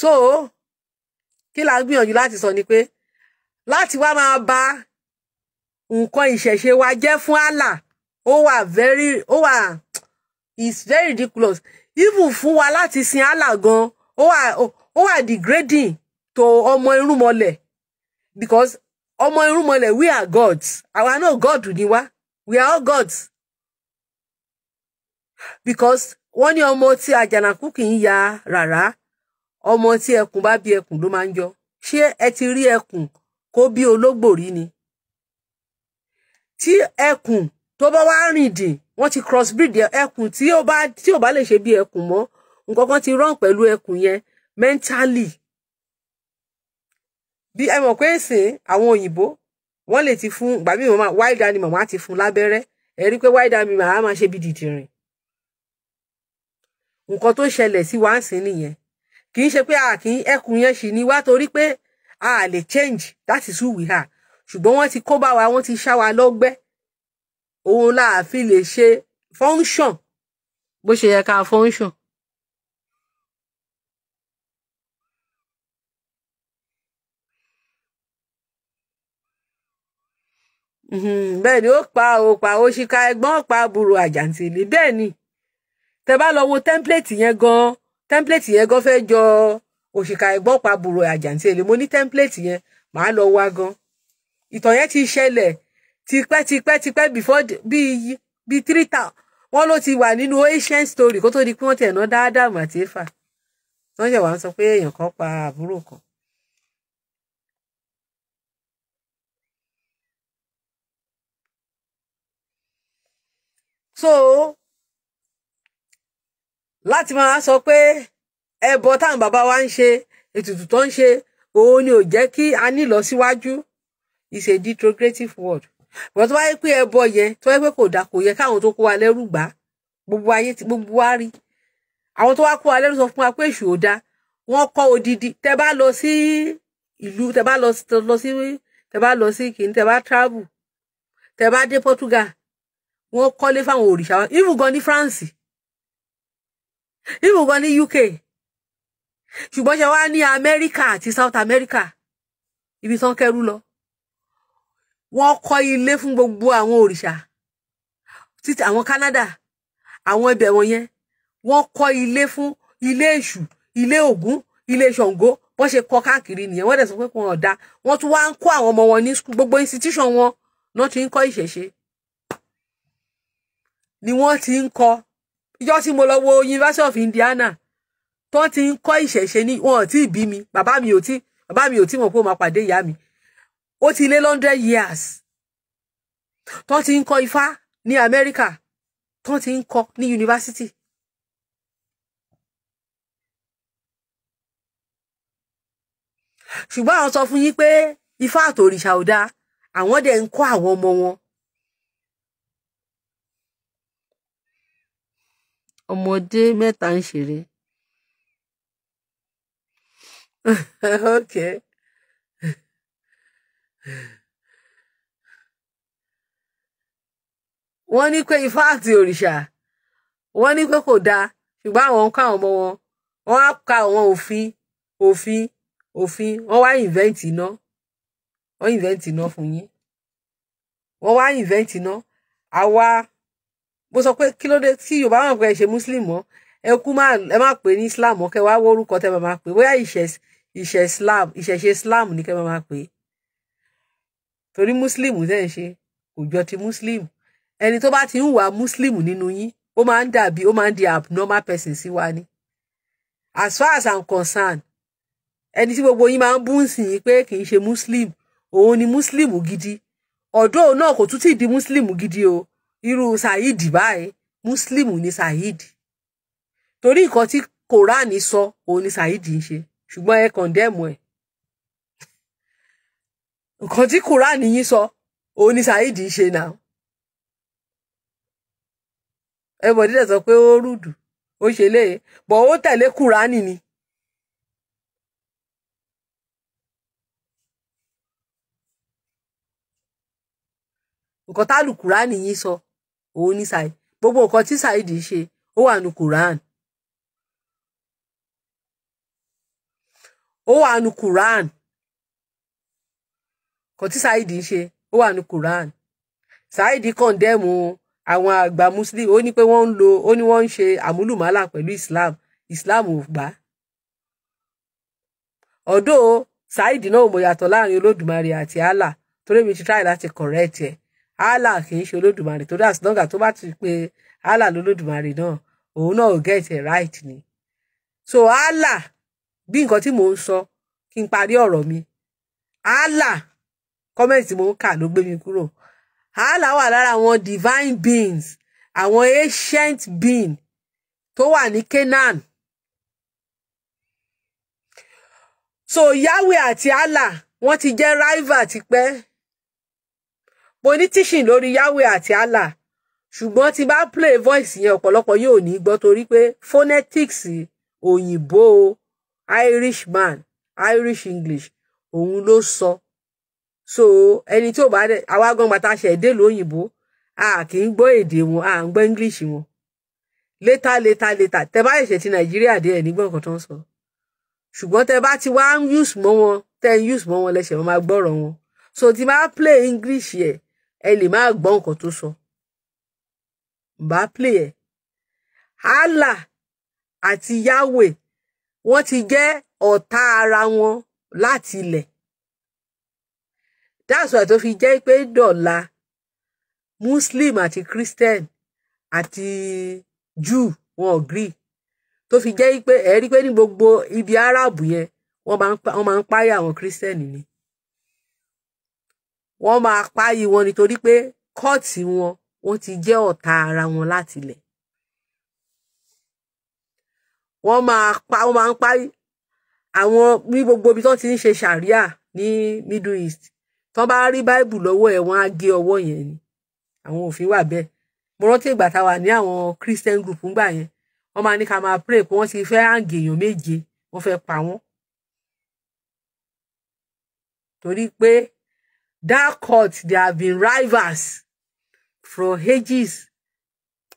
so kí la gbìyànjú láti sọ ni pé láti wá máa ba nǹkan ìṣẹ̀ṣe wa jẹ́ fún Allah ó wà very ó wà it's very ridiculous even fún wa láti sin Allah gan ó wà who are degrading to ọmọ irúnmọlẹ̀ because ọmọ irúnmọlẹ̀ we are gods our no god ni wá we are all gods because wọn ní ọmọ tí àjànàkú kì í ya rárá ọmọ tí ẹkùn bá bí ẹkùn ló máa ń yọ ṣé ẹ ti rí ẹkùn kó bí ni tí ẹkùn tó bá wá rìn dì ti crossbreed ẹkùn tí ó bá tí ó bá lè ṣe bí ẹkùn mọ nǹkan kan ti rán pẹ̀lú ẹkùn yẹn mentally bí ẹ mọ̀ pé ṣe àwọn òyìnbó wọ́n lè ti fún gbàmí màmá wáìdá ni màmá ti fún lábẹ́rẹ́ ẹ rí pé wild mi màmá máa ṣe bí dìdìrìn nǹkan tó ṣẹlẹ̀ sí wa ń sìn nìyẹn kì í ṣe pé a kì í ẹkùn yẹn ṣì ni wá torí pé a lè change that is who we are ṣùgbọ́n wọ́n ti kó bá wa wọ́n ti ṣá wa lọ́gbẹ́ òun láàfin lè ṣe function bó ṣe yẹ ká function Mhm. bẹ́ẹ̀ ni ó pa ó pa ó ṣìkà ẹ̀gbọ́n pa àbúrò àjàǹtìlì bẹ́ẹ̀ ni tẹ bá lọ wo tẹ́ḿpìlẹ̀tì yẹn gan tẹ́ḿpìlẹ̀tì yẹn gan fẹ́ẹ́ jọ òṣìkà ẹ̀gbọ́n pa àbúrò àjàǹtìlì mo ní tẹ́ḿpìlẹ̀tì yẹn màá lọ wá gan ìtàn yẹn ti ṣẹlẹ̀ tipẹ́ tipẹ́ tipẹ́ before bíi bíi three thousand wọ́n ló ti wà nínú ancient story kó tó di pé wọ́n ti ẹ̀nà dáadáa màtífà wọ́n ṣẹ̀ wá ń sọ pé èèyàn kan pa àbúrò kan so láti máa sọ pé ẹbọ táwọn bàbá wa ń ṣe ètùtù tó ń ṣe òun ni ò jẹ́ kí a ní ìlọsíwájú is a retrogressive word wọ́n tó wáyé pé ẹbọ yẹn tó wáyé pé kò dà kò yẹ káwọn tó kó wa lẹ́rù gbà gbogbo ayé ti gbogbo wa rí àwọn tó wá kó wa lẹ́rù sọ fún wa pé èṣù ò da wọ́n kọ́ odidi tẹ bá lọ sí ìlú tẹ bá lọ sí tẹ bá lọ sí kìíní tẹ bá travel tẹ bá dé Portugal wọ́n kọ́lé fáwọn òrìṣà wọn even gan ní France even gan ní UK ṣùgbọ́n ṣe wá ní Amẹ́ríkà àti South America ibi tán kẹ́rú lọ wọ́n kọ́ ilé fún gbogbo àwọn òrìṣà títí àwọn Canada àwọn ibẹ̀ wọn yẹn wọ́n kọ́ ilé fún ilé èṣù ilé Ògún ilé Ṣàngó wọ́n ṣe kọ́ káàkiri nìyẹn wọ́n dẹ̀ sọ pé kò hàn dá tún wá ń kọ́ àwọn ọmọ wọn ní gbogbo institution wọn náà ti ń kọ́ ìṣẹ̀ṣe ni wọ́n ti ń kọ ìjọ́ tí mo lọ wo University of Indiana tó ti ń kọ́ ìṣẹ̀ṣe ní wọn ò tí ì bí mi bàbá mi ò tí bàbá mi ò tí mọ̀ pé ó máa pàdé ìyá mi ó ti lé hundred years tó ti ń kọ́ ifá ní Amẹ́ríkà tó ti ń kọ́ ní yunifásitì ṣùgbọ́n àwọn sọ fún yín pé ifá àtòrìṣà ò dáa àwọn dẹ̀ ń kọ́ àwọn ọmọ wọn ọmọdé mẹ́ta ń ṣeré. <laughs> okay. wọ́n ní pé ifá àti òrìṣà wọ́n ní pé kò dáa ṣùgbọ́n àwọn ń kọ́ àwọn ọmọ wọn wọ́n á ka àwọn òfin òfin òfin wọ́n wá invent iná wọ́n invent iná fún yín wọ́n wá invent iná àwa mo sọ pé kí ló dé tí yorùbá wọn pé ẹ ṣe muslim mọ́ ẹ kú má ẹ má pè ní islam mọ́ kẹ wá wọ orúkọ tẹ máa máa pè bóyá ìṣẹ̀ islam ìṣẹ̀ṣe islam ní kẹ máa pè torí muslim tẹ̀ ń ṣe kò jọ ti muslim ẹni tó bá ti ń wà muslim nínú yín ó máa ń dàbí ó máa ń di abnormal person sí wa ni as far as i'm concerned ẹni tí gbogbo yín máa ń bú ń yín pé kì í ṣe muslim òun ni muslim gidi ọ̀dọ́ náà kò tún ti di muslim gidi o irú saheed báyìí muslim ni saheed torí nǹkan tí quran sọ òun ni saheed ń ṣe ṣùgbọ́n ẹ kọ̀ndẹ́mù ẹ̀ nǹkan tí quran yín sọ òun ni saheed ń ṣe náà ẹ bọ̀ dídẹ̀ sọ pé ó rúdù ó ṣe léyè bọ̀ ó tẹ̀lé quran ni. nǹkan tálùkùrá nìyí sọ òun ní Saheed gbogbo nǹkan tí Saheed ṣe ó wà nù Quran ó wà nù Quran nǹkan tí Saheed ṣe ó wà nù Quran Saheed kọ̀ǹdẹ́mù àwọn àgbà muslim ó ní pé wọ́n ń lo ó ní wọ́n ń ṣe àmúlùmálà pẹ̀lú Islam Islam ò gbà ọ̀dọ́ Saheed náà ò mọ̀ yàtọ̀ láàrin Olódùmarè àti Allah torí mi ti try láti correct ẹ̀ allah kì í ṣe olódùmarè tó dà sílọ́gà tó bá ti pe allah lólódùmarè náà òun náà ò get it right ni so allah bí nǹkan tí mò ń sọ kí n parí ọ̀rọ̀ mi allah kọ́mẹ̀ntì mò ń kà ló gbé mi kúrò allah wà lára àwọn divine beings àwọn ancient being tó wà ní canaan so yahweh àti allah wọ́n ti jẹ́ rival tipẹ́ mo ní tíṣìn lórí Yahweh àti Allah ṣùgbọ́n tí bá play voice yẹn ọ̀pọ̀lọpọ̀ yóò ní gbọ́ torí pé phonetics òyìnbó Irishman Irish English òun ló sọ so ẹni tí ò bá dẹ àwa gan bàtà ṣe èdè lóyìnbó a kì í gbọ́ èdè wọn a ń gbọ́ English wọn Later later later. tẹ bá ṣẹ̀ṣẹ̀ ti Nàìjíríà dé ẹ nígbà nǹkan tó ń sọ ṣùgbọ́n tẹ bá ti wá use mọ́ wọn tẹ use mọ́ wọn lẹsẹ wọn máa gbọ́rọ̀ wọn so tí máa play English yẹn ẹ lè má gbọ́ nǹkan tó sọ bá play ẹ̀ Allah àti Yahweh wọ́n ti jẹ́ ọ̀tá ara wọn láti ilẹ̀ dáàsọ̀ tó fi jẹ́ pé dọ̀la Muslim àti Christian àti Jew wọn ò gree tó fi jẹ́ pé ẹ̀rí pé ní gbogbo ibi Arab yẹn wọ́n máa ń páyà àwọn Christian ni wọ́n máa páyì wọn nítorí pé kóòtù wọn wọ́n ti jẹ́ ọ̀tá ara wọn láti ilẹ̀ wọ́n máa pa wọ́n máa ń páyì àwọn ní gbogbo ibi tó ti ń ṣe ṣàríà ní Middle East tó bá rí báìbù lọ́wọ́ ẹ̀ wọ́n á gé ọwọ́ yẹn ni àwọn òfin wà bẹ́ẹ̀ mo rántí ìgbà tá a wà ní àwọn Christian group ńgbà yẹn wọ́n máa ní ká máa pray pé wọ́n ti fẹ́ àǹgè èèyàn méje wọ́n fẹ́ pa wọ́n torí pé that court there have been rivals from ages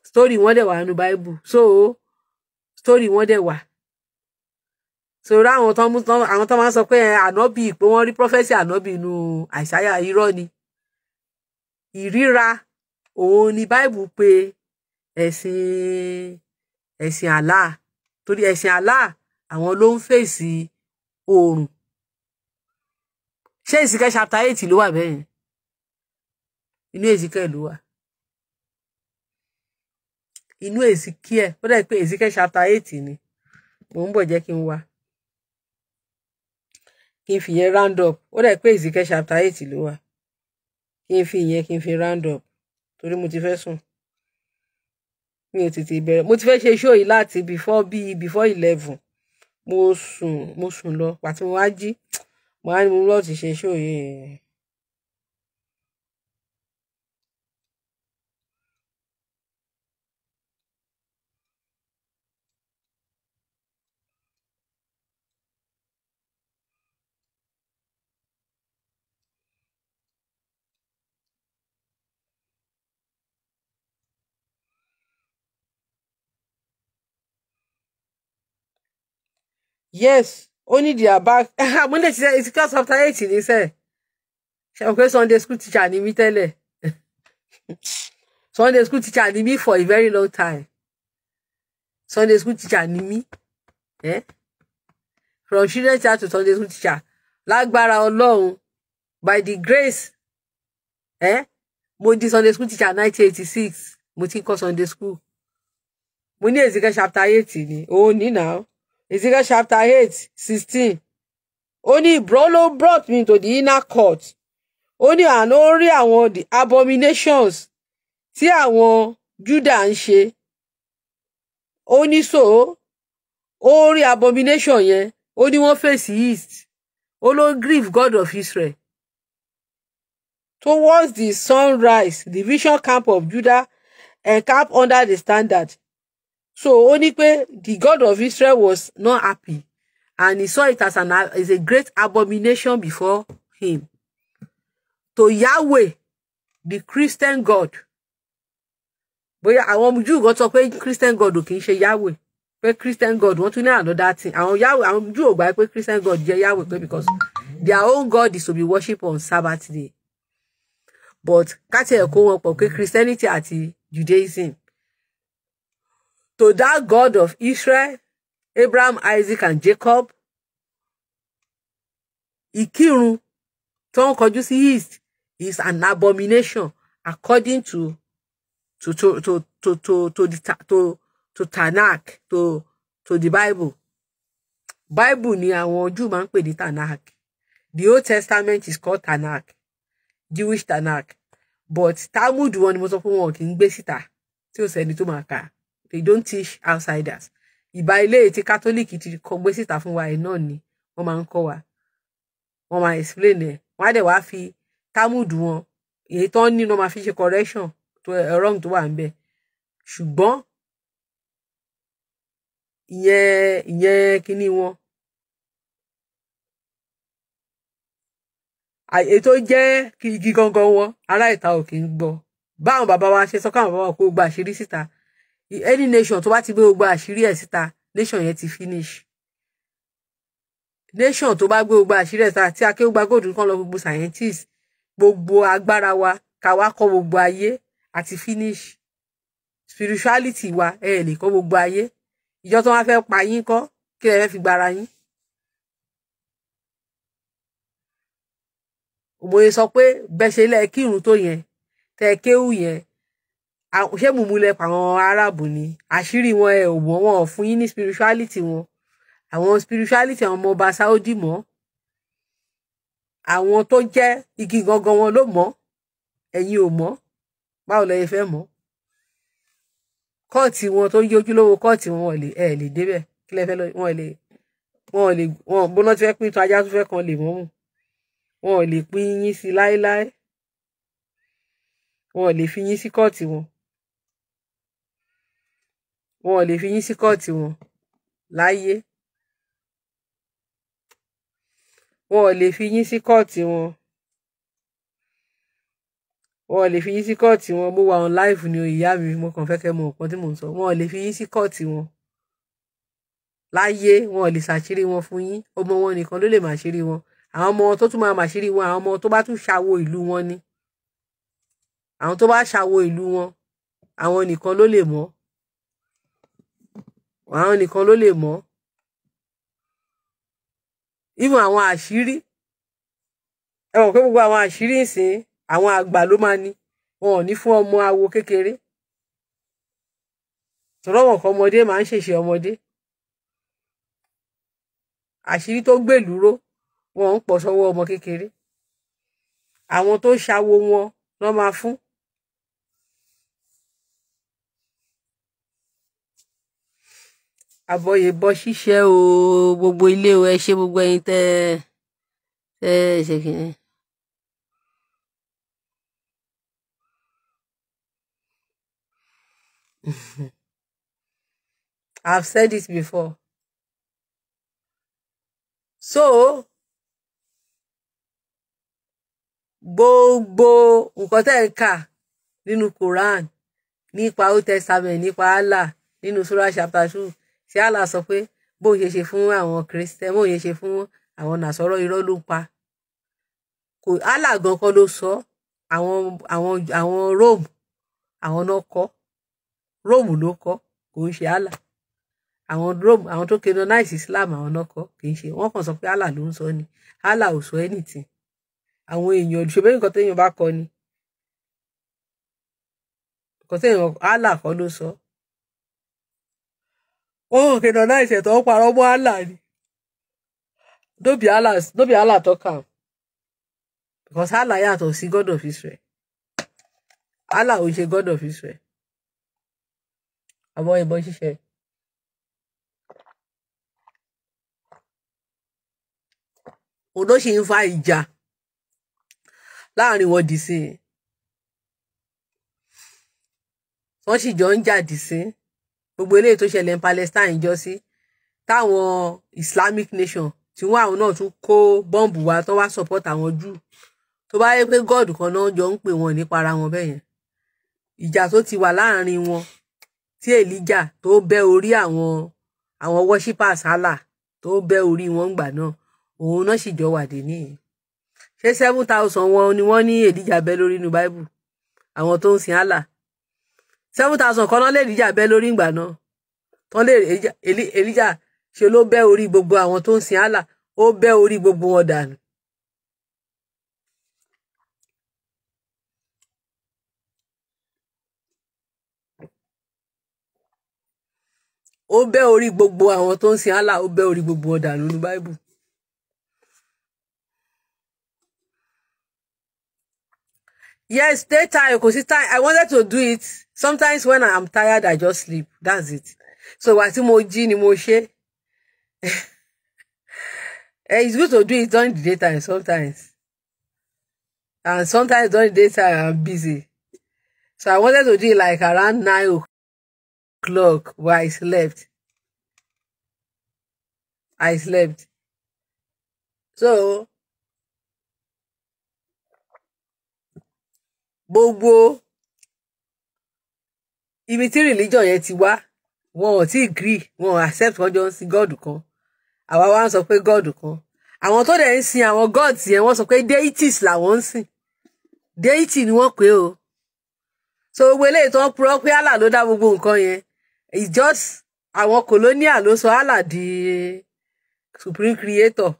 story one day wà nínú bible so story one day wà so I want to ráwọn tán àwọn tán máa ń sọ pé eh, ànábì pé wọ́n rí prọfẹsì ànábì nu àìsáyà irọ́ ni ìríra òun ni bible pé ẹ̀sìn ẹ̀sìn àlá torí ẹ̀sìn àlá àwọn ló ń fèsì oòrùn ṣé ìsìnkẹ́ chapter eight ló wà bẹ́ẹ̀ inú èsìkẹ́ ló wà inú èsìkẹ́ ó dẹ̀ pé èsìkẹ́ ni mò ń kí n wá kí n fi yẹn round up ó dẹ̀ pé èsìkẹ́ chapter eight ló wà kí n fi round up torí mo ti fe sùn mi ò tètè mo ti fe ṣe show láti before bíi before eleven mo sùn mo sùn wá Màá ní mo lọ́ọ́ ti ṣe show yìí. Yes only their back when they say it's because after eight they say okay Sunday school teacher ni mí tẹ́lẹ̀ <laughs> Sunday school teacher ni mí for a very long time Sunday school teacher ni mí eh from children teacher to Sunday school teacher Like lágbára Ọlọ́run by the grace eh mo di Sunday school teacher 1986. eighty six mo ti Sunday school mo ní Ezekiel chapter eight ni now Ezekiel chapter eight sixteen Only ní brought me to the inner court Only ní àná ó rí àwọn the abominations tí àwọn Júdà ń ṣe ó ní so only abomination yẹn Only one face east Only ló grieve God of Israel towards the sunrise the vision camp of Judah encamped under the standard so ó ní pé the God of Israel was not happy and he saw it as an as a great abomination before him to Yahweh the Christian God bóyá àwọn Júù kan sọ pé Christian God ò kì í ṣe Yahweh pé Christian God wọ́n tún ní another thing àwọn Yahweh àwọn Júù ò gbà pé Christian God jẹ́ Yahweh pé because their own God is to be worshipped on Sabbath day but káti ẹ̀ kó wọn pọ̀ pé Christianity àti Judaism to that God of Israel, Abraham, Isaac, and Jacob. Ìkírun tó ń kọjú east is an abomination according to to to to to to to the to to Tanakh to to the Bible. Bible ni àwọn Júù máa ń pè Tanakh. The Old Testament is called Tanakh, Jewish Tanakh. But Talmud wọn ni mo sọ fún wọn kì í gbé síta tí ò sẹ́ni tó máa kà they don't teach outsiders ìbá ilé ètí kátólíìkì ti kọ gbé síta fún wa ẹ̀ náà ni wọ́n máa ń kọ́ wa wọ́n máa explain ẹ̀ wọ́n á dẹ̀ wá fi támùdù wọn èyí tó ń ní wọ́n máa fi ṣe correction tó wrong tó wà ń bẹ̀ ṣùgbọ́n ìyẹn ìyẹn kínní wọn àyè tó jẹ́ kí igi gangan wọn ará ìta ò kì í gbọ́ báwọn bàbá wa ṣe sọ káwọn bàbá wa kó gba àṣírí síta any nation tó bá ti gbé gbogbo àṣírí ẹ̀ síta nation yẹn ti finish nation tó bá gbé gbogbo àṣírí ẹ̀ síta tí akéwògbàgòdù kan lọ gbogbo scientist gbogbo agbára wa ká wá kọ́ gbogbo ayé àti finish spirituality wa ẹ lè kọ́ gbogbo ayé ìjọ tó wá fẹ́ pa yín kọ́ kí lè fẹ́ fi gbára yín. òmòye sọ pé bẹ́ẹ̀ ṣe lẹ́ẹ̀kírun tó yẹn tẹ́ẹ̀kéwù yẹn ṣé mùmúlẹ̀ pàwọn aráàbù ni àṣírí wọn ẹ ò mọ̀ wọn ò fún yín ní spirituality wọn àwọn spirituality àwọn ọmọ ọba Saudi mọ̀ àwọn tó jẹ́ igi gangan wọn ló mọ̀ ẹ̀yin ò mọ̀ báwo lẹ fẹ́ mọ̀ kóòtù wọn tó yí ojúlówó kóòtù wọn lè ẹ lè débẹ̀ kí lẹ fẹ́ lọ wọn lè wọn lè wọn bóná tí fẹ́ pín tó ajá tó fẹ́ kan lè mọ mọ wọn lè pín yín sí láéláé wọn lè fi yín sí kóòtù wọn wọn ò lè fi yín sí kóòtù wọn láyé wọn ò lè fi yín sí kóòtù wọn wọn ò lè fi yín sí kóòtù wọn mo wà on live ni ìyá mi mo kàn fẹ́ kẹ́ mọ nǹkan tí mò ń sọ wọn ò lè fi yín sí kóòtù wọn láyé wọn ò lè ṣàṣírí wọn fún yín ọmọ wọn nìkan ló lè màṣírí wọn àwọn ọmọ tó tún máa màṣírí wọn àwọn ọmọ tó bá tún ṣàwo ìlú wọn ni àwọn tó bá ṣàwo ìlú wọn àwọn nìkan ló lè mọ̀ àwọn nìkan ló lè mọ̀ even àwọn àṣírí ẹ mọ̀ pé gbogbo àwọn àṣírí ìsìn àwọn àgbà ló máa ní wọn ò ní fún ọmọ awo kékeré tọrọmọ kan ọmọdé máa ń ṣèṣe ọmọdé àṣírí tó gbèlú ró wọn ń pọ̀ sọ́wọ́ ọmọ kékeré àwọn tó ṣàwo wọn lọ máa fún àbọyèbọ ṣíṣe o gbogbo ilé o ẹ ṣe gbogbo ẹ̀yin tẹ ẹ ṣe kìíní. <laughs> I've said it before. So gbogbo nǹkan tẹ́ ń kà nínú Quran nípa Old Testament nípa Allah nínú Surah chapter two ṣé àlà sọ pé bóun ṣe ṣe fún àwọn kristẹni bóun ṣe ṣe fún àwọn nàṣọrọ irọ́ ló pa kò àlà gan kọ́ ló sọ àwọn àwọn àwọn Rome àwọn náà kọ́ Róòmù ló kọ́ kò ń ṣe àlà àwọn Róòmù àwọn tó canonize Islam àwọn náà kọ́ kì í ṣe wọ́n kàn sọ pé àlà ló ń sọ ni àlà ò sọ anything àwọn èèyàn ṣùgbọ́n nǹkan téèyàn bá kọ ni nǹkan téèyàn àlà kọ́ ló sọ oge nọ na iset ọkwara ụgbọ ala anyị nobi ala talk am because ala ya to si god of israel ala oje god of israel àmọ́ ìbọn sise o ló se fa ija laarin wọn dì sí i wọ́n jọ ń gbogbo eléyìí tó ṣẹlẹ̀ ní Palestine jọ sí táwọn Islamic nation tí wọn àwọn náà tún kó bọ́ǹbù wa tó wá support àwọn Júù tó bá yẹ pé God kan náà jọ ń pè wọn nípa ara wọn bẹ́ẹ̀ yẹn ìjà tó ti wà láàrin wọn tí Èlíjà tó bẹ́ orí àwọn àwọn worshippers Allah tó bẹ́ orí wọn gbà náà òun náà sì jọ wà dé nìyí ṣé seven thousand wọn ni wọ́n ní Èlíjà bẹ́ lórí inú Bible àwọn tó ń sin Allah seven thousand kan náà lè ríjà bẹ́ lórí ìgbà náà tán lè ríjà ṣe ló bẹ́ orí gbogbo àwọn tó ń sin Allah ó bẹ́ orí gbogbo wọn dànù. ó bẹ́ orí gbogbo àwọn tó ń sin Allah ó bẹ́ orí gbogbo wọn dànù ní báíbù. Yes, daytime, because it's time. I wanted to do it. Sometimes when I'm tired, I just sleep. That's it. So wá tí mo ni mo <laughs> eh, It's good to do it during the daytime sometimes. And sometimes during the daytime, I'm busy. So I wanted to do it like around 9 o'clock, where I slept. I slept. So gbogbo ibi tí religion yẹn ti wá wọn ò tí ì gree wọn ò accept wọn jọ ń sin god kan àwa wa ń sọ pé god kan àwọn tó dẹ̀ ń sin àwọn gods yẹn wọ́n sọ pé deities làwọn ń sìn deity ni wọ́n pè o so gbogbo eléyìí tó ń purọ́ pé allah ló dá gbogbo nǹkan yẹn it's just àwọn colonial ló sọ allah di supreme creator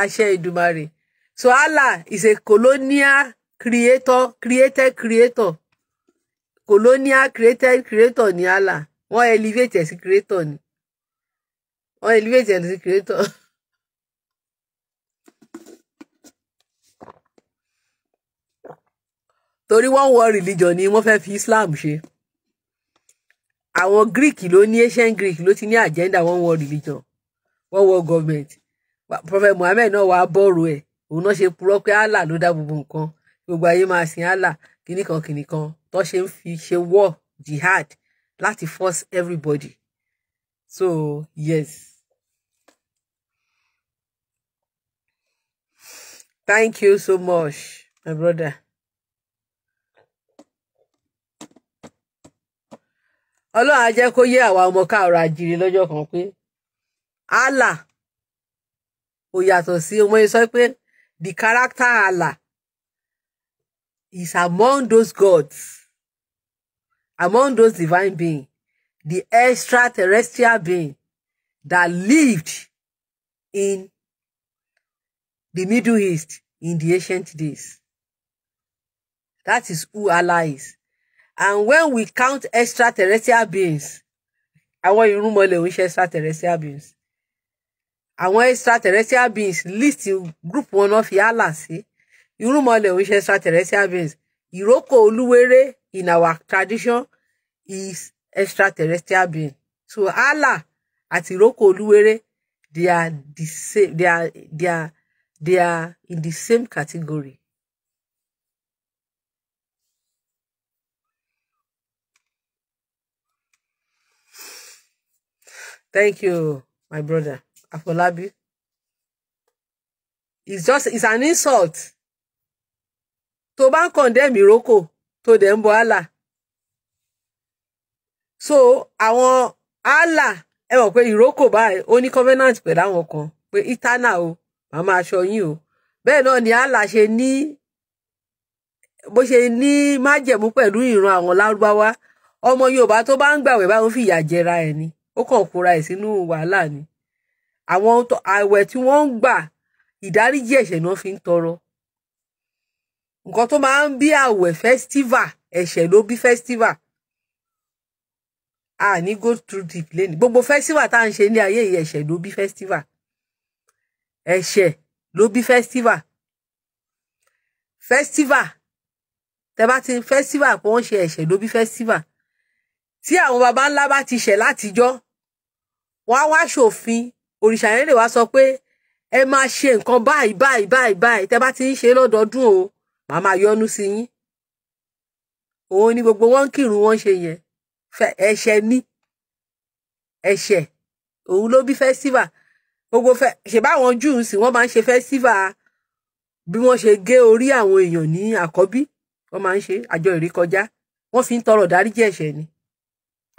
àṣẹ ìdùmarè so Allah is a colonial creator created creator colonial created creator ni Allah wọ́n elevate ẹ̀ creator ni wọ́n elevate ẹ̀ creator. <laughs> torí wọ́n wọ religion ni wọ́n fẹ́ fi Islam ṣe àwọn Greek ló ní ancient Greek ló ti ní agenda wọ́n wọ religion wọ́n wọ government prophet muhammed náà wàá bọ̀rù ẹ̀ òun náà ṣe purọ́ pé allah ló dá gbogbo nǹkan gbogbo ayé máa sin allah kìnnìkan kìnnìkan tó ṣe ń fi ṣe war jihad láti force everybody so yes. thank you so much my brother. ọlọ́run á jẹ́ kó yé àwa ọmọ káàrọ̀ àjíire lọ́jọ́ kan pé allah ó yàtọ̀ sí wọ́n sọ pé the character Allah is among those gods among those divine beings the extraterrestrial being that lived in the Middle East in the ancient days. That is who Allah is. And when we count extraterrestrial beings, àwọn irúnmọlẹ̀ ń ṣe extraterrestrial beings àwọn extraterrestrial beings list group wọn náà fi Allah sí irúnmọlẹ̀ òun ṣe extraterrestrial beings ìrókò olúwerè in our tradition is extraterrestrial being so Allah àti ìrókò olúwerè they are the same they are they are they are in the same category Thank you, my brother. Afolabi. It's just it's an insult. Tó bá ń condemn ìrókò tó dẹ̀ ń bọ Allah. So àwọn Allah ẹ mọ̀ pé ìrókò báyìí ó ní covenant pẹ̀lú àwọn kan pé itana o màá máa aṣọ yín o. Bẹ́ẹ̀ náà ni Allah ṣe ní bó ṣe ní májẹ̀mú pẹ̀lú ìran àwọn lárúbáwá ọmọ Yorùbá tó bá ń gbàwẹ̀ báyìí ó fìyà jẹra ẹ̀ ni ó kàn kóra ẹ̀ sínú wàhálà ni àwọn àwẹ̀ tí wọ́n ń gbà ìdáríjì ẹ̀ṣẹ̀ náà fi ń tọrọ nǹkan tó máa ń bí àwẹ̀ festival ẹ̀ṣẹ̀ ló bí festival a ní go through deep lẹ́nu gbogbo festival tá à ń ṣe ní ayé yìí ẹ̀ṣẹ̀ ló bí festival ẹ̀ṣẹ̀ ló bí festival festival tẹ ti festival pé wọ́n ṣe ẹ̀ṣẹ̀ ló bí festival tí àwọn baba ńlá bá ti ṣẹ̀ látijọ́ wọ́n á wá ṣòfin òrìṣà yẹn lè wá sọ pé ẹ máa ṣe nǹkan báyìí báyìí báyìí báyìí tẹ bá ti ń ṣe lọ́dọọdún o màá máa yọnu sí yín òun ni gbogbo wọn ń kírun wọn ṣe yẹn ẹ̀ṣẹ̀ ní ẹ̀ṣẹ̀ òun ló bí fẹsífà gbogbo fẹ ṣèbáwọn júù sì wọn máa ń ṣe fẹsífà bí wọn ṣe gé orí àwọn èèyàn ní àkọ́bí wọn máa ń ṣe àjọ ìrékọjá wọn fi ń tọrọ dáríjì ẹ̀ṣẹ̀ ni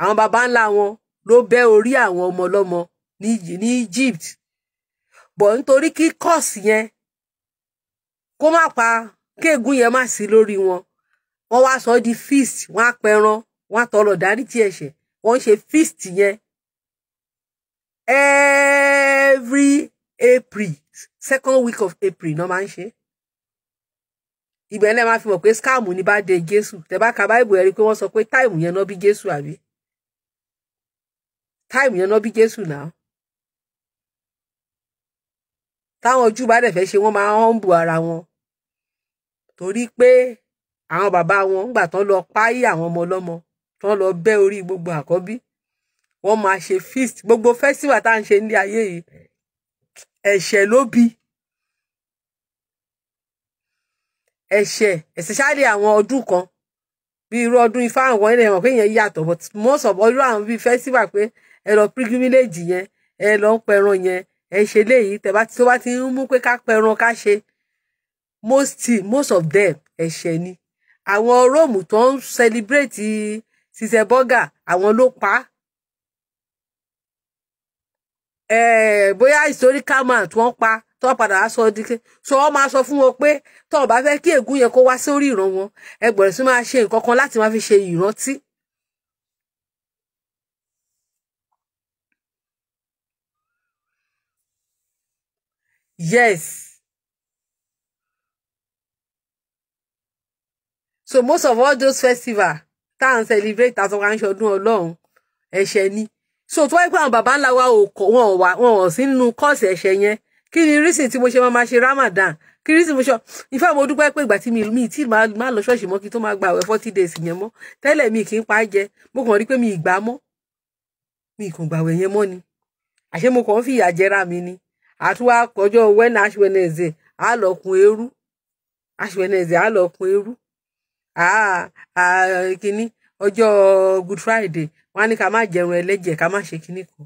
àwọn baba ńlá wọn ló bẹ́ orí àwọn ọmọ ọlọ́mọ ní Egypt bọ̀ nítorí kí kọ́ọ̀sì yẹn kó má pa kéègùn yẹn má sí lórí wọn wọn wá sọ ọ di feast wọn á pẹran wọn á tọrọ dáríjì ẹ̀ṣẹ̀ wọ́n ń ṣe feast yẹn every April second week of April náà máa ń ṣe ibẹ̀ lẹ́ẹ̀ máa fi mọ̀ pé scam ni bá de Jésù tẹ́ bá ka báìbù ẹ̀ pé wọ́n sọ pé táìmù yẹn náà bí Jésù àbí táìmù yẹn náà bí Jésù náà táwọn Júù bá dẹ̀ fẹ́ ṣe wọ́n máa humble ara wọn torí pé àwọn bàbá wọn ńgbà tán lọ páyé àwọn ọmọ ọlọ́mọ tán lọ bẹ́ orí gbogbo àkọ́bí wọ́n máa ṣe feast gbogbo festival tá à ń ṣe ní ayé yìí ẹ̀ṣẹ̀ ló bí ẹ̀ṣẹ̀ especially àwọn ọdún kan bí irú ọdún ifá àwọn ẹni ẹ̀wọ̀n pé yẹn yàtọ̀ but most of all irú àwọn bíi festival pé ẹ lọ pilgrimage yẹn ẹ lọ ń pẹran yẹn ẹ ṣe léyìí tẹ bá tí ó bá ti ń mú pé ká pẹran ká ṣe most most of them ẹ̀ṣẹ̀ ni àwọn róòmù tó ń celebrate ṣiṣẹ bọgà àwọn ló pa á eh, bóyá historical man tí wọ́n pa tí wọ́n padà sọ dike so wọ́n máa sọ fún wọn pé tó o bá fẹ́ kí ègún yẹn kó wá sórí ìran wọn ẹ gbọ́dọ̀ sí máa ṣe nǹkan kan láti máa fi ṣe ìrántí Yes. So most of all those festival tá celebrate tá a sọ wá ń ṣọdún ni. So tó wáyé pé àwọn bàbá ńlá wa ò kọ wọn wà wọn ò sí nínú kọ́ọ̀sì ẹ̀ṣẹ̀ reason tí mo ṣe máa ṣe Ramadan? Kí mo ṣe in fact mo dúpẹ́ pé ìgbà tí mi tí máa lọ ṣọ́ọ̀ṣì mọ́ kí tó máa gba we forty days yẹn mo. Tẹ́lẹ̀ mi kì í pa á jẹ, mo kàn rí pé mi igba mo. Mi kò we yẹn mọ́ ni. Àṣé mo kàn ń fìyà mi ni àtúwá kọjọ wẹ́nà aṣíwẹ́nẹ̀ẹ́zẹ̀ á lọ kun eérú aṣíwẹ́nẹ̀ẹ́zẹ̀ á lọ kun eérú kínní ọjọ́ good friday wọn á ní ká má jẹun ẹlẹ́jẹ̀ ká má ṣe kínní kan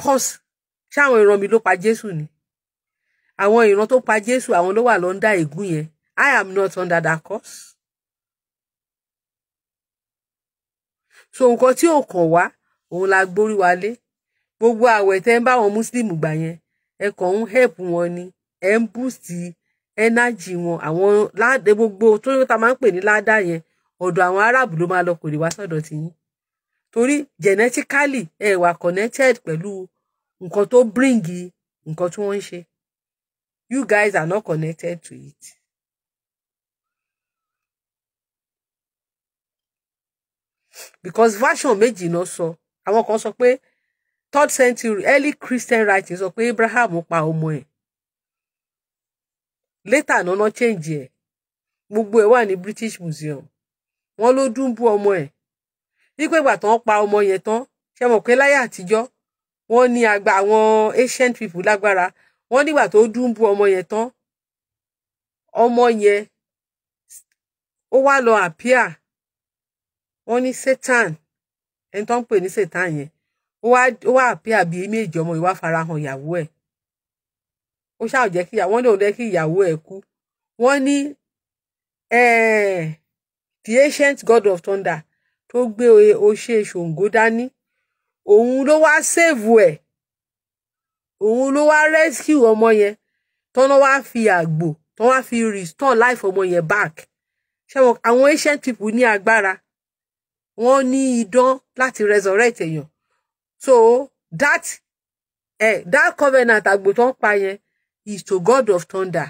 course ṣé àwọn ìran mi ló pa jésù ni àwọn ìran tó pa jésù àwọn ló wà lọ́ndà ègún yẹn i am not under that curse. so nǹkan tí ò kàn wá òun la gbórí wa lé gbogbo àwẹ̀ tẹ́ ń bá àwọn muslim gbà yẹn ẹ kàn ń help wọn ni ẹ ń boost energy wọn àwọn láde gbogbo tó tá máa ń pè ní ládà yẹn ọ̀dọ̀ àwọn arab ló máa lọ kò lè wá sọ̀dọ̀ tìyín torí genetically ẹ wà connected pẹ̀lú nǹkan tó bring nǹkan tí wọ́n ń ṣe you guys are not connected to it. because fashion méjì náà sọ àwọn kan sọ pé third century early Christian writing sọ pé Abraham pa ọmọ ẹ̀ later nana change ẹ̀ gbogbo ẹ̀ wà ní British Museum wọ́n ló dún bú ọmọ ẹ̀ wípé ìgbà tán pa ọmọ yẹn tán ṣe mọ̀ pé láyé àtijọ́ wọ́n ní àgbà àwọn ancient people lágbára wọ́n nígbà tó dún bú ọmọ yẹn tán ọmọ yẹn ó wá lọ àpíà wọ́n ní Satan ẹni tó ń pè ní Satan yẹn ó wá ó wá àpé àbí méjì ọmọ ìwà farahàn ìyàwó ẹ̀ ó ṣáà jẹ́ kí wọ́n lòun jẹ́ kí ìyàwó ẹ̀ kú wọ́n ní eh, the ancient god of thunder tó gbé oṣé ṣòǹgó dání òun ló wá sèvù ẹ̀ òun ló wá rescue ọmọ yẹn tọ́nà wá fi àgbò tọ́nà wá fi restore life ọmọ yẹn back ṣẹ́wọ̀n àwọn ancient people ní agbára wọ́n ní idán láti resurrect èèyàn so that eh, that covenant àgbò tó ń pa yẹn is to god of thunder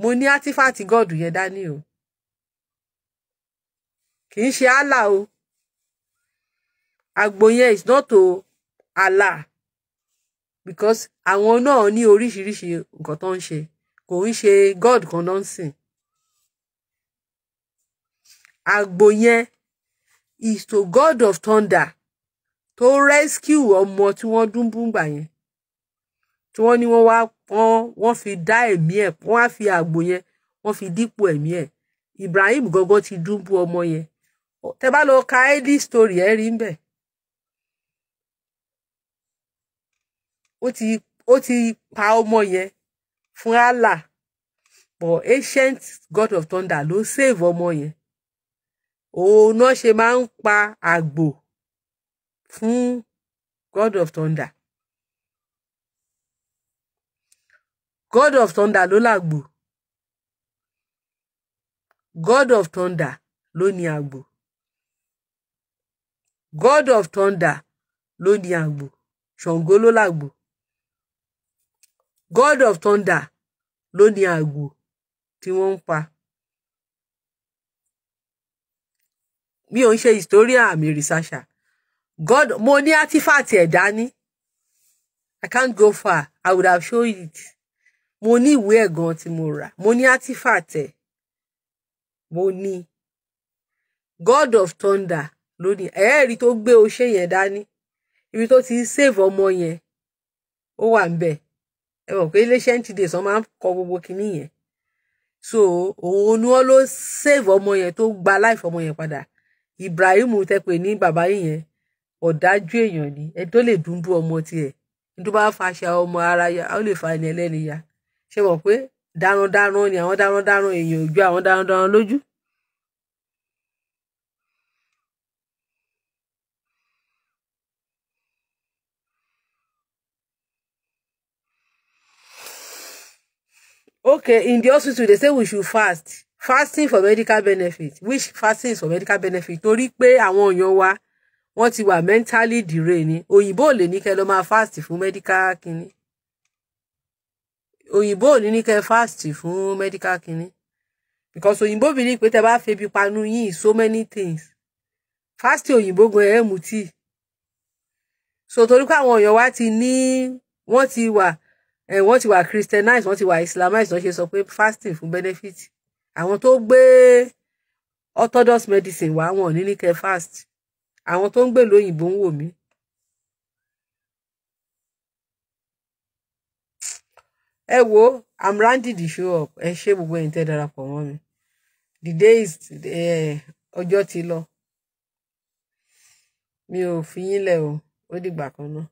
mo ní átífàtì god yẹn dání o kì í ṣe allah o àgbò yẹn is not to allah because àwọn náà ní oríṣiríṣi nǹkan tó ń ṣe kò ń ṣe god kan ló ń sìn àgbò yẹn is to god of thunder tó rescue ọmọ tí wọ́n dún búngbà yẹn tí wọ́n ní wọ́n wá wọ́n wọ́n fi dá ẹ̀mí ẹ̀ wọ́n á fi àgbo yẹn wọ́n fi dípò ẹ̀mí ẹ̀ Ibrahim gọgọ ti dún bú ọmọ yẹn tẹ bá lọ ka ẹ́dí story ẹ̀ rí bẹ́ẹ̀ ó ti ó ti pa ọmọ yẹn fún Allah but ancient god of thunder ló save ọmọ yẹn òun náà ṣe máa ń pa àgbò fún god of thunder god of thunder ló làgbò god of thunder ló ní àgbò god of thunder ló ní àgbò ṣàngó ló làgbò god of thunder ló ní àgbò tí wọ́n ń pa. mi ò ń ṣe historia àmì rìsáṣà God mo ní artifact ẹ̀ dání I can't go far I would have showed it mo ní ìwé ẹ̀ gan tí mo rà mo ní artifact mo ní God of thunder lónìí ẹ̀ẹ́rì tó gbé oṣé yẹn dání ibi tó ti ń save ọmọ yẹn ó wà ń bẹ̀ ẹ mọ̀ pé iléeṣẹ́ ń ti dè sàn máa ń kọ gbogbo kinní yẹn so òun ni wọn ló save ọmọ yẹn tó gba life ọmọ yẹn padà Ibrahim tẹ pé ní bàbá yìí yẹn ọ̀dájú èèyàn ni ẹni tó lè dúndú ọmọ tiẹ̀ ní bá faṣà ọmọ ara ya ó lè fa ẹni ẹlẹ́ni ya ṣe mọ̀ pé darandaran ni àwọn darandaran èèyàn ju àwọn darandaran lójú. Okay, in the hospital they say we should fast fasting for medical benefit which fasting is for medical benefit torí pé àwọn èèyàn wa wọ́n ti wà mentally dìre ni òyìnbó ò lè ní kẹ́ lọ máa fast fún medical kínní òyìnbó ò ní ní kẹ́ fast fún medical kínní because òyìnbó bí ní pé tẹ́ bá febi panu yín so many things fast òyìnbó gan ẹ mú tíì so torí pé àwọn èèyàn wa ti ní wọ́n ti wà wọ́n ti wà christianized wọ́n ti wà islamized wọ́n ṣe sọ pé fasting fún benefit àwọn tó gbé orthodox medicine wá wọn ò ní ní kẹ́ fast àwọn tó ń gbé lóyìnbó ń wò mí. ẹ wo i'm rounding the show up ẹ ṣé gbogbo ẹ̀yin tẹ́ darapọ̀ mọ́ mi the days, is eh, ọjọ́ ti lọ mi ò fi yín lẹ̀ o ó dìgbà kan náà.